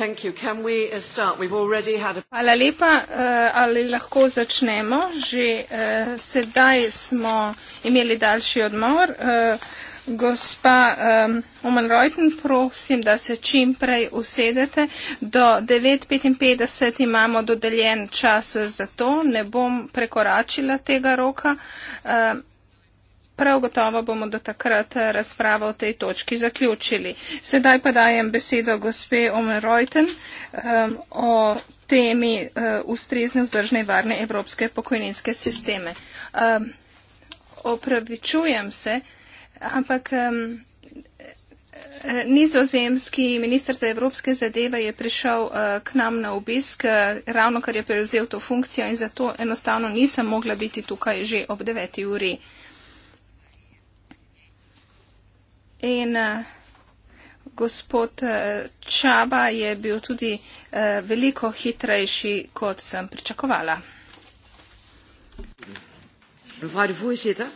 Uh, Hvala lepa. Eh, ali lahko začnemo? Že eh, sedaj smo imeli daljši odmor. Eh, gospa Oman Reuten, prosim, da se čim prej usedete. Do 9.55 imamo dodeljen čas za to. Ne bom prekoračila tega roka. Prav gotovo bomo do takrat razpravo o tej točki zaključili. Sedaj pa dajem besedo gospe Omen Reuten um, o temi uh, ustrezne vzdržne varne evropske pokojninske sisteme. Um, opravičujem se, ampak. Um, Nizozemski minister za evropske zadeve je prišel uh, k nam na obisk, uh, ravno kar je prevzel to funkcijo in zato enostavno nisem mogla biti tukaj že ob 9. uri. In uh, gospod uh, Čaba je bil tudi uh, veliko hitrejši, kot sem pričakovala. Mevrouw de voorzitter,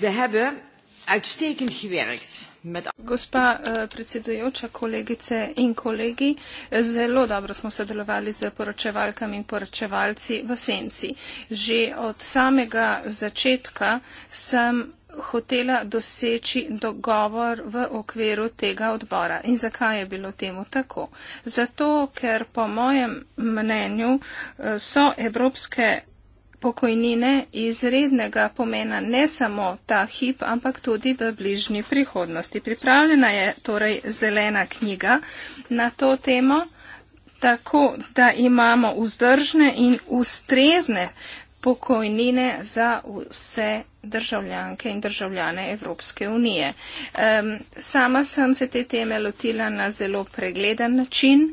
we hebben uitstekend gewerkt met. Gospa predsedujoča, kolegice in kolegi, zelo dobro smo sodelovali z poročevalkami in poročevalci v Senci. Že od samega začetka sem hotela doseči dogovor v okviru tega odbora. In zakaj je bilo temu tako? Zato, ker po mojem mnenju eh, so evropske pokojnine izrednega pomena ne samo ta hip, ampak tudi v bližnji prihodnosti. Pripravljena je torej zelena knjiga na to temo, tako da imamo vzdržne in ustrezne pokojnine za vse državljanke in državljane Evropske unije. Um, sama sem se te teme lotila na zelo pregleden način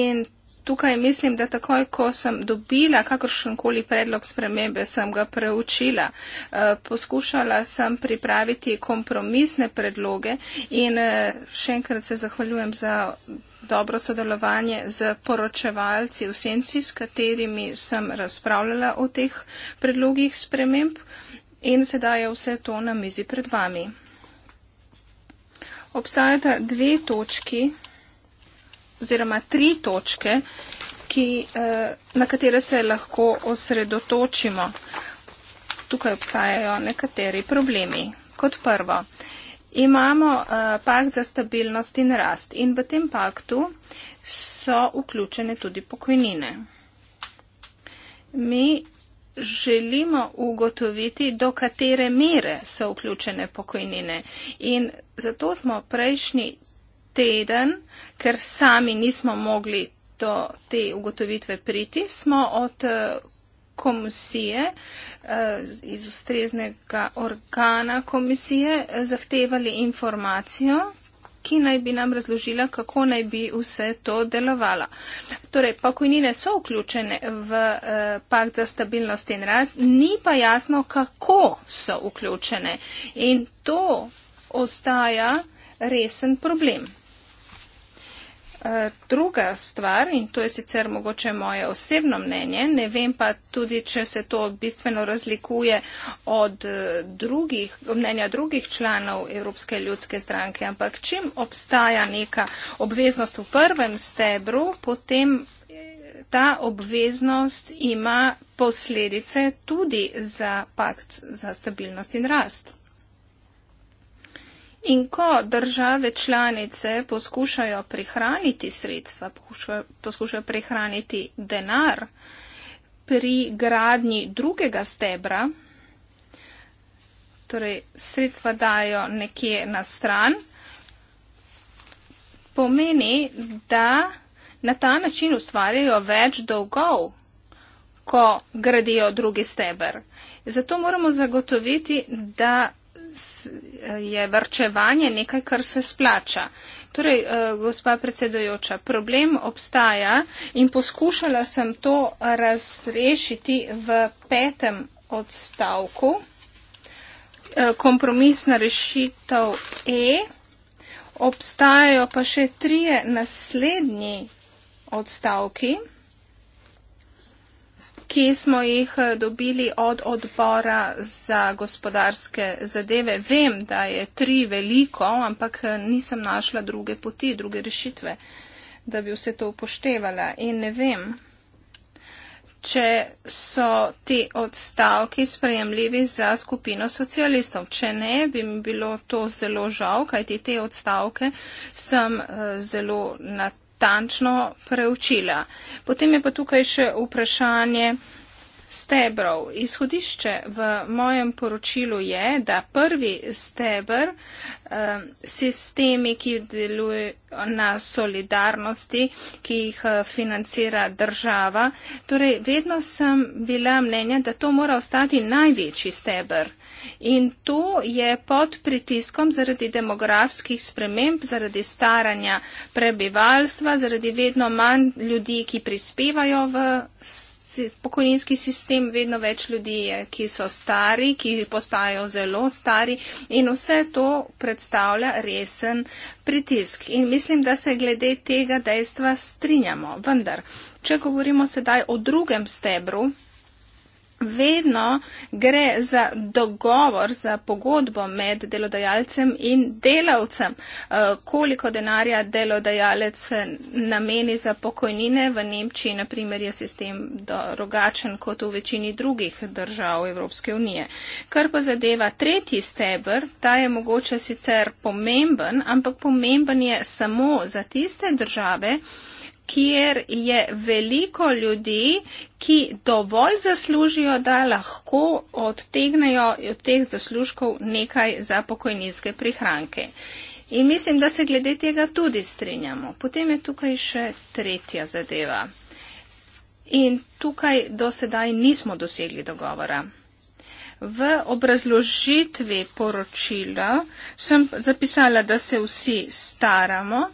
in tukaj mislim, da takoj, ko sem dobila kakršenkoli predlog spremembe, sem ga preučila. Uh, poskušala sem pripraviti kompromisne predloge in uh, še enkrat se zahvaljujem za dobro sodelovanje z poročevalci v senci, s katerimi sem razpravljala o teh predlogih sprememb in sedaj je vse to na mizi pred vami. Obstajata dve točki oziroma tri točke, ki, eh, na katere se lahko osredotočimo. Tukaj obstajajo nekateri problemi. Kot prvo, imamo uh, pakt za stabilnost in rast in v tem paktu so vključene tudi pokojnine. Mi želimo ugotoviti, do katere mere so vključene pokojnine in zato smo prejšnji teden, ker sami nismo mogli do te ugotovitve priti, smo od eh, komisije, eh, iz ustreznega organa komisije, eh, zahtevali informacijo, ki naj bi nam razložila, kako naj bi vse to delovala. Torej, pokojnine so vključene v eh, pakt za stabilnost in rast, ni pa jasno, kako so vključene. In to ostaja resen problem. Eh, druga stvar, in to je sicer mogoče moje osebno mnenje, ne vem pa tudi, če se to bistveno razlikuje od eh, drugih, mnenja drugih članov Evropske ljudske stranke, ampak čim obstaja neka obveznost v prvem stebru, potem eh, ta obveznost ima posledice tudi za pakt za stabilnost in rast. In ko države članice poskušajo prihraniti sredstva, poskušajo prihraniti denar pri gradnji drugega stebra, torej sredstva dajo nekje na stran, pomeni, da na ta način ustvarjajo več dolgov, ko gradijo drugi steber. Zato moramo zagotoviti, da je vrčevanje nekaj, kar se splača. Torej, eh, gospa predsedojoča, problem obstaja in poskušala sem to razrešiti v petem odstavku. Eh, Kompromisna rešitev E. Obstajajo pa še trije naslednji odstavki ki smo jih eh, dobili od odbora za gospodarske zadeve. Vem, da je tri veliko, ampak eh, nisem našla druge poti, druge rešitve, da bi vse to upoštevala. In ne vem, če so ti odstavki sprejemljivi za skupino socialistov. Če ne, bi mi bilo to zelo žal, kajti te odstavke sem eh, zelo na natančno preučila. Potem je pa tukaj še vprašanje stebrov. Izhodišče v mojem poročilu je, da prvi stebr, eh, sistemi, ki delujejo na solidarnosti, ki jih eh, financira država, torej vedno sem bila mnenja, da to mora ostati največji stebr. In to je pod pritiskom zaradi demografskih sprememb, zaradi staranja prebivalstva, zaradi vedno manj ljudi, ki prispevajo v stebr pokojninski sistem, vedno več ljudi je, ki so stari, ki postajajo zelo stari in vse to predstavlja resen pritisk. In mislim, da se glede tega dejstva strinjamo. Vendar, če govorimo sedaj o drugem stebru, vedno gre za dogovor, za pogodbo med delodajalcem in delavcem, eh, koliko denarja delodajalec nameni za pokojnine. V Nemčiji, na primer, je sistem drugačen kot v večini drugih držav Evropske unije. Kar pa zadeva tretji stebr, ta je mogoče sicer pomemben, ampak pomemben je samo za tiste države, kjer je veliko ljudi, ki dovolj zaslužijo, da lahko odtegnejo od teh zaslužkov nekaj za pokojninske prihranke. In mislim, da se glede tega tudi strinjamo. Potem je tukaj še tretja zadeva. In tukaj do sedaj nismo dosegli dogovora. V obrazložitvi poročila sem zapisala, da se vsi staramo,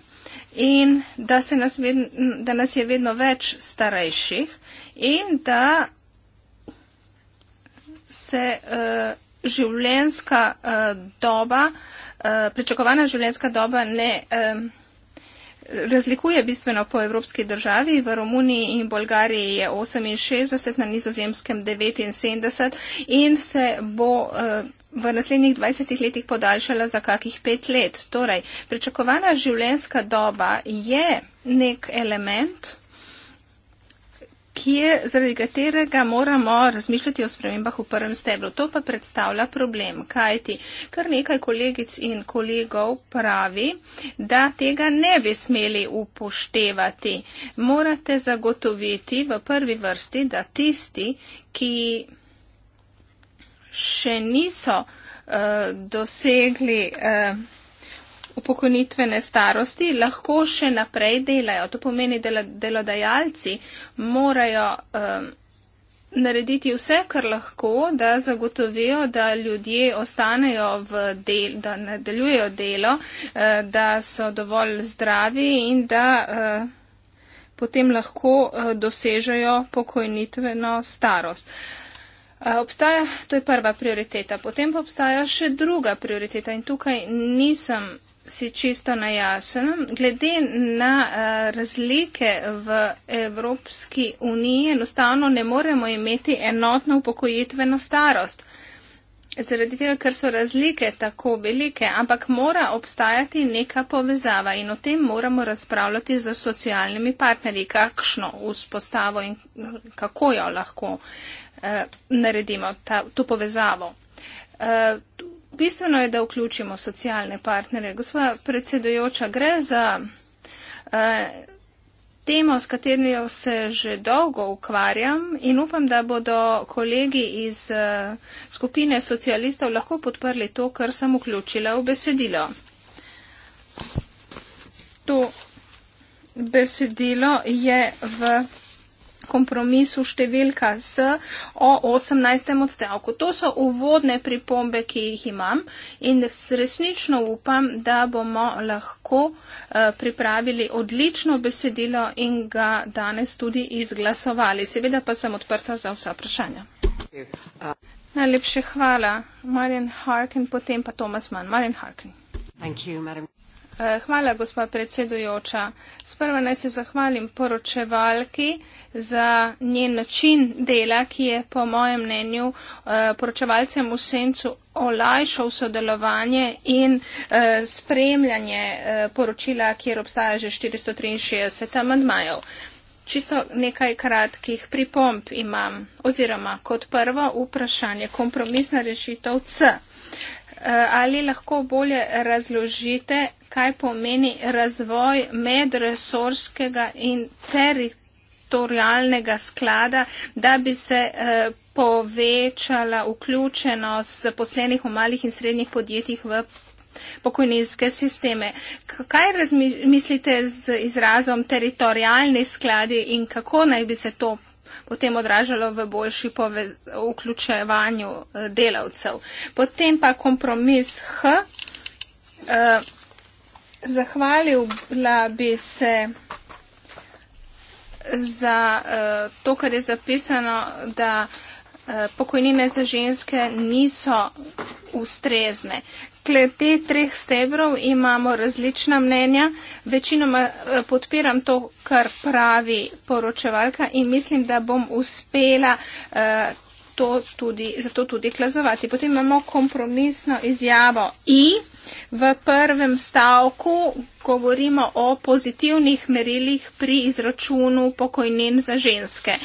in da, nas vedno, da nas je vedno več starejših in da se uh, eh, življenska uh, eh, doba, uh, pričakovana življenska doba ne. Uh, razlikuje bistveno po evropski državi. V Romuniji in Bolgariji je 68, na nizozemskem 79 in se bo eh, v naslednjih 20 letih podaljšala za kakih pet let. Torej, pričakovana življenjska doba je nek element, kje, zaradi katerega moramo razmišljati o spremembah v prvem stebru. To pa predstavlja problem, kajti kar nekaj kolegic in kolegov pravi, da tega ne bi smeli upoštevati. Morate zagotoviti v prvi vrsti, da tisti, ki še niso uh, dosegli. Uh, upokonitvene starosti, lahko še naprej delajo. To pomeni, da delodajalci morajo um, narediti vse, kar lahko, da zagotovijo, da ljudje ostanejo v del, da nadaljujejo delo, uh, da so dovolj zdravi in da. Uh, potem lahko uh, dosežejo pokojnitveno starost. Uh, obstaja, to je prva prioriteta. Potem pa obstaja še druga prioriteta in tukaj nisem si čisto na jasen. Glede na eh, razlike v Evropski uniji enostavno ne moremo imeti enotno upokojitveno starost. Zaradi tega, ker so razlike tako velike, ampak mora obstajati neka povezava in o tem moramo razpravljati z socialnimi partnerji, kakšno vzpostavo in kako jo lahko eh, naredimo, ta, to povezavo. Eh, Bistveno je, da vključimo socialne partnere. Gospa predsedojoča, gre za uh, temo, s katerijo se že dolgo ukvarjam in upam, da bodo kolegi iz uh, skupine socialistov lahko podprli to, kar sem vključila v besedilo. To besedilo je v kompromisu številka S o 18. odstavku. To so uvodne pripombe, ki jih imam in resnično upam, da bomo lahko eh, pripravili odlično besedilo in ga danes tudi izglasovali. Seveda pa sem odprta za vsa vprašanja. Najlepše hvala, Marjan Harkin, potem pa Tomas Mann. Marjan Harkin. Thank you, madam. Eh, hvala, gospa predsedujoča. Sprva naj se zahvalim poročevalki za njen način dela, ki je po mojem mnenju eh, poročevalcem v sencu olajšal sodelovanje in eh, spremljanje poročila, kjer obstaja že 463 amandmajev. Čisto nekaj kratkih pripomp imam oziroma kot prvo vprašanje kompromisna rešitev C. Eh, ali lahko bolje razložite, kaj pomeni razvoj medresorskega in teritorijalnega sklada, da bi se eh, povečala vključenost zaposlenih v malih in srednjih podjetjih v pokojninske sisteme. Kaj razmislite z izrazom teritorijalni skladi in kako naj bi se to potem odražalo v boljši vključevanju eh, delavcev. Potem pa kompromis H. Eh, Zahvalil bi se za eh, to, kar je zapisano, da pokojnine za ženske niso ustrezne glede treh stebrov imamo različna mnenja. Večinoma eh, podpiram to, kar pravi poročevalka in mislim, da bom uspela eh, to tudi, zato tudi klazovati. Potem imamo kompromisno izjavo I v prvem stavku, govorimo o pozitivnih merilih pri izračunu pokojnin za ženske.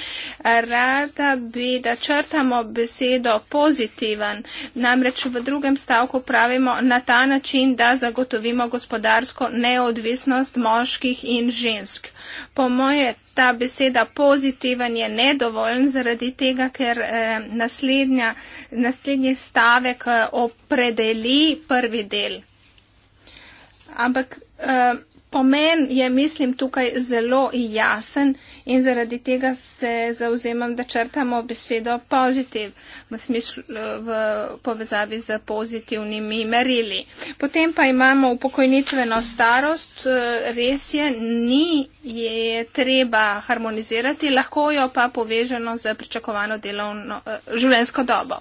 Rada bi, da črtamo besedo pozitiven, namreč v drugem stavku pravimo na ta način, da zagotovimo gospodarsko neodvisnost moških in žensk. Po moje ta beseda pozitiven je nedovoljen zaradi tega, ker eh, naslednji stavek eh, opredeli prvi del. Ampak Eh, pomen je, mislim, tukaj zelo jasen in zaradi tega se zauzemam, da črtamo besedo pozitiv v, v povezavi z pozitivnimi merili. Potem pa imamo upokojnitveno starost, eh, res je, ni je treba harmonizirati, lahko jo pa povežemo z pričakovano delovno, eh, življensko dobo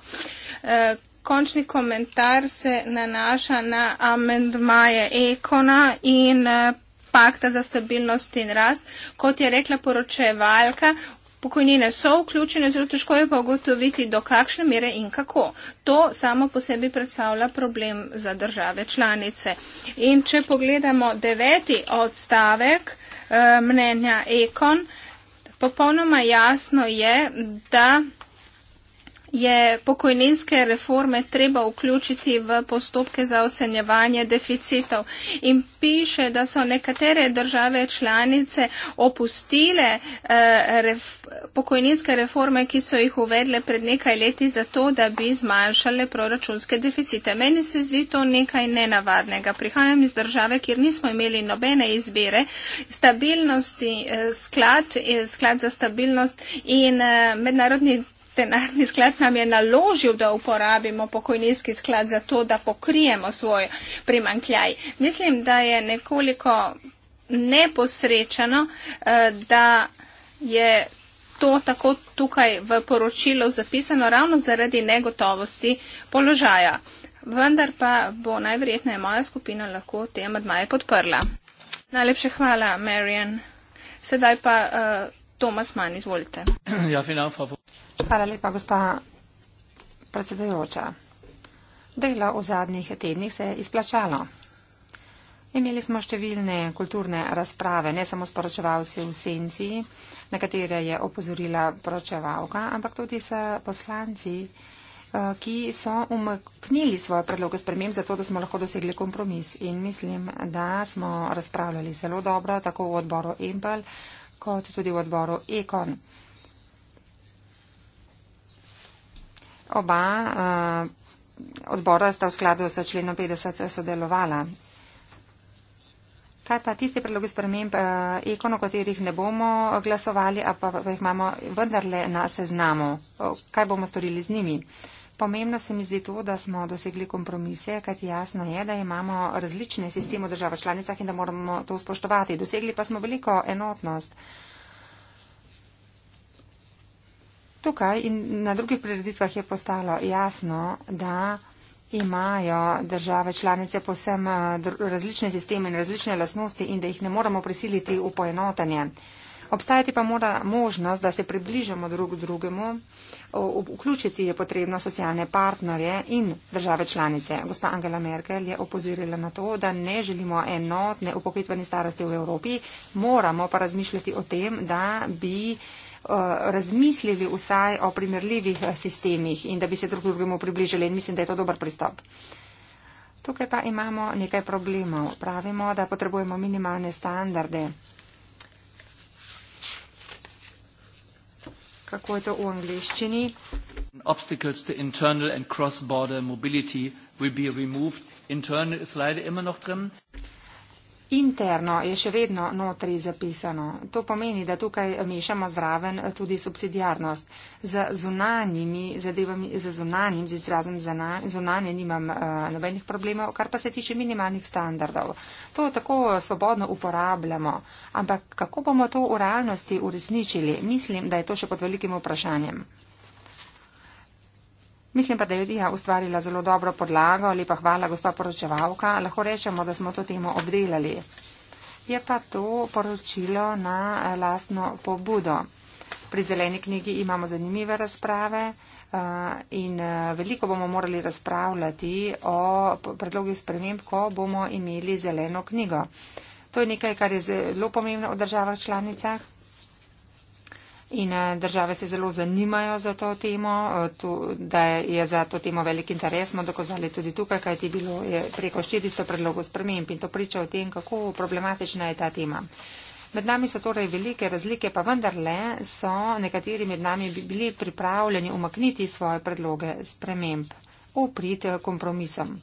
končni komentar se nanaša na amendmaje Ekona in eh, Pakta za stabilnost in rast. Kot je rekla poročevalka, pokojnine so vključene, zelo težko je pa ugotoviti, do kakšne mere in kako. To samo po sebi predstavlja problem za države članice. In če pogledamo deveti odstavek eh, mnenja Ekon, popolnoma jasno je, da je pokojninske reforme treba vključiti v postopke za ocenjevanje deficitov. In piše, da so nekatere države članice opustile eh, ref, pokojninske reforme, ki so jih uvedle pred nekaj leti zato, da bi zmanjšale proračunske deficite. Meni se zdi to nekaj nenavadnega. Prihajam iz države, kjer nismo imeli nobene izbire. Stabilnosti, eh, sklad, eh, sklad za stabilnost in eh, mednarodni denarni sklad nam je naložil, da uporabimo pokojninski sklad za to, da pokrijemo svoj primankljaj. Mislim, da je nekoliko neposrečeno, eh, da je to tako tukaj v poročilu zapisano ravno zaradi negotovosti položaja. Vendar pa bo najverjetneje moja skupina lahko te amadmaje podprla. Najlepše hvala, Marian. Sedaj pa uh, Tomas Mann, izvolite. Ja, finalno. Hvala lepa, gospa predsedajoča. Delo v zadnjih tednih se je izplačalo. Imeli smo številne kulturne razprave, ne samo s poročevalci v senci, na katere je opozorila poročevalka, ampak tudi s poslanci, eh, ki so umaknili svoje predloge spremem, zato da smo lahko dosegli kompromis. In mislim, da smo razpravljali zelo dobro, tako v odboru Empel, kot tudi v odboru Ekon. Oba uh, odbora sta v skladu s členom 50 sodelovala. Kaj pa tisti predlogi sprememb uh, ekon, o katerih ne bomo glasovali, a pa, pa jih imamo vendarle na seznamu? Kaj bomo storili z njimi? Pomembno se mi zdi to, da smo dosegli kompromise, kajti jasno je, da imamo različne sisteme v državah članicah in da moramo to spoštovati. Dosegli pa smo veliko enotnost. Uh, Tukaj in na drugih prireditvah je postalo jasno, da imajo države članice posem eh, različne sisteme in različne lasnosti in da jih ne moramo prisiliti v poenotanje. Obstajati pa mora možnost, da se približamo drug drugemu, vključiti je potrebno socialne partnerje in države članice. Gospa Angela Merkel je opozorila na to, da ne želimo enotne upokojitvene starosti v Evropi, moramo pa razmišljati o tem, da bi. Eh, razmislili vsaj o primerljivih eh, sistemih in da bi se drug drugemu približili. In mislim, da je to dober pristop. Tukaj pa imamo nekaj problemov. Pravimo, da potrebujemo minimalne standarde. Kako je to v angliščini? Obstacles to internal and cross-border mobility will be removed. Internal is slide ima noch drin interno je še vedno notri zapisano. To pomeni, da tukaj mešamo zraven tudi subsidijarnost. Z zunanjimi zadevami, z zunanjim, z izrazom zunanje nimam uh, nobenih problemov, kar pa se tiče minimalnih standardov. To tako svobodno uporabljamo. Ampak kako bomo to v realnosti uresničili? Mislim, da je to še pod velikim vprašanjem. Mislim pa, da je Rija ustvarila zelo dobro podlago, lepa hvala, gospa poročevalka, lahko rečemo, da smo to temo obdelali. Je pa to poročilo na eh, lastno pobudo. Pri zeleni knjigi imamo zanimive razprave eh, in eh, veliko bomo morali razpravljati o predlogih sprememb, ko bomo imeli zeleno knjigo. To je nekaj, kar je zelo pomembno v državah članicah. In eh, države se zelo zanimajo za to temo, eh, to, da je za to temo velik interes, smo dokazali tudi tukaj, kaj ti bilo je preko 400 predlogov sprememb in to priča o tem, kako problematična je ta tema. Med nami so torej velike razlike, pa vendarle so nekateri med nami bili pripravljeni umakniti svoje predloge sprememb, upriti eh, kompromisom.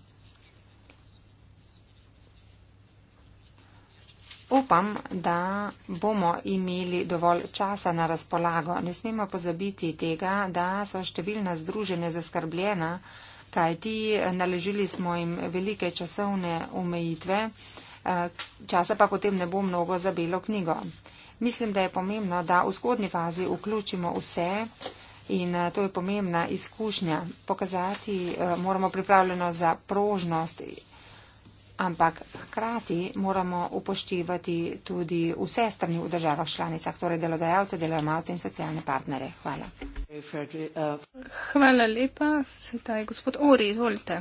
Upam, da bomo imeli dovolj časa na razpolago. Ne smemo pozabiti tega, da so številna združenja zaskrbljena, kajti naležili smo jim velike časovne omejitve, eh, časa pa potem ne bo mnogo za belo knjigo. Mislim, da je pomembno, da v skodni fazi vključimo vse in eh, to je pomembna izkušnja. Pokazati eh, moramo pripravljeno za prožnost ampak hkrati moramo upoštevati tudi vse strani v državah članicah, torej delodajalce, delojemalce in socialne partnere. Hvala. Hvala lepa. Sedaj gospod Ori, izvolite.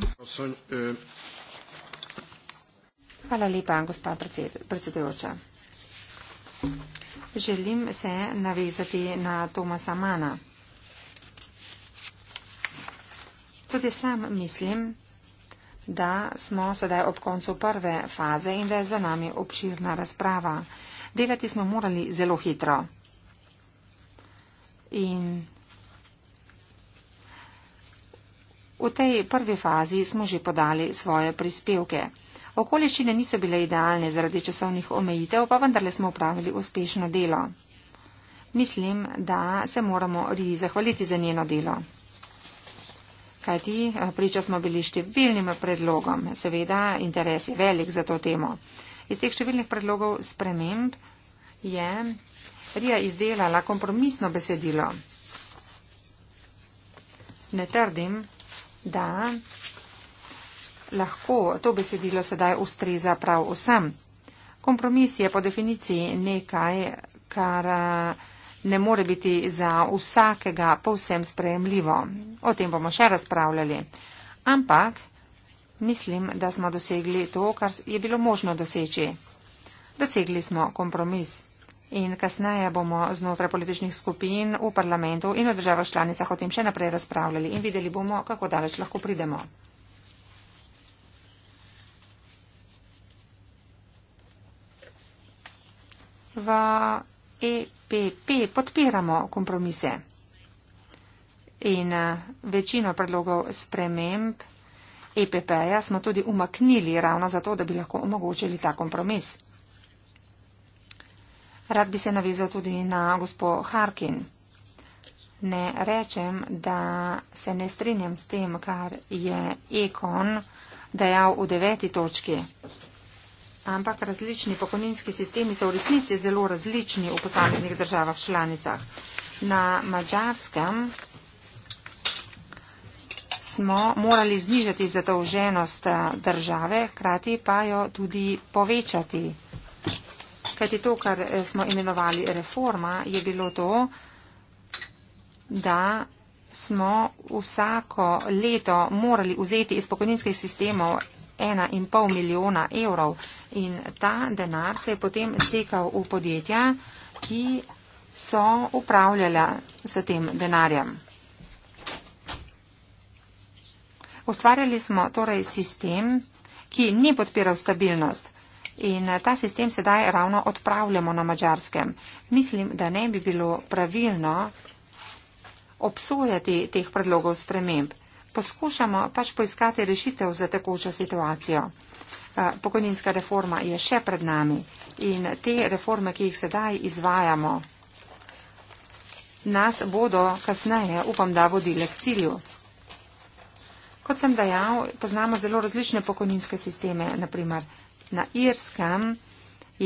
Hvala lepa, gospa predsedujoča. Želim se navezati na Tomasa Mana. Tudi sam mislim, da smo sedaj ob koncu prve faze in da je za nami obširna razprava. Delati smo morali zelo hitro. In v tej prvi fazi smo že podali svoje prispevke. Okoliščine niso bile idealne zaradi časovnih omejitev, pa vendarle smo upravili uspešno delo. Mislim, da se moramo Riji zahvaliti za njeno delo kajti eh, priča smo bili številnim predlogom. Seveda, interes je velik za to temo. Iz teh številnih predlogov sprememb je Rija izdelala kompromisno besedilo. Ne trdim, da lahko to besedilo sedaj ustreza prav vsem. Kompromis je po definiciji nekaj, kar. Uh, ne more biti za vsakega povsem sprejemljivo. O tem bomo še razpravljali. Ampak mislim, da smo dosegli to, kar je bilo možno doseči. Dosegli smo kompromis. In kasneje bomo znotraj političnih skupin v parlamentu in v državah članicah o tem še naprej razpravljali in videli bomo, kako daleč lahko pridemo. V e PP podpiramo kompromise in eh, večino predlogov sprememb EPP-ja smo tudi umaknili ravno zato, da bi lahko omogočili ta kompromis. Rad bi se navezal tudi na gospod Harkin. Ne rečem, da se ne strinjam s tem, kar je Ekon dejal v deveti točki ampak različni pokojninski sistemi so v resnici zelo različni v posameznih državah članicah. Na Mačarskem smo morali znižati zadolženost eh, države, hkrati pa jo tudi povečati. Kajti to, kar eh, smo imenovali reforma, je bilo to, da smo vsako leto morali vzeti iz pokojninskih sistemov 1,5 milijona evrov In ta denar se je potem stekal v podjetja, ki so upravljala s tem denarjem. Ustvarjali smo torej sistem, ki ni podpiral stabilnost in eh, ta sistem sedaj ravno odpravljamo na mačarskem. Mislim, da ne bi bilo pravilno obsojati teh predlogov sprememb. Poskušamo pač poiskati rešitev za takočo situacijo. Pokojninska reforma je še pred nami in te reforme, ki jih sedaj izvajamo, nas bodo kasneje, upam, da vodile k cilju. Kot sem dejal, poznamo zelo različne pokojninske sisteme. Naprimer, na Irskem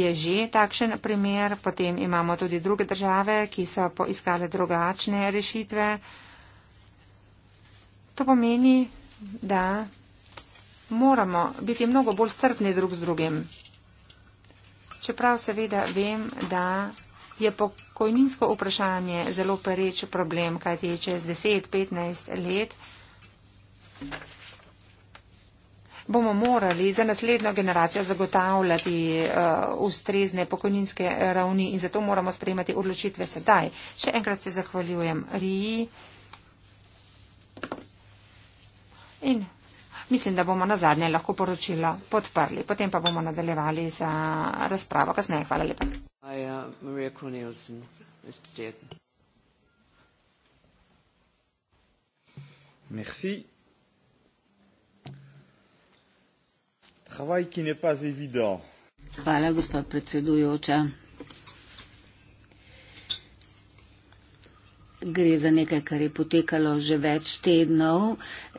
je že takšen primer, potem imamo tudi druge države, ki so poiskale drugačne rešitve. To pomeni, da moramo biti mnogo bolj strpni drug z drugim. Čeprav seveda vem, da je pokojninsko vprašanje zelo pereč problem, kajti čez 10-15 let bomo morali za naslednjo generacijo zagotavljati uh, ustrezne pokojninske ravni in zato moramo sprejemati odločitve sedaj. Še enkrat se zahvaljujem Riji. In mislim, da bomo na zadnje lahko poročilo podprli. Potem pa bomo nadaljevali za razpravo kasneje. Hvala lepa. I, uh, Merci. Travaj, ki ne pa zavidal. Hvala, gospod predsedujoča. gre za nekaj, kar je potekalo že več tednov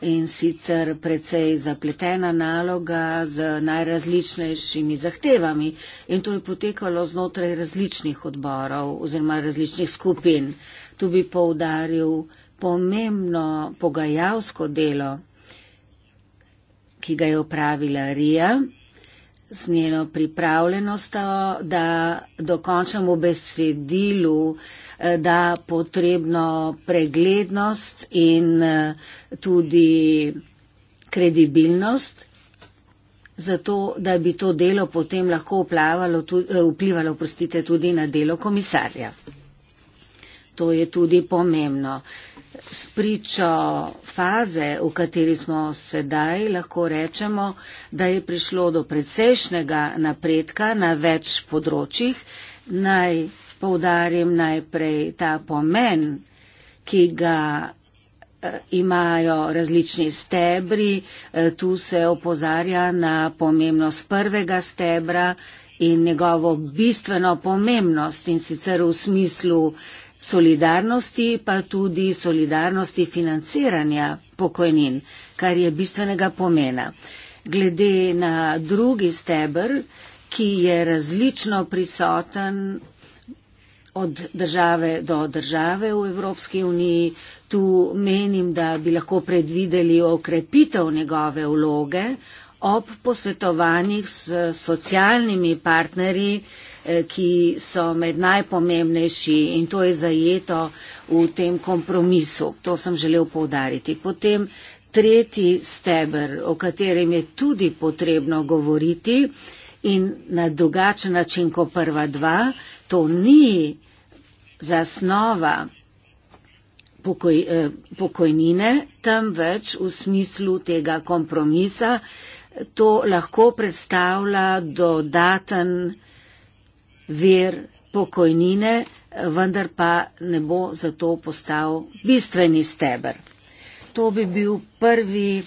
in sicer precej zapletena naloga z najrazličnejšimi zahtevami. In to je potekalo znotraj različnih odborov oziroma različnih skupin. Tu bi poudaril pomembno pogajalsko delo, ki ga je opravila Rija z njeno pripravljenostjo, da dokončamo besedilu, eh, da potrebno preglednost in eh, tudi kredibilnost, zato da bi to delo potem lahko eh, vplivalo, vplivalo prostite, tudi na delo komisarja to je tudi pomembno. Spričo faze, v kateri smo sedaj, lahko rečemo, da je prišlo do precejšnjega napredka na več področjih. Naj poudarim najprej ta pomen, ki ga eh, imajo različni stebri. Eh, tu se opozarja na pomembnost prvega stebra in njegovo bistveno pomembnost in sicer v smislu eh, solidarnosti, pa tudi solidarnosti financiranja pokojnin, kar je bistvenega pomena. Glede na drugi stebr, ki je različno prisoten od države do države v Evropski uniji, tu menim, da bi lahko predvideli okrepitev njegove vloge ob posvetovanjih s socialnimi partnerji, Eh, ki so med najpomembnejši in to je zajeto v tem kompromisu. To sem želel povdariti. Potem tretji steber, o katerem je tudi potrebno govoriti in na drugačen način kot prva dva, to ni zasnova pokoj, eh, pokojnine, temveč v smislu tega kompromisa. To lahko predstavlja dodaten ver pokojnine, vendar pa ne bo zato postal bistveni steber. To bi bil prvi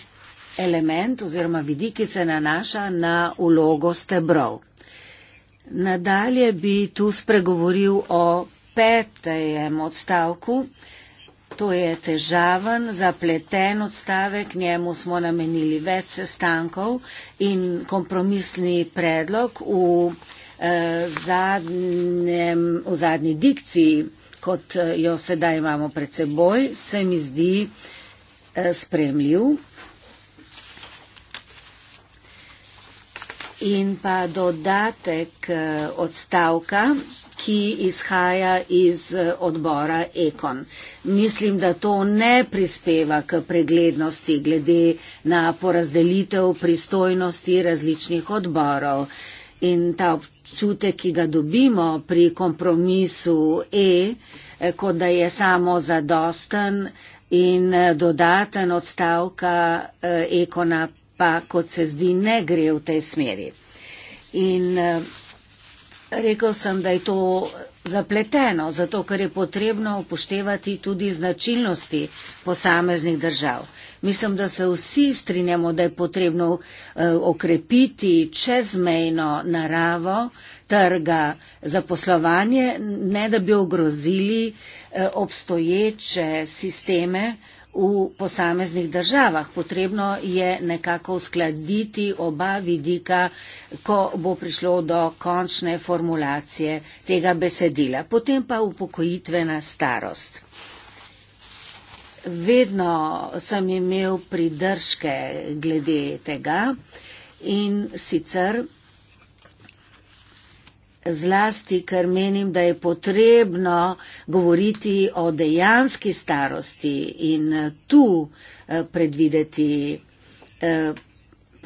element oziroma vidik, ki se nanaša na ulogo stebrov. Nadalje bi tu spregovoril o petem odstavku. To je težaven, zapleten odstavek, njemu smo namenili več sestankov in kompromisni predlog v Eh, zadnjem, v zadnji dikciji, kot eh, jo sedaj imamo pred seboj, se mi zdi eh, spremljiv. In pa dodatek odstavka, ki izhaja iz odbora Ekon. Mislim, da to ne prispeva k preglednosti glede na porazdelitev pristojnosti različnih odborov in ta občutek, ki ga dobimo pri kompromisu E, eh, kot da je samo zadosten in eh, dodaten odstavka eh, ekona, pa kot se zdi, ne gre v tej smeri. In rekel sem, da je to zapleteno, zato ker je potrebno upoštevati tudi značilnosti posameznih držav. Mislim, da se vsi strinjamo, da je potrebno eh, okrepiti čezmejno naravo trga za poslovanje, ne da bi ogrozili eh, obstoječe sisteme v posameznih državah. Potrebno je nekako uskladiti oba vidika, ko bo prišlo do končne formulacije tega besedila. Potem pa upokojitvena starost vedno sem imel pridržke glede tega in sicer zlasti, ker menim, da je potrebno govoriti o dejanski starosti in tu eh, predvideti eh,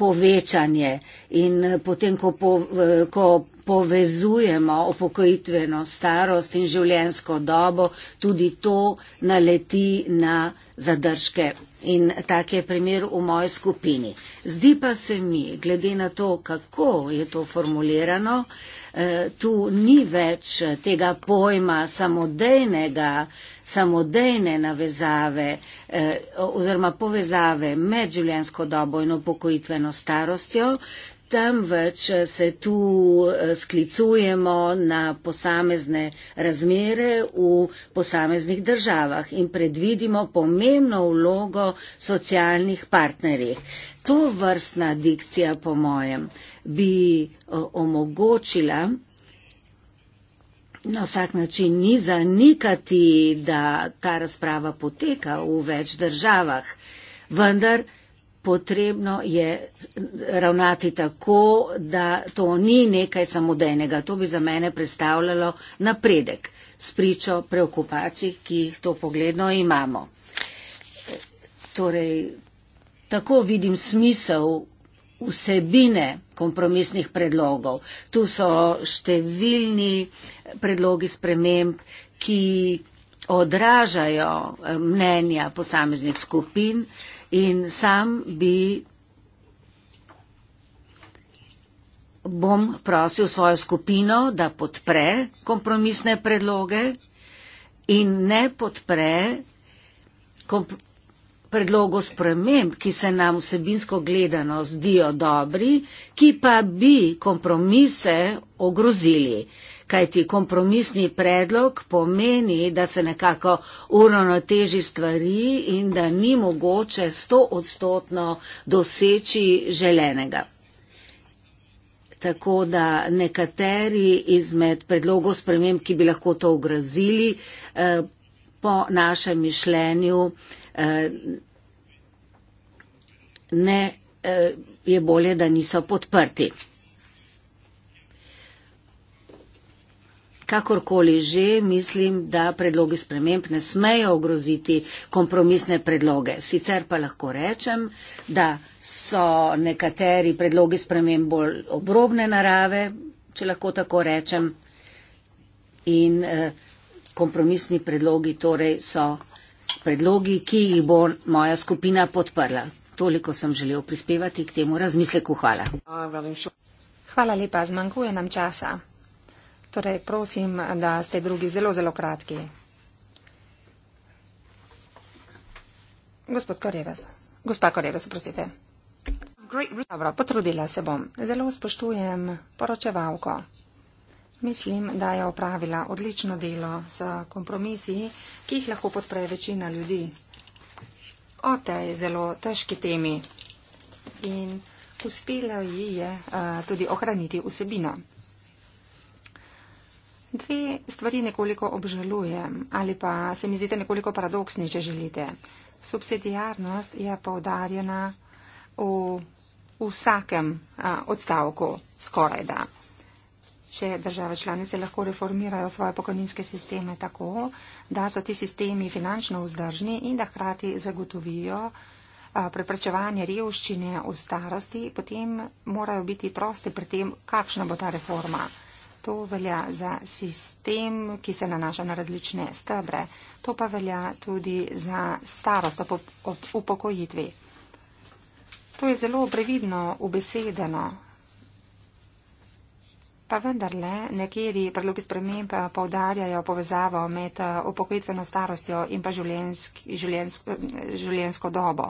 povečanje in eh, potem, ko, po, eh, ko povezujemo upokojitveno starost in življensko dobo, tudi to naleti na zadržke. In tak je primer v moji skupini. Zdi pa se mi, glede na to, kako je to formulirano, eh, tu ni več tega pojma samodejnega samodejne navezave eh, oziroma povezave med življensko dobo in upokojitveno starostjo, temveč eh, se tu eh, sklicujemo na posamezne razmere v posameznih državah in predvidimo pomembno vlogo socialnih partnerjev. To vrstna dikcija, po mojem, bi eh, omogočila Na vsak način ni zanikati, da ta razprava poteka v več državah, vendar potrebno je ravnati tako, da to ni nekaj samodejnega. To bi za mene predstavljalo napredek s pričo preokupacij, ki jih to pogledno imamo. Torej, tako vidim smisel vsebine kompromisnih predlogov. Tu so številni predlogi sprememb, ki odražajo eh, mnenja posameznih skupin in sam bi bom prosil svojo skupino, da podpre kompromisne predloge in ne podpre kompromisne predloge predlogu sprememb, ki se nam vsebinsko gledano zdijo dobri, ki pa bi kompromise ogrozili. Kajti kompromisni predlog pomeni, da se nekako uravnoteži stvari in da ni mogoče sto odstotno doseči želenega. Tako da nekateri izmed predlogov sprememb, ki bi lahko to ogrozili, eh, po našem mišljenju, ne, eh, je bolje, da niso podprti. Kakorkoli že, mislim, da predlogi sprememb ne smejo ogroziti kompromisne predloge. Sicer pa lahko rečem, da so nekateri predlogi sprememb bolj obrobne narave, če lahko tako rečem, in eh, kompromisni predlogi torej so predlogi, ki jih bo moja skupina podprla. Toliko sem želel prispevati k temu razmisleku. Hvala. Hvala lepa, zmanjkuje nam časa. Torej, prosim, da ste drugi zelo, zelo kratki. Gospod Koreras. Gospa Koreras, prosite. Dobro, potrudila se bom. Zelo spoštujem poročevalko. Mislim, da je opravila odlično delo s kompromisi, ki jih lahko podpre večina ljudi o tej zelo težki temi. In uspelo ji je uh, tudi ohraniti vsebino. Dve stvari nekoliko obžalujem ali pa se mi zdite nekoliko paradoksni, če želite. Subsidijarnost je poudarjena v vsakem uh, odstavku skoraj da če države članice lahko reformirajo svoje pokojninske sisteme tako, da so ti sistemi finančno vzdržni in da hkrati zagotovijo preprečevanje revščine v starosti, potem morajo biti proste pri tem, kakšna bo ta reforma. To velja za sistem, ki se nanaša na različne stebre. To pa velja tudi za starost ob upokojitvi. To je zelo previdno ubesedeno, Pa vendarle, nekateri predlogi sprememb eh, povdarjajo povezavo med eh, upokojitveno starostjo in pa življensk, življensk, življensko dobo.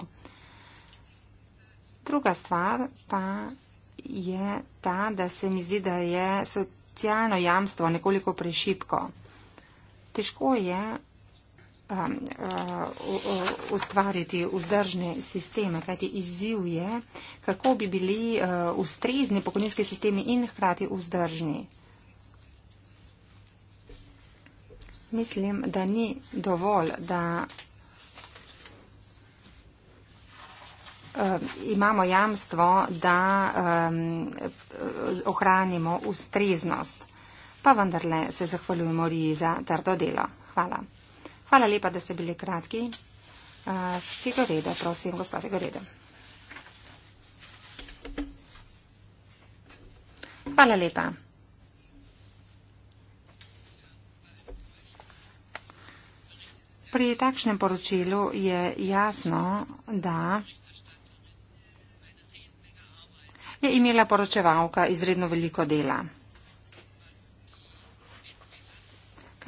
Druga stvar pa je ta, da se mi zdi, da je socialno jamstvo nekoliko prešipko. Težko je um, uh, ustvariti vzdržne sisteme, kajti izziv je, kako bi bili uh, ustrezni pokojninski sistemi in hkrati vzdržni. Mislim, da ni dovolj, da um, imamo jamstvo, da um, ohranimo ustreznost. Pa vendarle se zahvaljujemo Riji za trdo delo. Hvala. Hvala lepa, da ste bili kratki. Uh, eh, Figoreda, prosim, gospa Figoreda. Hvala lepa. Pri takšnem poročilu je jasno, da je imela poročevalka izredno veliko dela.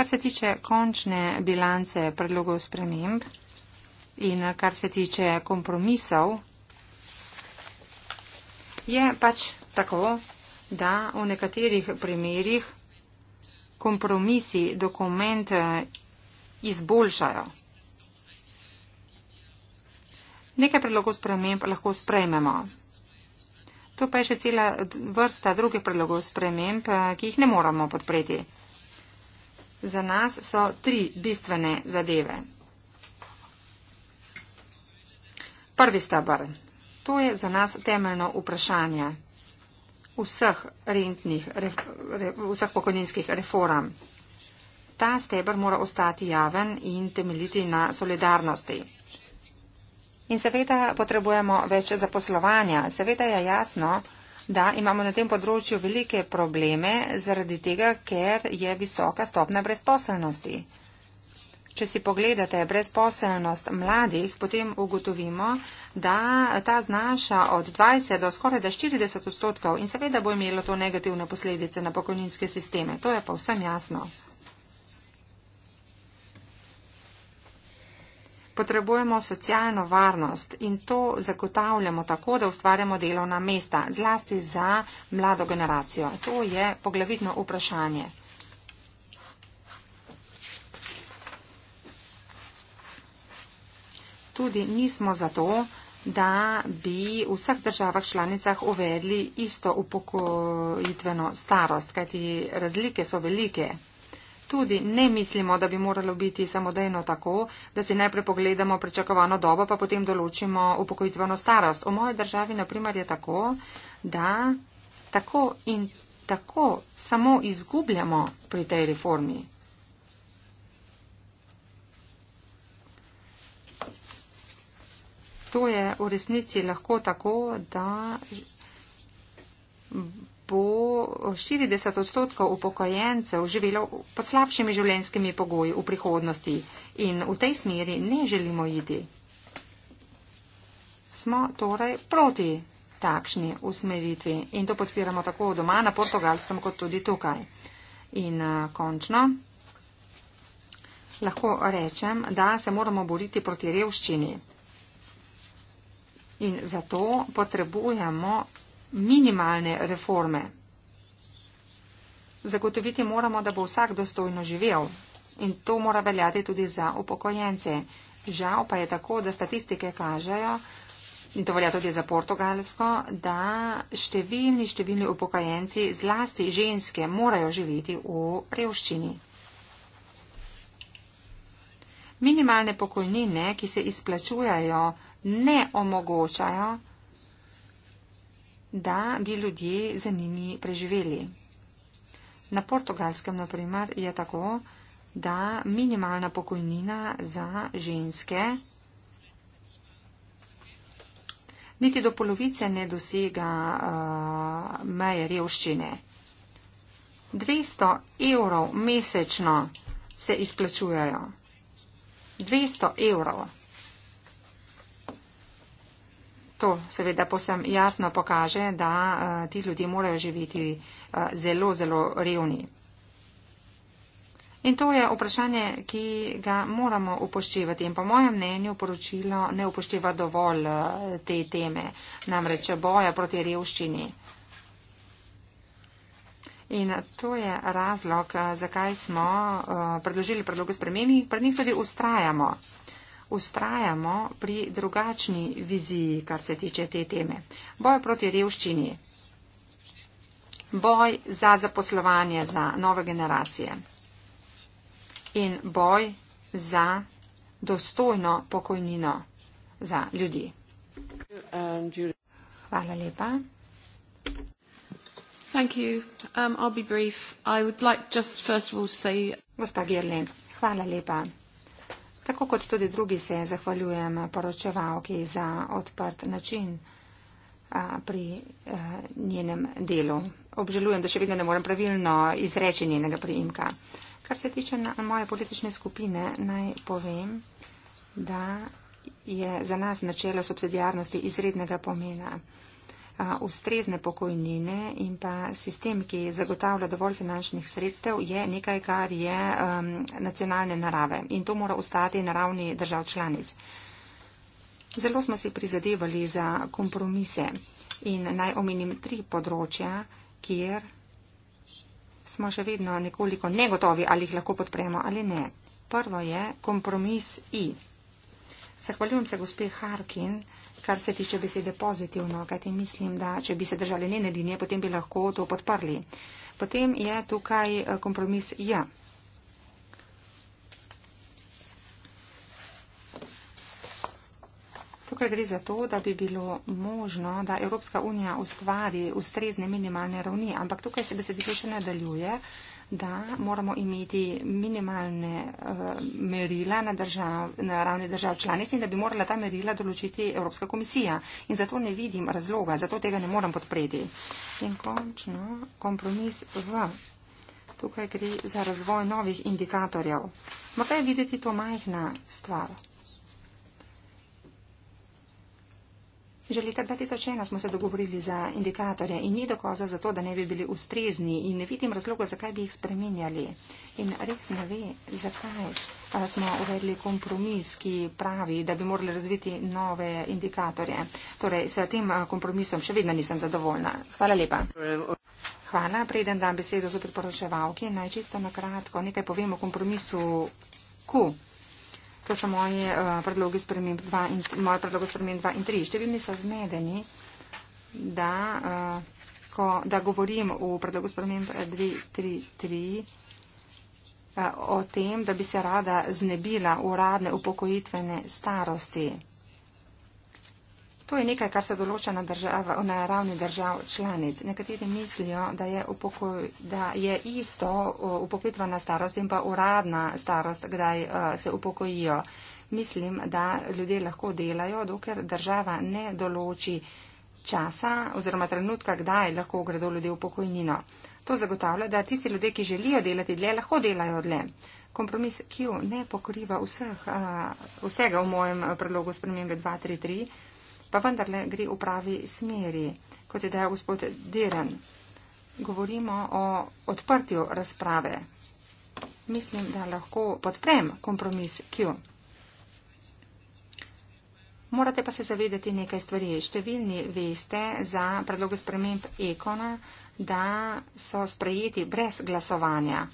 kar se tiče končne bilance predlogov sprememb in kar se tiče kompromisov, je pač tako, da v nekaterih primerjih kompromisi dokument eh, izboljšajo. Nekaj predlogov sprememb lahko sprememo. To pa je še cela vrsta drugih predlogov sprememb, eh, ki jih ne moramo podpreti. Za nas so tri bistvene zadeve. Prvi stabr. To je za nas temeljno vprašanje vseh, rentnih, ref, re, vseh pokojninskih reform. Ta stebr mora ostati javen in temeljiti na solidarnosti. In seveda potrebujemo več zaposlovanja. Seveda je jasno, da imamo na tem področju velike probleme zaradi tega, ker je visoka stopna brezposelnosti. Če si pogledate brezposelnost mladih, potem ugotovimo, da ta znaša od 20 do skoraj da 40 odstotkov in seveda bo imelo to negativne posledice na pokojninske sisteme. To je pa vsem jasno. Potrebujemo socialno varnost in to zagotavljamo tako, da ustvarjamo delovna mesta, zlasti za mlado generacijo. To je poglavitno vprašanje. Tudi nismo za to, da bi v vseh državah članicah uvedli isto upokojitveno starost, kajti razlike so velike tudi ne mislimo, da bi moralo biti samodejno tako, da si najprej pogledamo pričakovano dobo, pa potem določimo upokojitveno starost. V moji državi, na primer, je tako, da tako in tako samo izgubljamo pri tej reformi. To je v resnici lahko tako, da bo 40 odstotkov upokojencev živelo pod slabšimi življenjskimi pogoji v prihodnosti in v tej smeri ne želimo iti. Smo torej proti takšni usmeritvi in to podpiramo tako doma na portugalskem kot tudi tukaj. In končno lahko rečem, da se moramo boriti proti revščini. In zato potrebujemo minimalne reforme. Zagotoviti moramo, da bo vsak dostojno živel in to mora veljati tudi za upokojence. Žal pa je tako, da statistike kažejo, in to velja tudi za portugalsko, da številni, številni upokojenci, zlasti ženske, morajo živeti v revščini. Minimalne pokojnine, ki se izplačujajo, ne omogočajo, da bi ljudje za njimi preživeli. Na portugalskem, na primer, je tako, da minimalna pokojnina za ženske niti do polovice ne dosega uh, meje revščine. 200 evrov mesečno se izplačujejo. 200 evrov. To seveda posem jasno pokaže, da uh, ti ljudje morajo živeti uh, zelo, zelo revni. In to je vprašanje, ki ga moramo upoštevati. In po mojem mnenju poročilo ne upošteva dovolj uh, te teme, namreč boja proti revščini. In to je razlog, uh, zakaj smo uh, predložili predloge spremembi, pred njih tudi ustrajamo. Uh, ustrajamo pri drugačni viziji, kar se tiče te teme. Boj proti revščini, boj za zaposlovanje za nove generacije in boj za dostojno pokojnino za ljudi. Hvala lepa. Um, like say... Gospa Gerlin, hvala lepa. Tako kot tudi drugi se zahvaljujem poročevalki za odprt način pri njenem delu. Obžalujem, da še vedno ne morem pravilno izreči njenega priimka. Kar se tiče moje politične skupine, naj povem, da je za nas načelo subsidijarnosti izrednega pomena ustrezne pokojnine in pa sistem, ki zagotavlja dovolj finančnih sredstev, je nekaj, kar je um, nacionalne narave in to mora ostati na ravni držav članic. Zelo smo si prizadevali za kompromise in naj omenim tri področja, kjer smo še vedno nekoliko negotovi, ali jih lahko podpremo ali ne. Prvo je kompromis I. Zahvaljujem se gospe Harkin kar se tiče besede pozitivno, kajti mislim, da če bi se držali njene linije, potem bi lahko to podprli. Potem je tukaj eh, kompromis J. Ja. Tukaj gre za to, da bi bilo možno, da Evropska unija ustvari ustrezne minimalne ravni, ampak tukaj se besedilo še nadaljuje. Uh, da moramo imeti minimalne uh, merila na, držav, na ravni držav članic in da bi morala ta merila določiti Evropska komisija. In zato ne vidim razloga, zato tega ne moram podpreti. In končno kompromis v. Tukaj gre za razvoj novih indikatorjev. Morda je videti to majhna stvar. Že leta 2001 smo se dogovorili za indikatorje in ni dokaza za to, da ne bi bili ustrezni in ne vidim razloga, zakaj bi jih spremenjali. In res ne ve, zakaj smo uvedli kompromis, ki pravi, da bi morali razviti nove indikatorje. Torej, s tem kompromisom še vedno nisem zadovoljna. Hvala lepa. Hvala. Preden dam besedo zopet poročevalki, naj čisto na kratko nekaj povem o kompromisu Q to so moji uh, predlogi spremenb 2 in, spremen in 3. Številni so zmedeni, da, uh, ko, da govorim v predlogu spremenb 2, 3, 3 uh, o tem, da bi se rada znebila uradne upokojitvene starosti. To je nekaj, kar se določa na, država, na ravni držav članic. Nekateri mislijo, da je, upokoj, da je isto upokojitvena starost in pa uradna starost, kdaj e, se upokojijo. Mislim, da ljudje lahko delajo, dokler država ne določi časa oziroma trenutka, kdaj lahko gredo ljudje v pokojnino. To zagotavlja, da tisti ljudje, ki želijo delati dlje, lahko delajo dlje. Kompromis Q ne pokriva vseh, vsega v mojem predlogu spremembe 233 pa vendarle gre v pravi smeri, kot je dejal gospod Diren. Govorimo o odprtju razprave. Mislim, da lahko podprem kompromis Q. Morate pa se zavedati nekaj stvari. Številni veste za predloge sprememb ekona, da so sprejeti brez glasovanja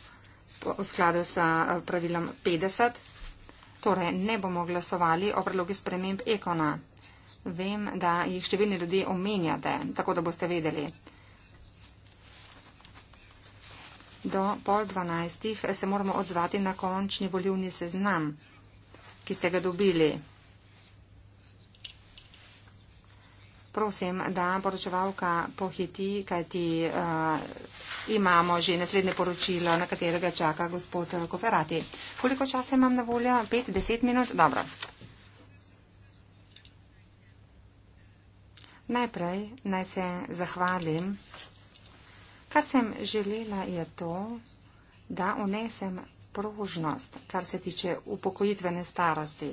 v skladu s eh, pravilom 50. Torej, ne bomo glasovali o predloge sprememb ekona vem, da jih številni ljudje omenjate, tako da boste vedeli. Do pol dvanajstih se moramo odzvati na končni volivni seznam, ki ste ga dobili. Prosim, da poročevalka pohiti, kajti uh, imamo že naslednje poročilo, na katerega čaka gospod Koferati. Koliko časa imam na voljo? Pet, deset minut? Dobro. Najprej naj se zahvalim. Kar sem želela je to, da unesem prožnost, kar se tiče upokojitvene starosti.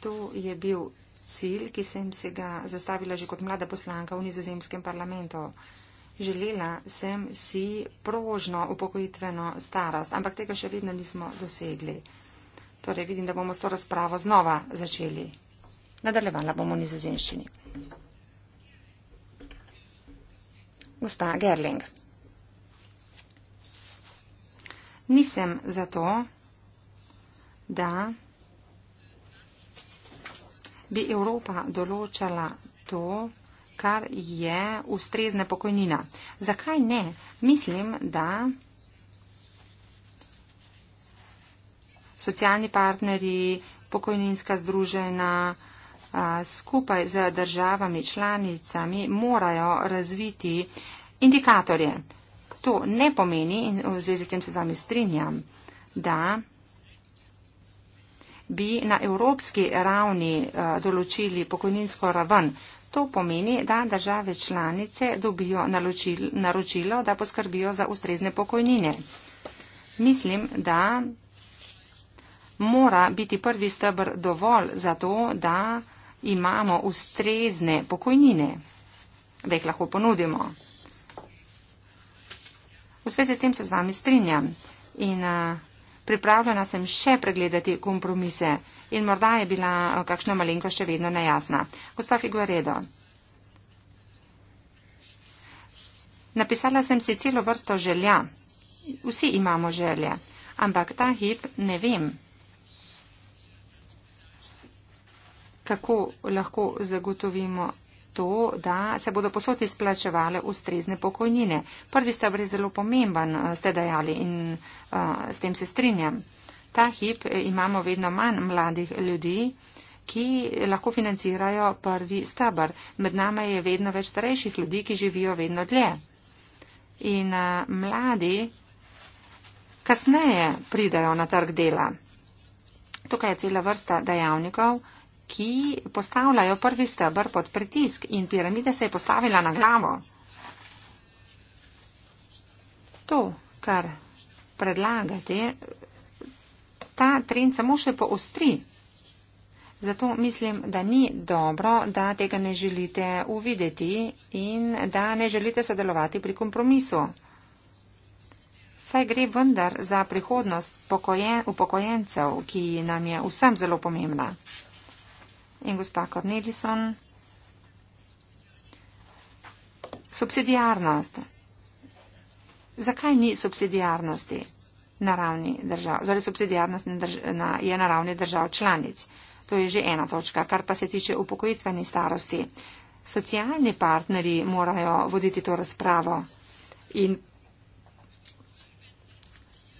To je bil cilj, ki sem se ga zastavila že kot mlada poslanka v nizozemskem parlamentu. Želela sem si prožno upokojitveno starost, ampak tega še vedno nismo dosegli. Torej vidim, da bomo s to razpravo znova začeli. Nadaljevala bomo v nizozemščini. Gospa Gerling. Nisem zato, da bi Evropa določala to, kar je ustrezna pokojnina. Zakaj ne? Mislim, da socialni partneri, pokojninska združena skupaj z državami članicami morajo razviti uh, indikatorje. To ne pomeni, in v zvezi s tem se z vami strinjam, da bi na evropski ravni eh, določili pokojninsko raven. To pomeni, da države članice dobijo naročilo, da poskrbijo za ustrezne pokojnine. Mislim, da mora biti prvi stebr dovolj za to, da imamo ustrezne pokojnine, da jih lahko ponudimo. V svezi s tem se z vami strinjam in eh, pripravljena sem še pregledati kompromise in morda je bila eh, kakšna malinko še vedno nejasna. Gospa Figueredo. Napisala sem si celo vrsto želja. Vsi imamo želje, ampak ta hip ne vem, kako lahko zagotovimo to, da se bodo posod izplačevale ustrezne pokojnine. Prvi stavr je zelo pomemben, eh, ste dejali in uh, s tem se strinjam. Ta hip eh, imamo vedno manj mladih ljudi, ki lahko financirajo prvi stabr. Med nama je vedno več starejših ljudi, ki živijo vedno dlje. In uh, mladi kasneje pridajo na trg dela. Tukaj je cela vrsta dejavnikov, uh, ki postavljajo prvi stebr pod pritisk in piramide se je postavila na glavo. To, kar predlagate, ta trend samo še poostri. Zato mislim, da ni dobro, da tega ne želite uvideti in da ne želite sodelovati pri kompromisu. Saj gre vendar za prihodnost upokojencev, ki nam je vsem zelo pomembna in gospa Cornelison. Subsidijarnost. Zakaj ni subsidijarnosti na ravni držav? Zdaj, torej subsidijarnost je na ravni držav članic. To je že ena točka, kar pa se tiče upokojitveni starosti. Socialni partnerji morajo voditi to razpravo in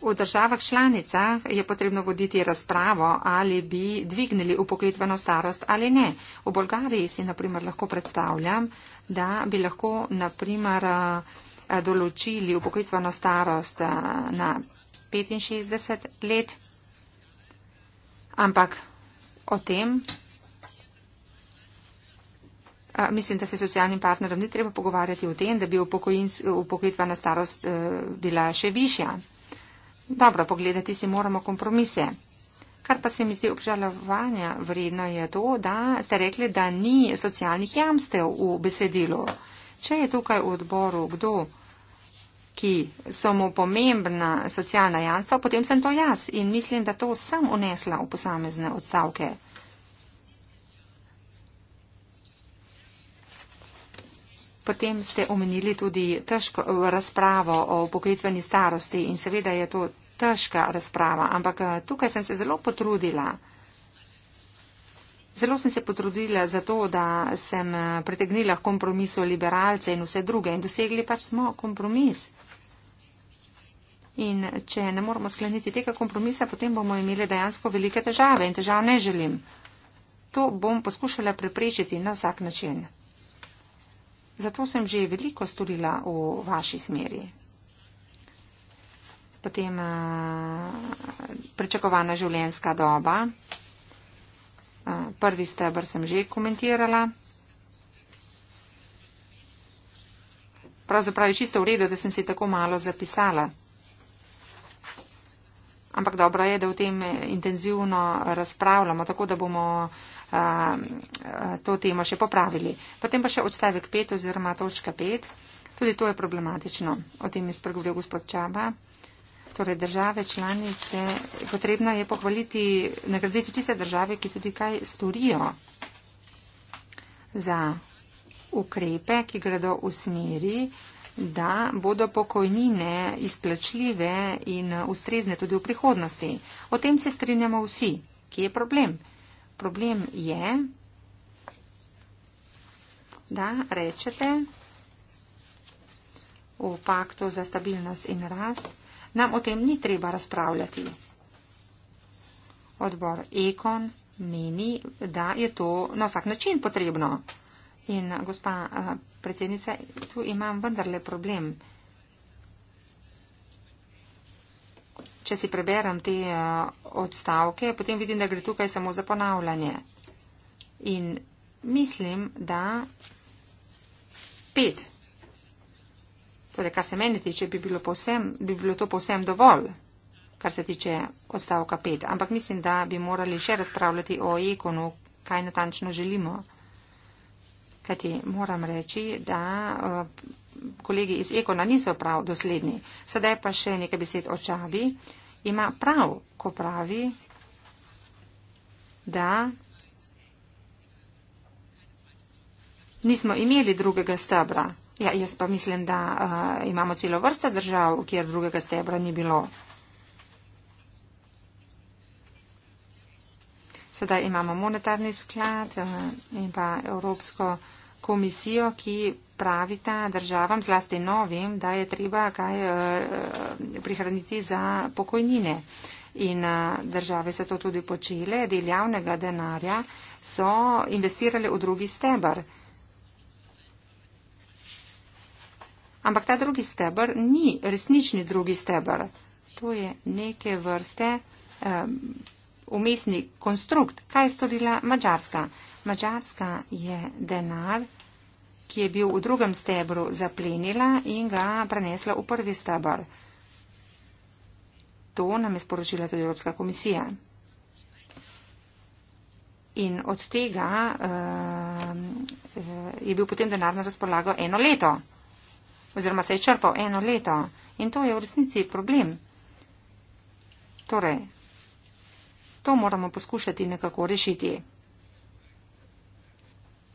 V državah članicah je potrebno voditi razpravo, ali bi dvignili upokojitveno starost ali ne. V Bolgariji si naprimer lahko predstavljam, da bi lahko naprimer eh, določili upokojitveno starost eh, na 65 let, ampak o tem. Eh, mislim, da se socialnim partnerom ni treba pogovarjati o tem, da bi upokojitvena starost bila še višja. Dobro, pogledati si moramo kompromise. Kar pa se mi zdi obžalovanja vredno je to, da ste rekli, da ni socialnih jamstev v besedilu. Če je tukaj v odboru kdo, ki so mu pomembna socialna jamstva, potem sem to jaz in mislim, da to sem unesla v posamezne odstavke. Potem ste omenili tudi težko razpravo o upokojitveni starosti in seveda je to težka razprava, ampak eh, tukaj sem se zelo potrudila. Zelo sem se potrudila za to, da sem eh, pritegnila kompromiso liberalce in vse druge in dosegli pač smo kompromis. In če ne moramo skleniti tega kompromisa, potem bomo imeli dejansko velike težave in težav ne želim. To bom poskušala preprečiti na vsak način. Zato sem že veliko storila v vaši smeri. Potem eh, prečakovana življenjska doba. Eh, prvi stebr sem že komentirala. Pravzaprav je čisto v redu, da sem si tako malo zapisala. Ampak dobro je, da o tem intenzivno razpravljamo, tako da bomo uh, a, um, a, to temo še popravili. Potem pa še odstavek 5 oziroma točka 5. Tudi to je problematično. O tem je spregovoril gospod Čaba. Torej države članice, potrebno je pohvaliti, nagraditi tiste države, ki tudi kaj storijo za ukrepe, ki gredo v smeri, da bodo pokojnine izplačljive in ustrezne tudi v prihodnosti. O tem se strinjamo vsi. Kje je problem? problem je, da rečete v paktu za stabilnost in rast, nam o tem ni treba razpravljati. Odbor Ekon meni, da je to na vsak način potrebno. In gospa eh, predsednica, tu imam vendarle problem. če si preberem te eh, odstavke, potem vidim, da gre tukaj samo za ponavljanje. In mislim, da pet, torej kar se meni tiče, bi bilo, povsem, bi bilo to povsem dovolj, kar se tiče odstavka pet. Ampak mislim, da bi morali še razpravljati o ekonu, kaj natančno želimo. Kajti moram reči, da. Uh, kolegi iz Ekona niso prav dosledni. Sedaj pa še nekaj besed o Čabi. Ima prav, ko pravi, da nismo imeli drugega stebra. Ja, jaz pa mislim, da uh, imamo celo vrsto držav, kjer drugega stebra ni bilo. Sedaj imamo monetarni sklad uh, in pa Evropsko komisijo, ki pravita državam, zlasti novim, da je treba kaj eh, prihraniti za pokojnine. In eh, države so to tudi počele, del javnega denarja so investirali v drugi stebr. Ampak ta drugi stebr ni resnični drugi stebr. To je neke vrste eh, umestni konstrukt. Kaj je storila Mačarska? Mačarska je denar ki je bil v drugem stebru, zaplenila in ga prenesla v prvi stebr. To nam je sporočila tudi Evropska komisija. In od tega uh, je bil potem denar na razpolago eno leto. Oziroma se je črpal eno leto. In to je v resnici problem. Torej, to moramo poskušati nekako rešiti.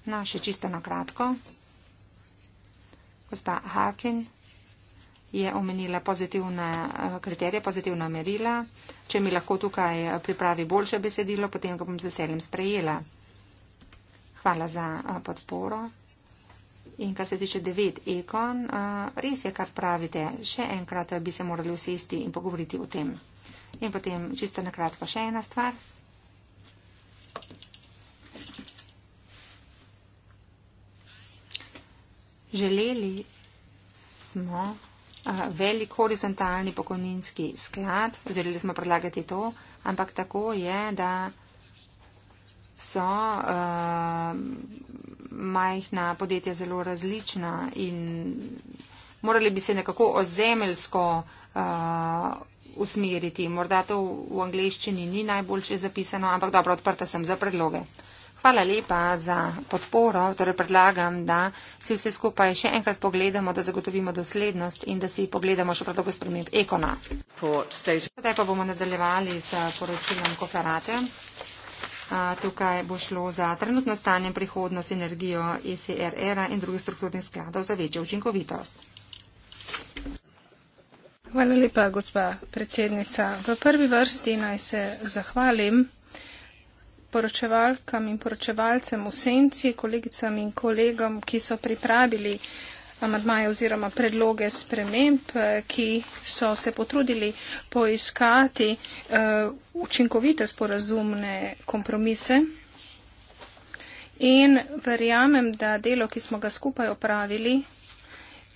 No, še čisto na kratko. Gospa Harkin je omenila pozitivne eh, kriterije, pozitivna merila. Če mi lahko tukaj eh, pripravi boljše besedilo, potem ga bom z veseljem sprejela. Hvala za eh, podporo. In kar se tiče devet ekon, res je, kar pravite, še enkrat bi se morali usesti in pogovoriti o tem. In potem čisto nakratko še ena stvar. Želeli smo velik horizontalni pokojninski sklad, želeli smo predlagati to, ampak tako je, da so uh, majhna podjetja zelo različna in morali bi se nekako ozemelsko uh, usmeriti. Morda to v angleščini ni najboljše zapisano, ampak dobro, odprta sem za predloge. Hvala lepa za podporo. Torej predlagam, da si vse skupaj še enkrat pogledamo, da zagotovimo doslednost in da si pogledamo še predlogo sprememb ekona. Zdaj pa bomo nadaljevali s poročilom koferate. Tukaj bo šlo za trenutno stanje prihodnost energijo ECRR-a in drugih strukturnih skladov za večjo učinkovitost. Hvala lepa, gospa predsednica. V prvi vrsti naj se zahvalim poročevalkam in poročevalcem v senci, kolegicam in kolegom, ki so pripravili amadmaje oziroma predloge sprememb, ki so se potrudili poiskati uh, učinkovite sporazumne kompromise. In verjamem, da delo, ki smo ga skupaj opravili,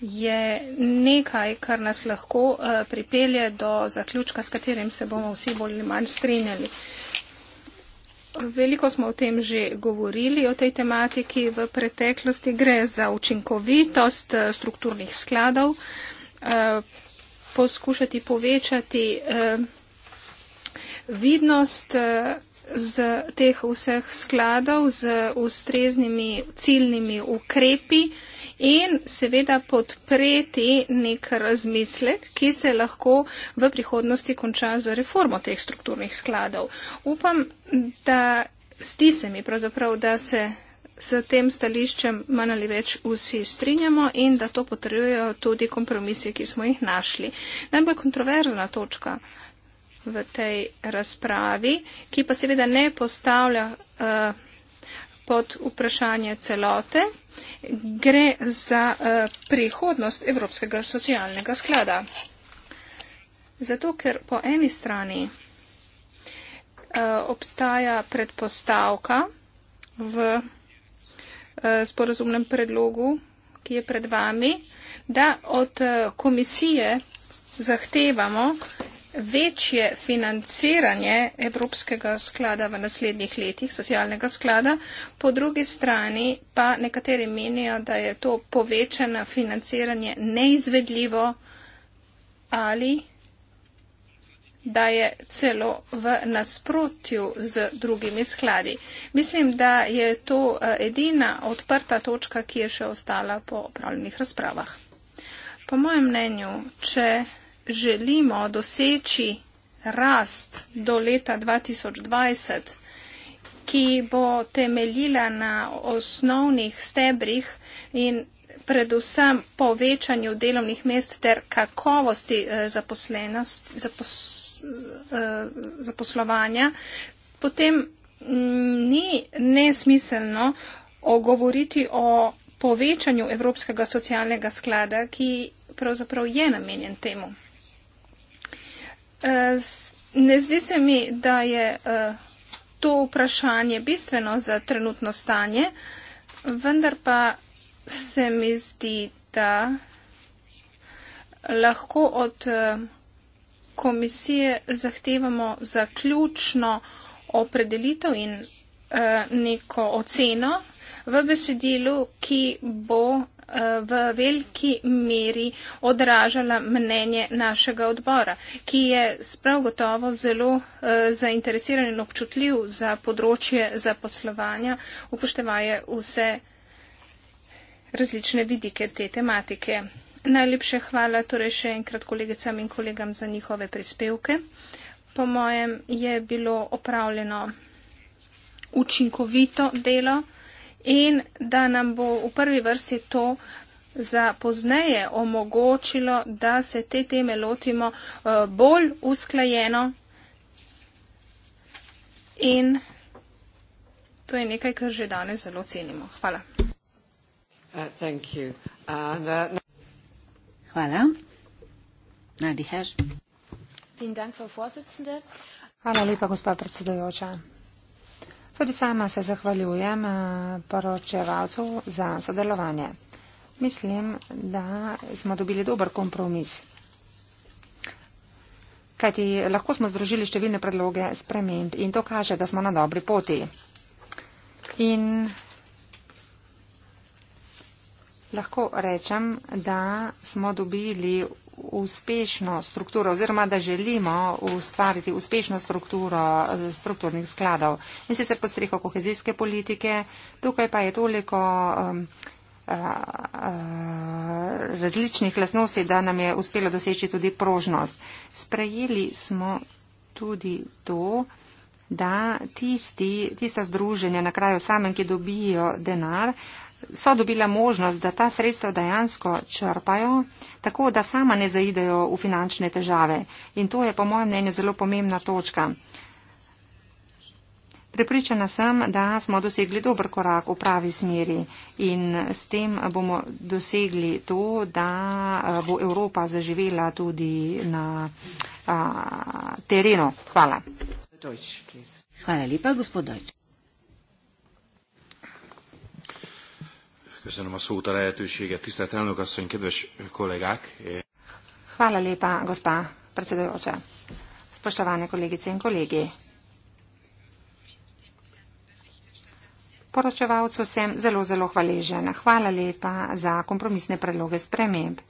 je nekaj, kar nas lahko uh, pripelje do zaključka, s katerim se bomo vsi bolj ali manj strinjali. Uh, Veliko smo o tem že govorili, o tej tematiki v preteklosti. Gre za učinkovitost eh, strukturnih skladov, eh, poskušati povečati eh, vidnost z teh vseh skladov z ustreznimi ciljnimi ukrepi in seveda podpreti nek razmislek, ki se lahko v prihodnosti konča z reformo teh strukturnih skladov. Upam, da zdi se mi pravzaprav, da se s tem stališčem manj ali več vsi strinjamo in da to potrjujejo tudi kompromise, ki smo jih našli. Najbolj kontroverzna točka v tej razpravi, ki pa seveda ne postavlja uh, pod vprašanje celote gre za eh, prihodnost Evropskega socialnega sklada. Zato, ker po eni strani eh, obstaja predpostavka v eh, sporozumnem predlogu, ki je pred vami, da od komisije zahtevamo večje financiranje Evropskega sklada v naslednjih letih, socialnega sklada, po drugi strani pa nekateri menijo, da je to povečano financiranje neizvedljivo ali da je celo v nasprotju z drugimi skladi. Mislim, da je to eh, edina odprta točka, ki je še ostala po opravljenih razpravah. Po mojem mnenju, če želimo doseči rast do leta 2020, ki bo temeljila na osnovnih stebrih in predvsem povečanju delovnih mest ter kakovosti eh, zapos, eh, zaposlovanja, potem mm, ni nesmiselno ogovoriti o povečanju Evropskega socialnega sklada, ki pravzaprav je namenjen temu. Eh, ne zdi se mi, da je eh, to vprašanje bistveno za trenutno stanje, vendar pa se mi zdi, da lahko od eh, komisije zahtevamo zaključno opredelitev in neko oceno v besedilu, ki bo v veliki meri odražala mnenje našega odbora, ki je sprav gotovo zelo eh, zainteresiran in občutljiv za področje zaposlovanja, upoštevaje vse različne vidike te tematike. Najlepše hvala torej še enkrat kolegicam in kolegam za njihove prispevke. Po mojem je bilo opravljeno učinkovito delo in da nam bo v prvi vrsti to za pozneje omogočilo, da se te teme lotimo eh, bolj usklajeno in to je nekaj, kar že danes zelo cenimo. Hvala. Uh, uh, Hvala. Hvala lepa, gospod predsedujoča. Tudi sama se zahvaljujem eh, poročevalcu za sodelovanje. Mislim, da smo dobili dober kompromis. Kajti lahko smo združili številne predloge sprememb in to kaže, da smo na dobri poti. In lahko rečem, da smo dobili uspešno strukturo oziroma da želimo ustvariti uspešno strukturo eh, strukturnih skladov in sicer pod streho kohezijske politike. Tukaj pa je toliko um, različnih lasnosti, da nam je uspelo doseči tudi prožnost. Sprejeli smo tudi to, da tisti, tista združenja na kraju samem, ki dobijo denar, so dobila možnost, da ta sredstva dejansko črpajo, tako da sama ne zaidejo v finančne težave. In to je, po mojem mnenju, zelo pomembna točka. Prepričana sem, da smo dosegli dober korak v pravi smeri in s tem bomo dosegli to, da eh, bo Evropa zaživela tudi na a, eh, terenu. Hvala. Deutsch, Hvala lepa, gospod Dojč. Köszönöm a szót a lehetőséget. Tisztelt elnök asszony, kedves kollégák! Hvala lepa, gospa predsedujoča. Spoštovane kolegice in kolegi. Poročevalcu sem zelo, zelo hvaležen. Hvala lepa za kompromisne predloge sprememb.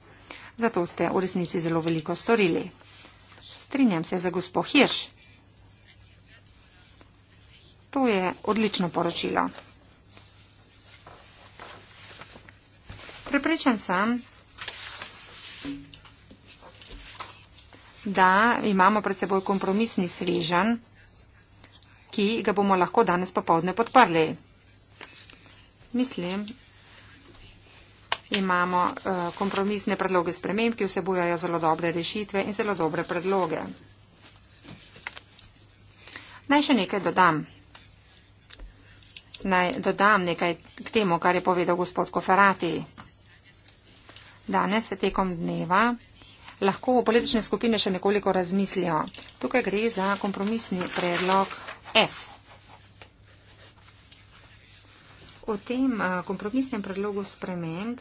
Zato ste v resnici zelo veliko storili. Strinjam se za gospo Hirš. To je odlično poročilo. Prepričan sem, da imamo pred seboj kompromisni svežen, ki ga bomo lahko danes popovdne podprli. Mislim, imamo eh, kompromisne predloge sprememb, ki vsebujajo zelo dobre rešitve in zelo dobre predloge. Naj še nekaj dodam. Naj dodam nekaj k temu, kar je povedal gospod Koferati danes se tekom dneva lahko politične skupine še nekoliko razmislijo. Tukaj gre za kompromisni predlog F. V tem eh, kompromisnem predlogu sprememb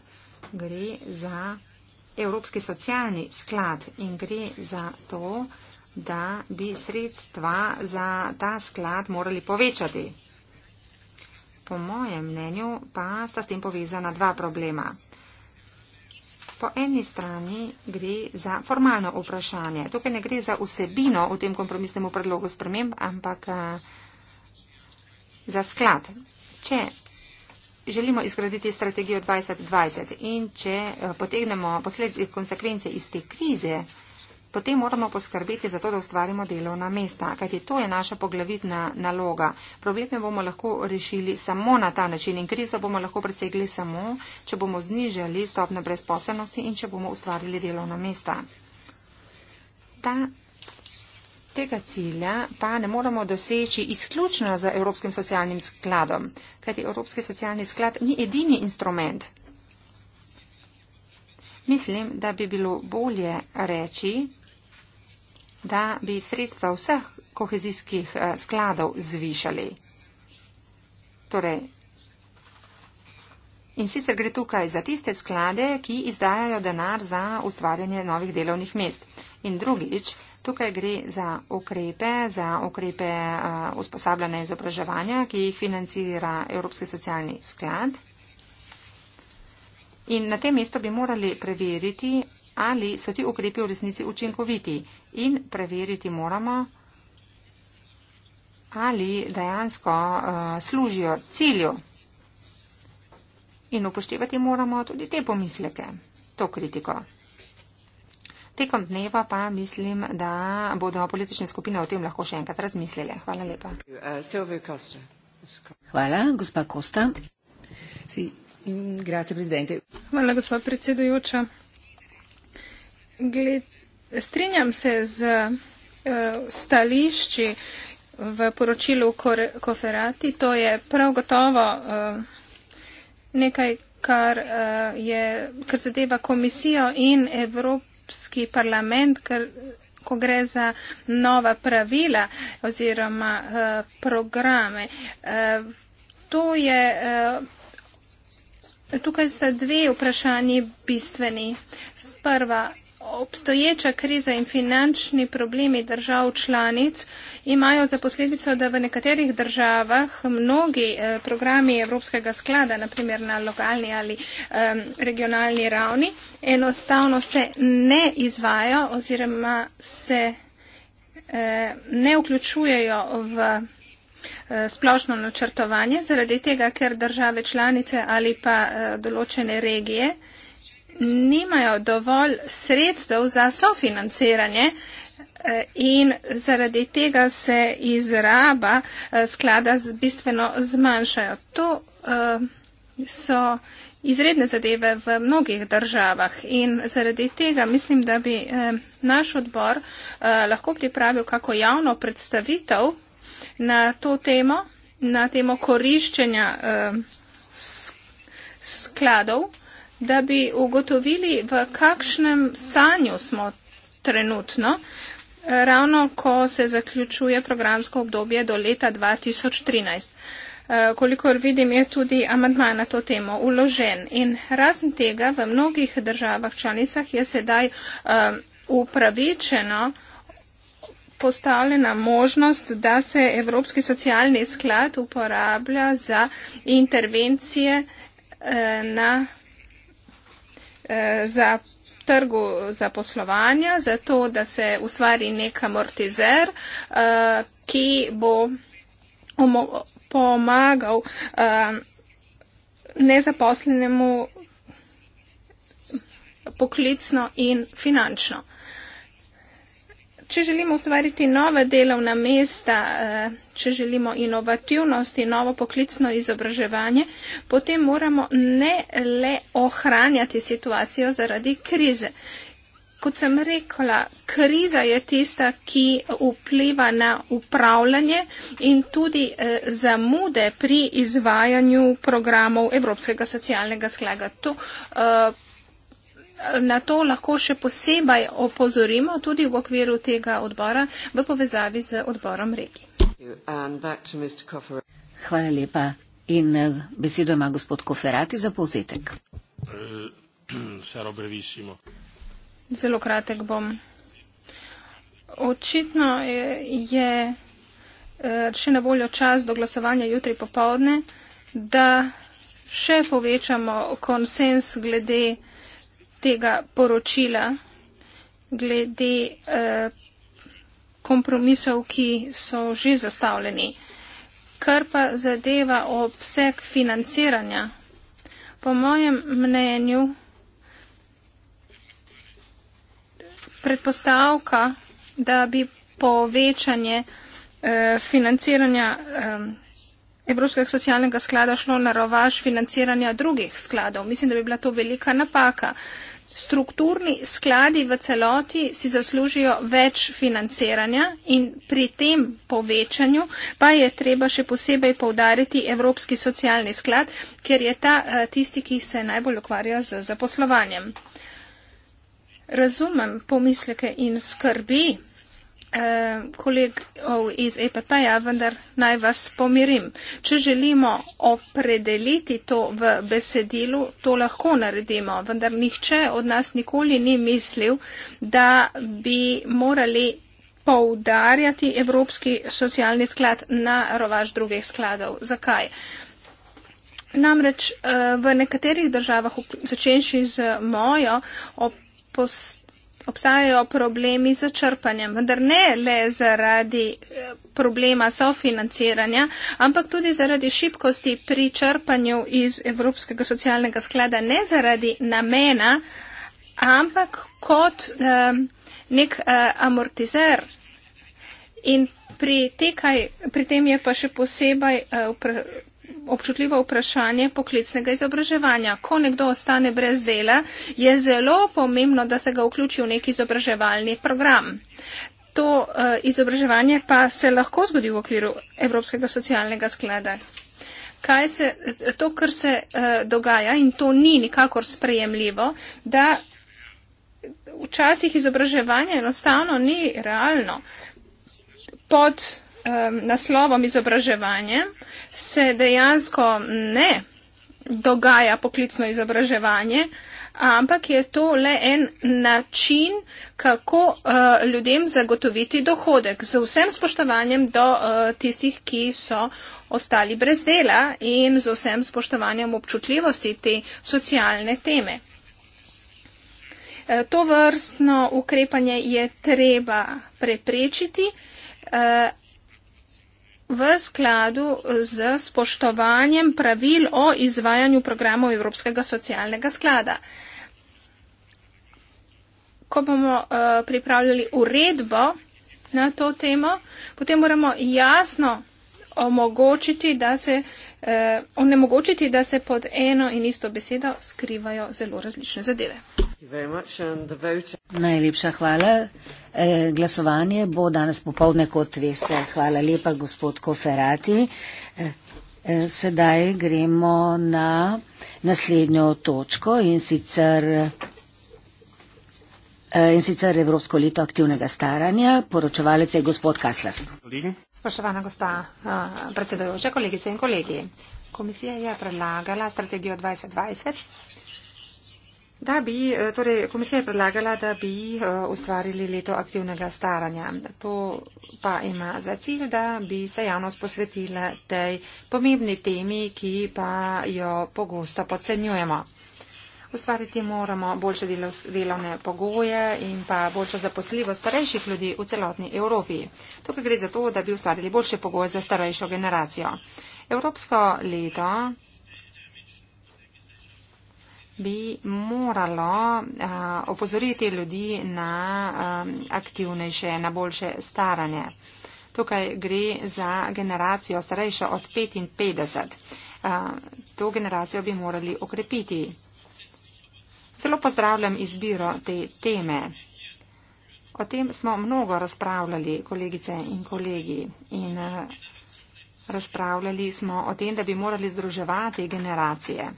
gre za Evropski socialni sklad in gre za to, da bi sredstva za ta sklad morali povečati. Po mojem mnenju pa sta s tem povezana dva problema po eni strani gre za formalno vprašanje. Tukaj ne gre za vsebino v tem kompromisnem predlogu sprememb, ampak eh, za sklad. Če želimo izgraditi strategijo 2020 in če eh, potegnemo posledne konsekvence iz te krize, potem moramo poskrbeti za to, da ustvarimo delovna mesta, kajti to je naša poglavitna naloga. Probleme bomo lahko rešili samo na ta način in krizo bomo lahko presegli samo, če bomo znižali stopno brezposobnosti in če bomo ustvarili delovna mesta. Ta Tega cilja pa ne moramo doseči izključno z Evropskim socialnim skladom, kajti Evropski socialni sklad ni edini instrument. Mislim, da bi bilo bolje reči, da bi sredstva vseh kohezijskih eh, skladov zvišali. Torej, in sicer gre tukaj za tiste sklade, ki izdajajo denar za ustvarjanje novih delovnih mest. In drugič, tukaj gre za ukrepe, za ukrepe eh, usposabljanja in izobraževanja, ki jih financira Evropski socialni sklad. In na tem mestu bi morali preveriti, ali so ti ukrepi v resnici učinkoviti. In preveriti moramo, ali dejansko uh, služijo cilju. In upoštevati moramo tudi te pomisleke, to kritiko. Tekom dneva pa mislim, da bodo politične skupine o tem lahko še enkrat razmislile. Hvala lepa. Hvala, gospa Kosta. Hvala, gospa predsedujoča gled, strinjam se z uh, stališči v poročilu Koferati. To je prav gotovo uh, nekaj, kar, uh, je, kar zadeva komisijo in Evropski parlament, kar, ko gre za nova pravila oziroma uh, programe. Uh, je, uh, tukaj sta dve vprašanji bistveni. Sprva, Obstoječa kriza in finančni problemi držav članic imajo za posledico, da v nekaterih državah mnogi eh, programi Evropskega sklada, naprimer na lokalni ali um, regionalni ravni, enostavno se ne izvajo oziroma se eh, ne vključujejo v eh, splošno načrtovanje, zaradi tega, ker države članice ali pa eh, določene regije eh, nimajo dovolj sredstev za sofinanciranje eh, in zaradi tega se izraba eh, sklada bistveno zmanjšajo. To eh, so izredne zadeve v mnogih državah in zaradi tega mislim, da bi naš odbor lahko pripravil kako javno predstavitev na to temo, na temo koriščenja skladov da bi ugotovili, v kakšnem stanju smo trenutno, eh, ravno ko se zaključuje programsko obdobje do leta 2013. Eh, kolikor vidim, je tudi amantma na to temo uložen. In razen tega, v mnogih državah članicah je sedaj eh, upravičeno postavljena možnost, da se Evropski socialni sklad uporablja za intervencije na Eh, za trgu za poslovanja, zato da se ustvari nek amortizer, eh, ki bo pomagal eh, nezaposlenemu poklicno in finančno. Če želimo ustvariti nove delovna mesta, eh, če želimo inovativnost in novo poklicno izobraževanje, potem moramo ne le ohranjati situacijo zaradi krize. Kot sem rekla, kriza je tista, ki vpliva na upravljanje in tudi eh, zamude pri izvajanju programov Evropskega socialnega sklada. Eh, na to lahko še posebej opozorimo tudi v okviru tega odbora v povezavi z odborom regi. Hvala lepa. In eh, besedo ima gospod Koferati za povzetek. Eh, Zelo kratek bom. Očitno eh, je še na voljo čas do glasovanja jutri popovdne, da še povečamo konsens glede tega poročila glede eh, kompromisov, ki so že zastavljeni. Kar pa zadeva obseg financiranja, po mojem mnenju predpostavka, da bi povečanje eh, financiranja eh, Evropskega socialnega sklada šlo na rovaž financiranja drugih skladov. Mislim, da bi bila to velika napaka. Eh, strukturni skladi v celoti si zaslužijo več financiranja in pri tem povečanju pa je treba še posebej povdariti Evropski socialni sklad, ker je ta eh, tisti, ki se najbolj ukvarja z zaposlovanjem. Razumem pomisleke in skrbi eh, kolegov oh, iz EPP-ja, vendar naj vas pomirim. Če želimo opredeliti to v besedilu, to lahko naredimo, vendar nihče od nas nikoli ni mislil, da bi morali poudarjati Evropski socialni sklad na rovaž drugih skladov. Zakaj? Namreč eh, v nekaterih državah, začenši z mojo, opostavljajo obstajajo problemi z črpanjem, vendar ne le zaradi eh, problema sofinanciranja, ampak tudi zaradi šibkosti pri črpanju iz Evropskega socialnega sklada, ne zaradi namena, ampak kot eh, nek eh, amortizer. In pri, te kaj, pri tem je pa še posebej eh, občutljivo vprašanje poklicnega izobraževanja. Ko nekdo ostane brez dela, je zelo pomembno, da se ga vključi v nek izobraževalni program. To uh, izobraževanje pa se lahko zgodi v okviru Evropskega socialnega sklada. Kaj se, to, kar se uh, dogaja in to ni nikakor sprejemljivo, da včasih izobraževanje enostavno ni realno. Pod um, naslovom izobraževanje, se dejansko ne dogaja poklicno izobraževanje, ampak je to le en način, kako uh, ljudem zagotoviti dohodek z vsem spoštovanjem do uh, tistih, ki so ostali brez dela in z vsem spoštovanjem občutljivosti te socialne teme. Eh, to vrstno ukrepanje je treba preprečiti, v skladu z spoštovanjem pravil o izvajanju programov Evropskega socialnega sklada. Ko bomo uh, pripravljali uredbo na to temo, potem moramo jasno omogočiti, da se, uh, onemogočiti, da se pod eno in isto besedo skrivajo zelo različne zadeve. Najlepša hvala. E, glasovanje bo danes popovdne, kot veste. Hvala lepa, gospod Koferati. E, e, sedaj gremo na naslednjo točko in sicer, in sicer Evropsko leto aktivnega staranja. Poročevalec je gospod Kasler. Spoštovana gospa predsedojoča, kolegice in kolegi. Komisija je predlagala strategijo 2020, da bi, eh, torej komisija je predlagala, da bi eh, ustvarili leto aktivnega staranja. To pa ima za cilj, da bi se javnost posvetila tej pomembni temi, ki pa jo pogosto podcenjujemo. Ustvariti moramo boljše delovne pogoje in pa boljšo zaposljivost starejših ljudi v celotni Evropi. Tukaj gre za to, da bi ustvarili boljše pogoje za starejšo generacijo. Evropsko leto bi moralo uh, opozoriti ljudi na um, aktivnejše, na boljše staranje. Tukaj gre za generacijo starejšo od 55. Uh, to generacijo bi morali okrepiti. Zelo pozdravljam izbiro te teme. O tem smo mnogo razpravljali, kolegice in kolegi. In, uh, Razpravljali smo o tem, da bi morali združevati generacije.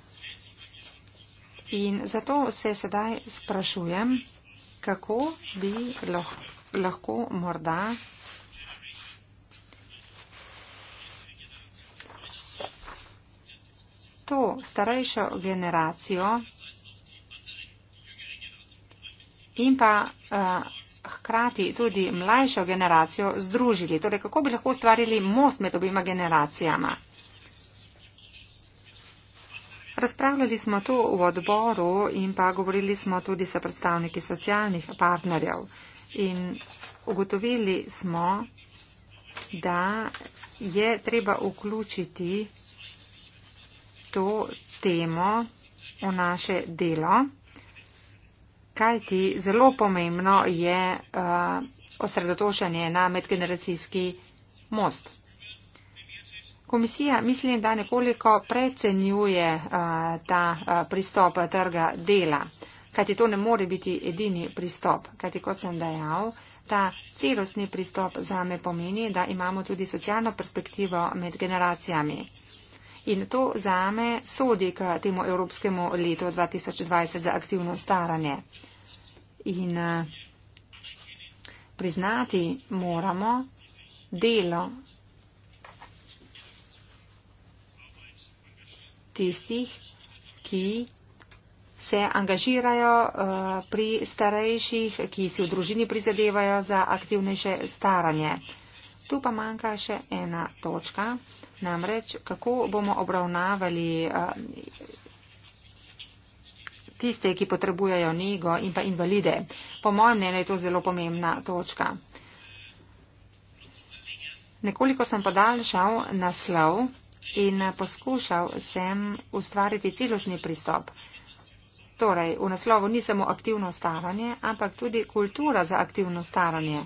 In zato se sedaj sprašujem, kako bi lahko, lahko morda to starejšo generacijo in pa uh, hkrati tudi mlajšo generacijo združili. Torej, kako bi lahko ustvarili most med obima generacijama? Razpravljali smo to v odboru in pa govorili smo tudi sa predstavniki socialnih partnerjev. In ugotovili smo, da je treba vključiti to temo v naše delo, kajti zelo pomembno je uh, osredotočanje na medgeneracijski most. Komisija mislim, da nekoliko precenjuje eh, ta eh, pristop trga dela, kajti to ne more biti edini pristop, kajti kot sem dejal, ta celostni pristop zame pomeni, da imamo tudi socialno perspektivo med generacijami. In to zame sodi k temu Evropskemu letu 2020 za aktivno staranje. In eh, priznati moramo delo tistih, ki se angažirajo eh, pri starejših, ki si v družini prizadevajo za aktivnejše staranje. Tu pa manjka še ena točka, namreč kako bomo obravnavali eh, tiste, ki potrebujejo njego in pa invalide. Po mojem mnenju je to zelo pomembna točka. Nekoliko sem podaljšal naslov in eh, poskušal sem ustvariti celošni pristop. Torej, v naslovu ni samo aktivno staranje, ampak tudi kultura za aktivno staranje.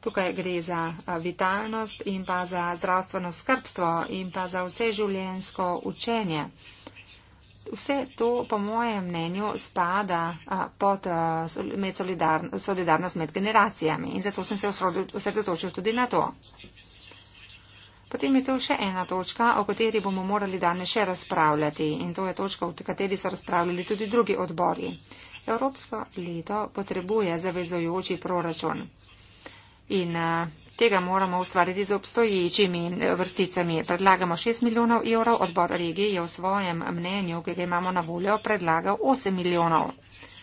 Tukaj gre za eh, vitalnost in pa za zdravstveno skrbstvo in pa za vse življensko učenje. Vse to, po mojem mnenju, spada eh, pod med solidarnost med generacijami in zato sem se osredotočil tudi na to. Potem je to še ena točka, o kateri bomo morali danes še razpravljati in to je točka, o kateri so razpravljali tudi drugi odbori. Evropsko leto potrebuje zavezojoči proračun in eh, tega moramo ustvariti z obstoječimi eh, vrsticami. Predlagamo 6 milijonov evrov, odbor regije je v svojem mnenju, ki ga imamo na voljo, predlagal 8 milijonov evrov.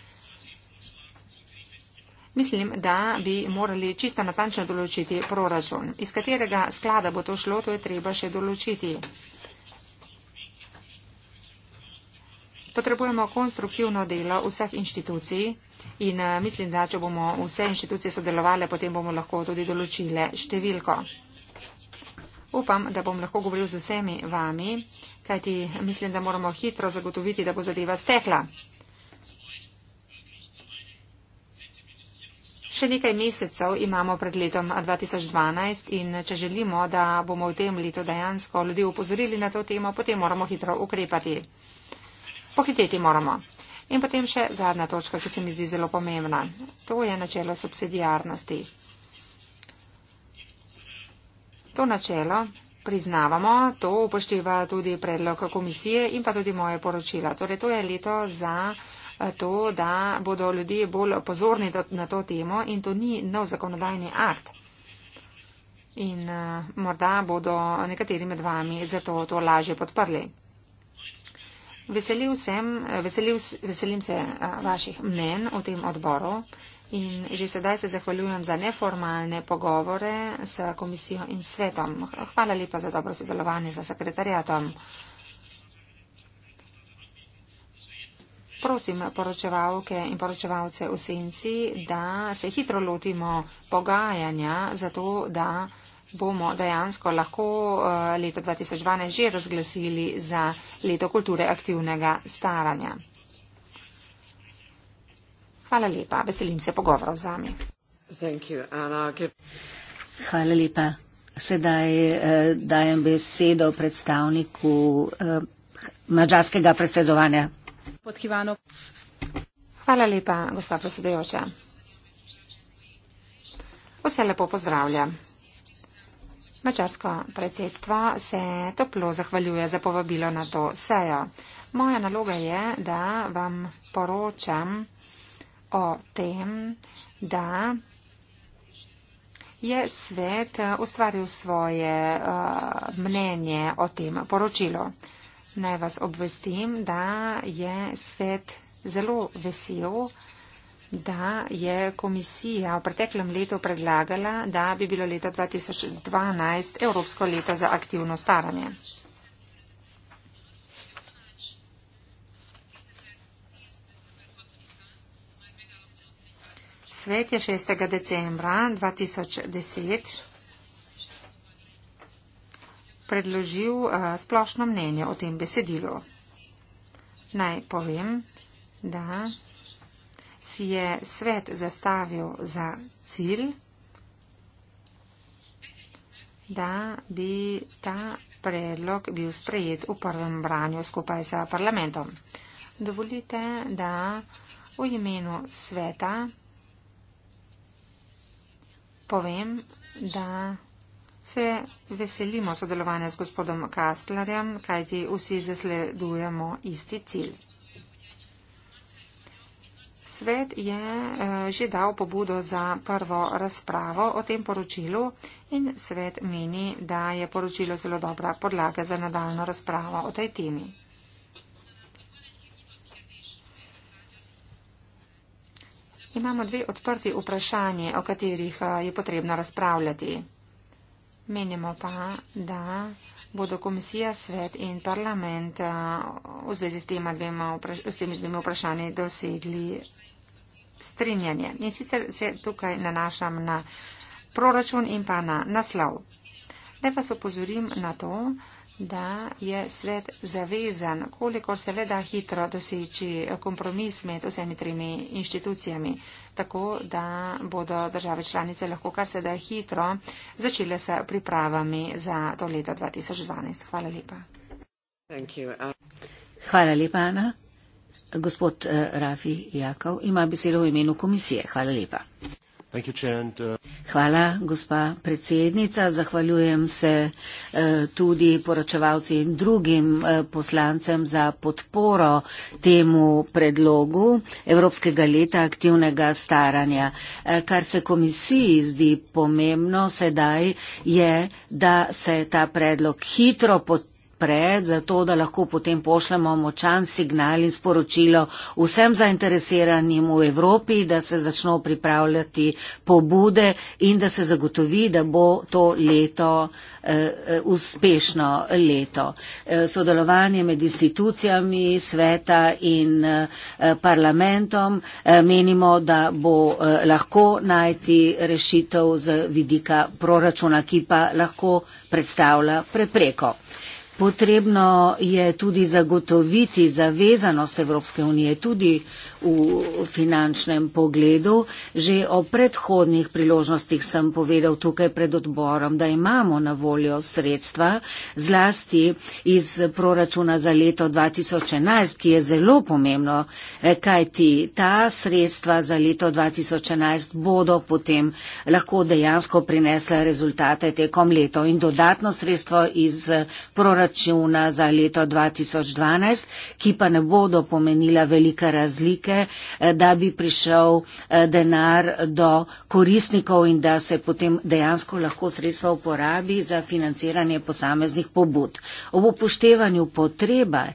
Mislim, da bi morali čisto natančno določiti proračun. Iz katerega sklada bo to šlo, to je treba še določiti. Potrebujemo konstruktivno delo vseh inštitucij in eh, mislim, da če bomo vse inštitucije sodelovali, potem bomo lahko tudi določile številko. Upam, da bom lahko govoril z vsemi vami, kajti mislim, da moramo hitro zagotoviti, da bo zadeva stekla. Še nekaj mesecev imamo pred letom 2012 in če želimo, da bomo v tem letu dejansko ljudi upozorili na to temo, potem moramo hitro ukrepati. Pohiteti moramo. In potem še zadnja točka, ki se mi zdi zelo pomembna. To je načelo subsidijarnosti. To načelo priznavamo, to upošteva tudi predlog komisije in pa tudi moje poročila. Torej, to je leto za to, da bodo ljudje bolj pozorni na to temo in to ni nov zakonodajni akt. In uh, morda bodo nekateri med vami zato to lažje podprli. Veselil sem, veselil, veselim se uh, vaših mnen o tem odboru in že sedaj se zahvaljujem za neformalne pogovore s komisijo in svetom. Hvala lepa za dobro sodelovanje z sekretarjatom. Uh, Prosim poročevalke in poročevalce v senci, da se hitro lotimo pogajanja, zato da bomo dejansko lahko eh, leto 2012 že razglasili za leto kulture aktivnega staranja. Hvala lepa, veselim se pogovorov z vami. Hvala lepa. Sedaj eh, dajem besedo predstavniku eh, mađarskega predsedovanja. Podhivano. Hvala lepa, gospa predsedujoča. Vse lepo pozdravlja. Mačarsko predsedstvo se toplo zahvaljuje za povabilo na to sejo. Moja naloga je, da vam poročam o tem, da je svet ustvaril svoje uh, mnenje o tem poročilu. Uh, Naj vas obvestim, da je svet zelo vesel, da je komisija v preteklem letu predlagala, da bi bilo leto 2012 Evropsko leto za aktivno staranje. Svet je 6. decembra 2010 predložil eh, splošno mnenje o tem besedilu. Naj povem, da si je svet zastavil za cilj, da bi ta predlog bil sprejet v prvem branju skupaj z parlamentom. Dovolite, da v imenu sveta povem, da se veselimo sodelovanja z gospodom Kastlerjem, kajti vsi zasledujemo isti cilj. Svet je eh, že dal pobudo za prvo razpravo o tem poročilu in svet meni, da je poročilo zelo dobra podlaga za nadaljno razpravo o tej temi. Imamo dve odprti vprašanje, o katerih eh, je potrebno razpravljati. Menimo pa, da bodo komisija, svet in parlament v zvezi s, vpraš s temi dvema vprašanji dosegli strinjanje. In sicer se tukaj nanašam na proračun in pa na naslov. Naj pa se opozorim na to, da je svet zavezan, koliko se le da hitro doseči kompromis med vsemi tremi inštitucijami, tako da bodo države članice lahko kar se da hitro začele s pripravami za to leto 2012. Hvala lepa. Hvala lepa, Ana. Gospod eh, Rafi Jakov ima besedo v imenu komisije. Hvala lepa. Uh, Hvala, gospa predsednica. Zahvaljujem se eh, tudi poročevalci in drugim eh, poslancem za podporo temu predlogu Evropskega leta aktivnega staranja. Eh, kar se komisiji zdi pomembno sedaj, je, da se ta predlog hitro potrebuje pred, zato da lahko potem pošljemo močan signal in sporočilo vsem zainteresiranim v Evropi, da se začno pripravljati pobude in da se zagotovi, da bo to leto eh, eh uspešno leto. Eh, sodelovanje med institucijami sveta in eh, parlamentom eh, menimo, da bo eh, lahko najti rešitev z vidika proračuna, ki pa lahko predstavlja prepreko. Potrebno je tudi zagotoviti zavezanost Evropske unije tudi v finančnem pogledu. Že o predhodnih priložnostih sem povedal tukaj pred odborom, da imamo na voljo sredstva zlasti iz proračuna za leto 2011, ki je zelo pomembno, eh, kajti ta sredstva za leto 2011 bodo potem lahko dejansko prinesla rezultate tekom leto in dodatno sredstvo iz proračuna eh, proračuna za leto 2012, ki pa ne bodo pomenila velike razlike, eh, da bi prišel eh, denar do koristnikov in da se potem dejansko lahko sredstva uporabi za financiranje posameznih pobud. Ob upoštevanju potreba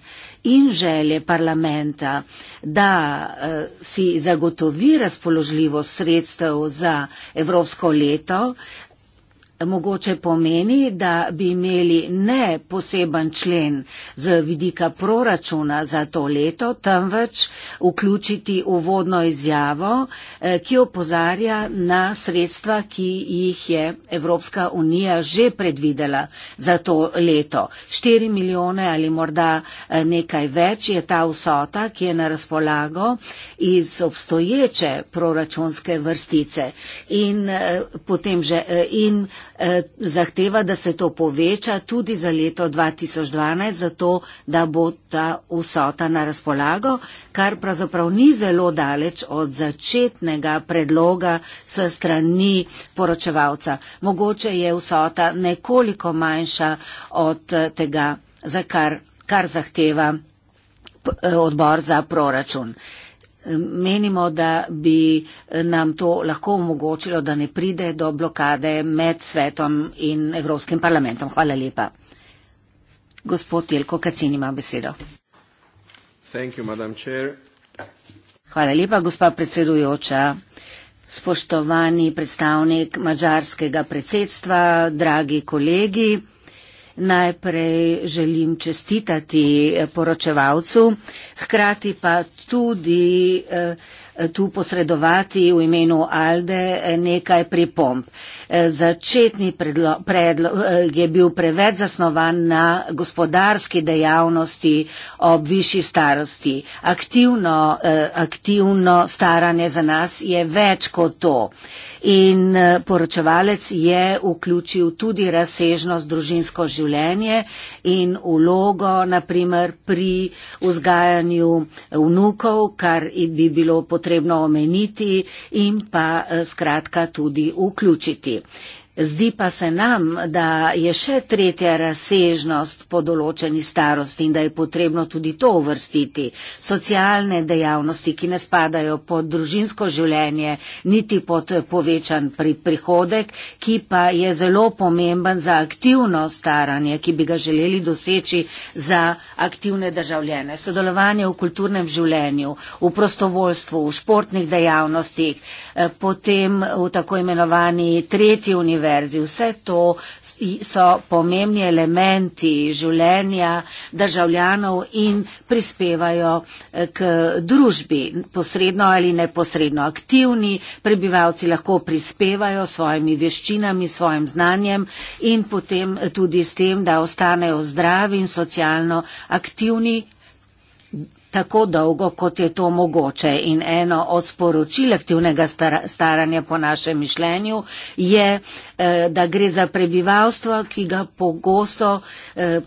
in želje parlamenta, da eh, si zagotovi razpoložljivo sredstev za Evropsko leto, mogoče pomeni, da bi imeli ne poseben člen z vidika proračuna za to leto, temveč vključiti uvodno izjavo, eh, ki opozarja na sredstva, ki jih je Evropska unija že predvidela za to leto. 4 milijone ali morda eh, nekaj več je ta vsota, ki je na razpolago iz obstoječe proračunske vrstice. In, eh, Eh, zahteva, da se to poveča tudi za leto 2012, zato da bo ta vsota na razpolago, kar pravzaprav ni zelo daleč od začetnega predloga s strani poročevalca. Mogoče je vsota nekoliko manjša od eh, tega, za kar, kar zahteva eh, odbor za proračun menimo, da bi nam to lahko omogočilo, da ne pride do blokade med svetom in Evropskim parlamentom. Hvala lepa. Gospod Jelko Kacin ima besedo. You, Hvala lepa, gospa predsedujoča. Spoštovani predstavnik mađarskega predsedstva, dragi kolegi. Najprej želim čestitati poročevalcu, hkrati pa tudi eh, Eh, tu posredovati v imenu Alde eh, nekaj pripomb. Eh, začetni predlog je bil preveč zasnovan na gospodarski dejavnosti ob višji starosti. Aktivno, aktivno staranje za nas je več kot to. In poročevalec je vključil tudi razsežnost družinsko življenje in vlogo, naprimer, pri vzgajanju vnukov, kar bi bilo potrebno potrebno omeniti in pa eh, skratka tudi vključiti. Zdi pa se nam, da je še tretja razsežnost po določeni starosti in da je potrebno tudi to uvrstiti. Socialne dejavnosti, ki ne spadajo pod družinsko življenje, niti pod povečan pri prihodek, ki pa je zelo pomemben za aktivno staranje, ki bi ga želeli doseči za aktivne državljene. Sodelovanje v kulturnem življenju, v prostovoljstvu, v športnih dejavnostih, eh, potem v tako imenovani tretji univerzi, univerzi. Vse to so pomembni elementi življenja državljanov in prispevajo eh, k družbi. Posredno ali neposredno aktivni prebivalci lahko prispevajo svojimi veščinami, svojim znanjem in potem tudi s tem, da ostanejo zdravi in socialno aktivni tako dolgo, kot je to mogoče. In eno od sporočil aktivnega staranja po našem mišljenju je, eh, da gre za prebivalstvo, ki ga pogosto eh,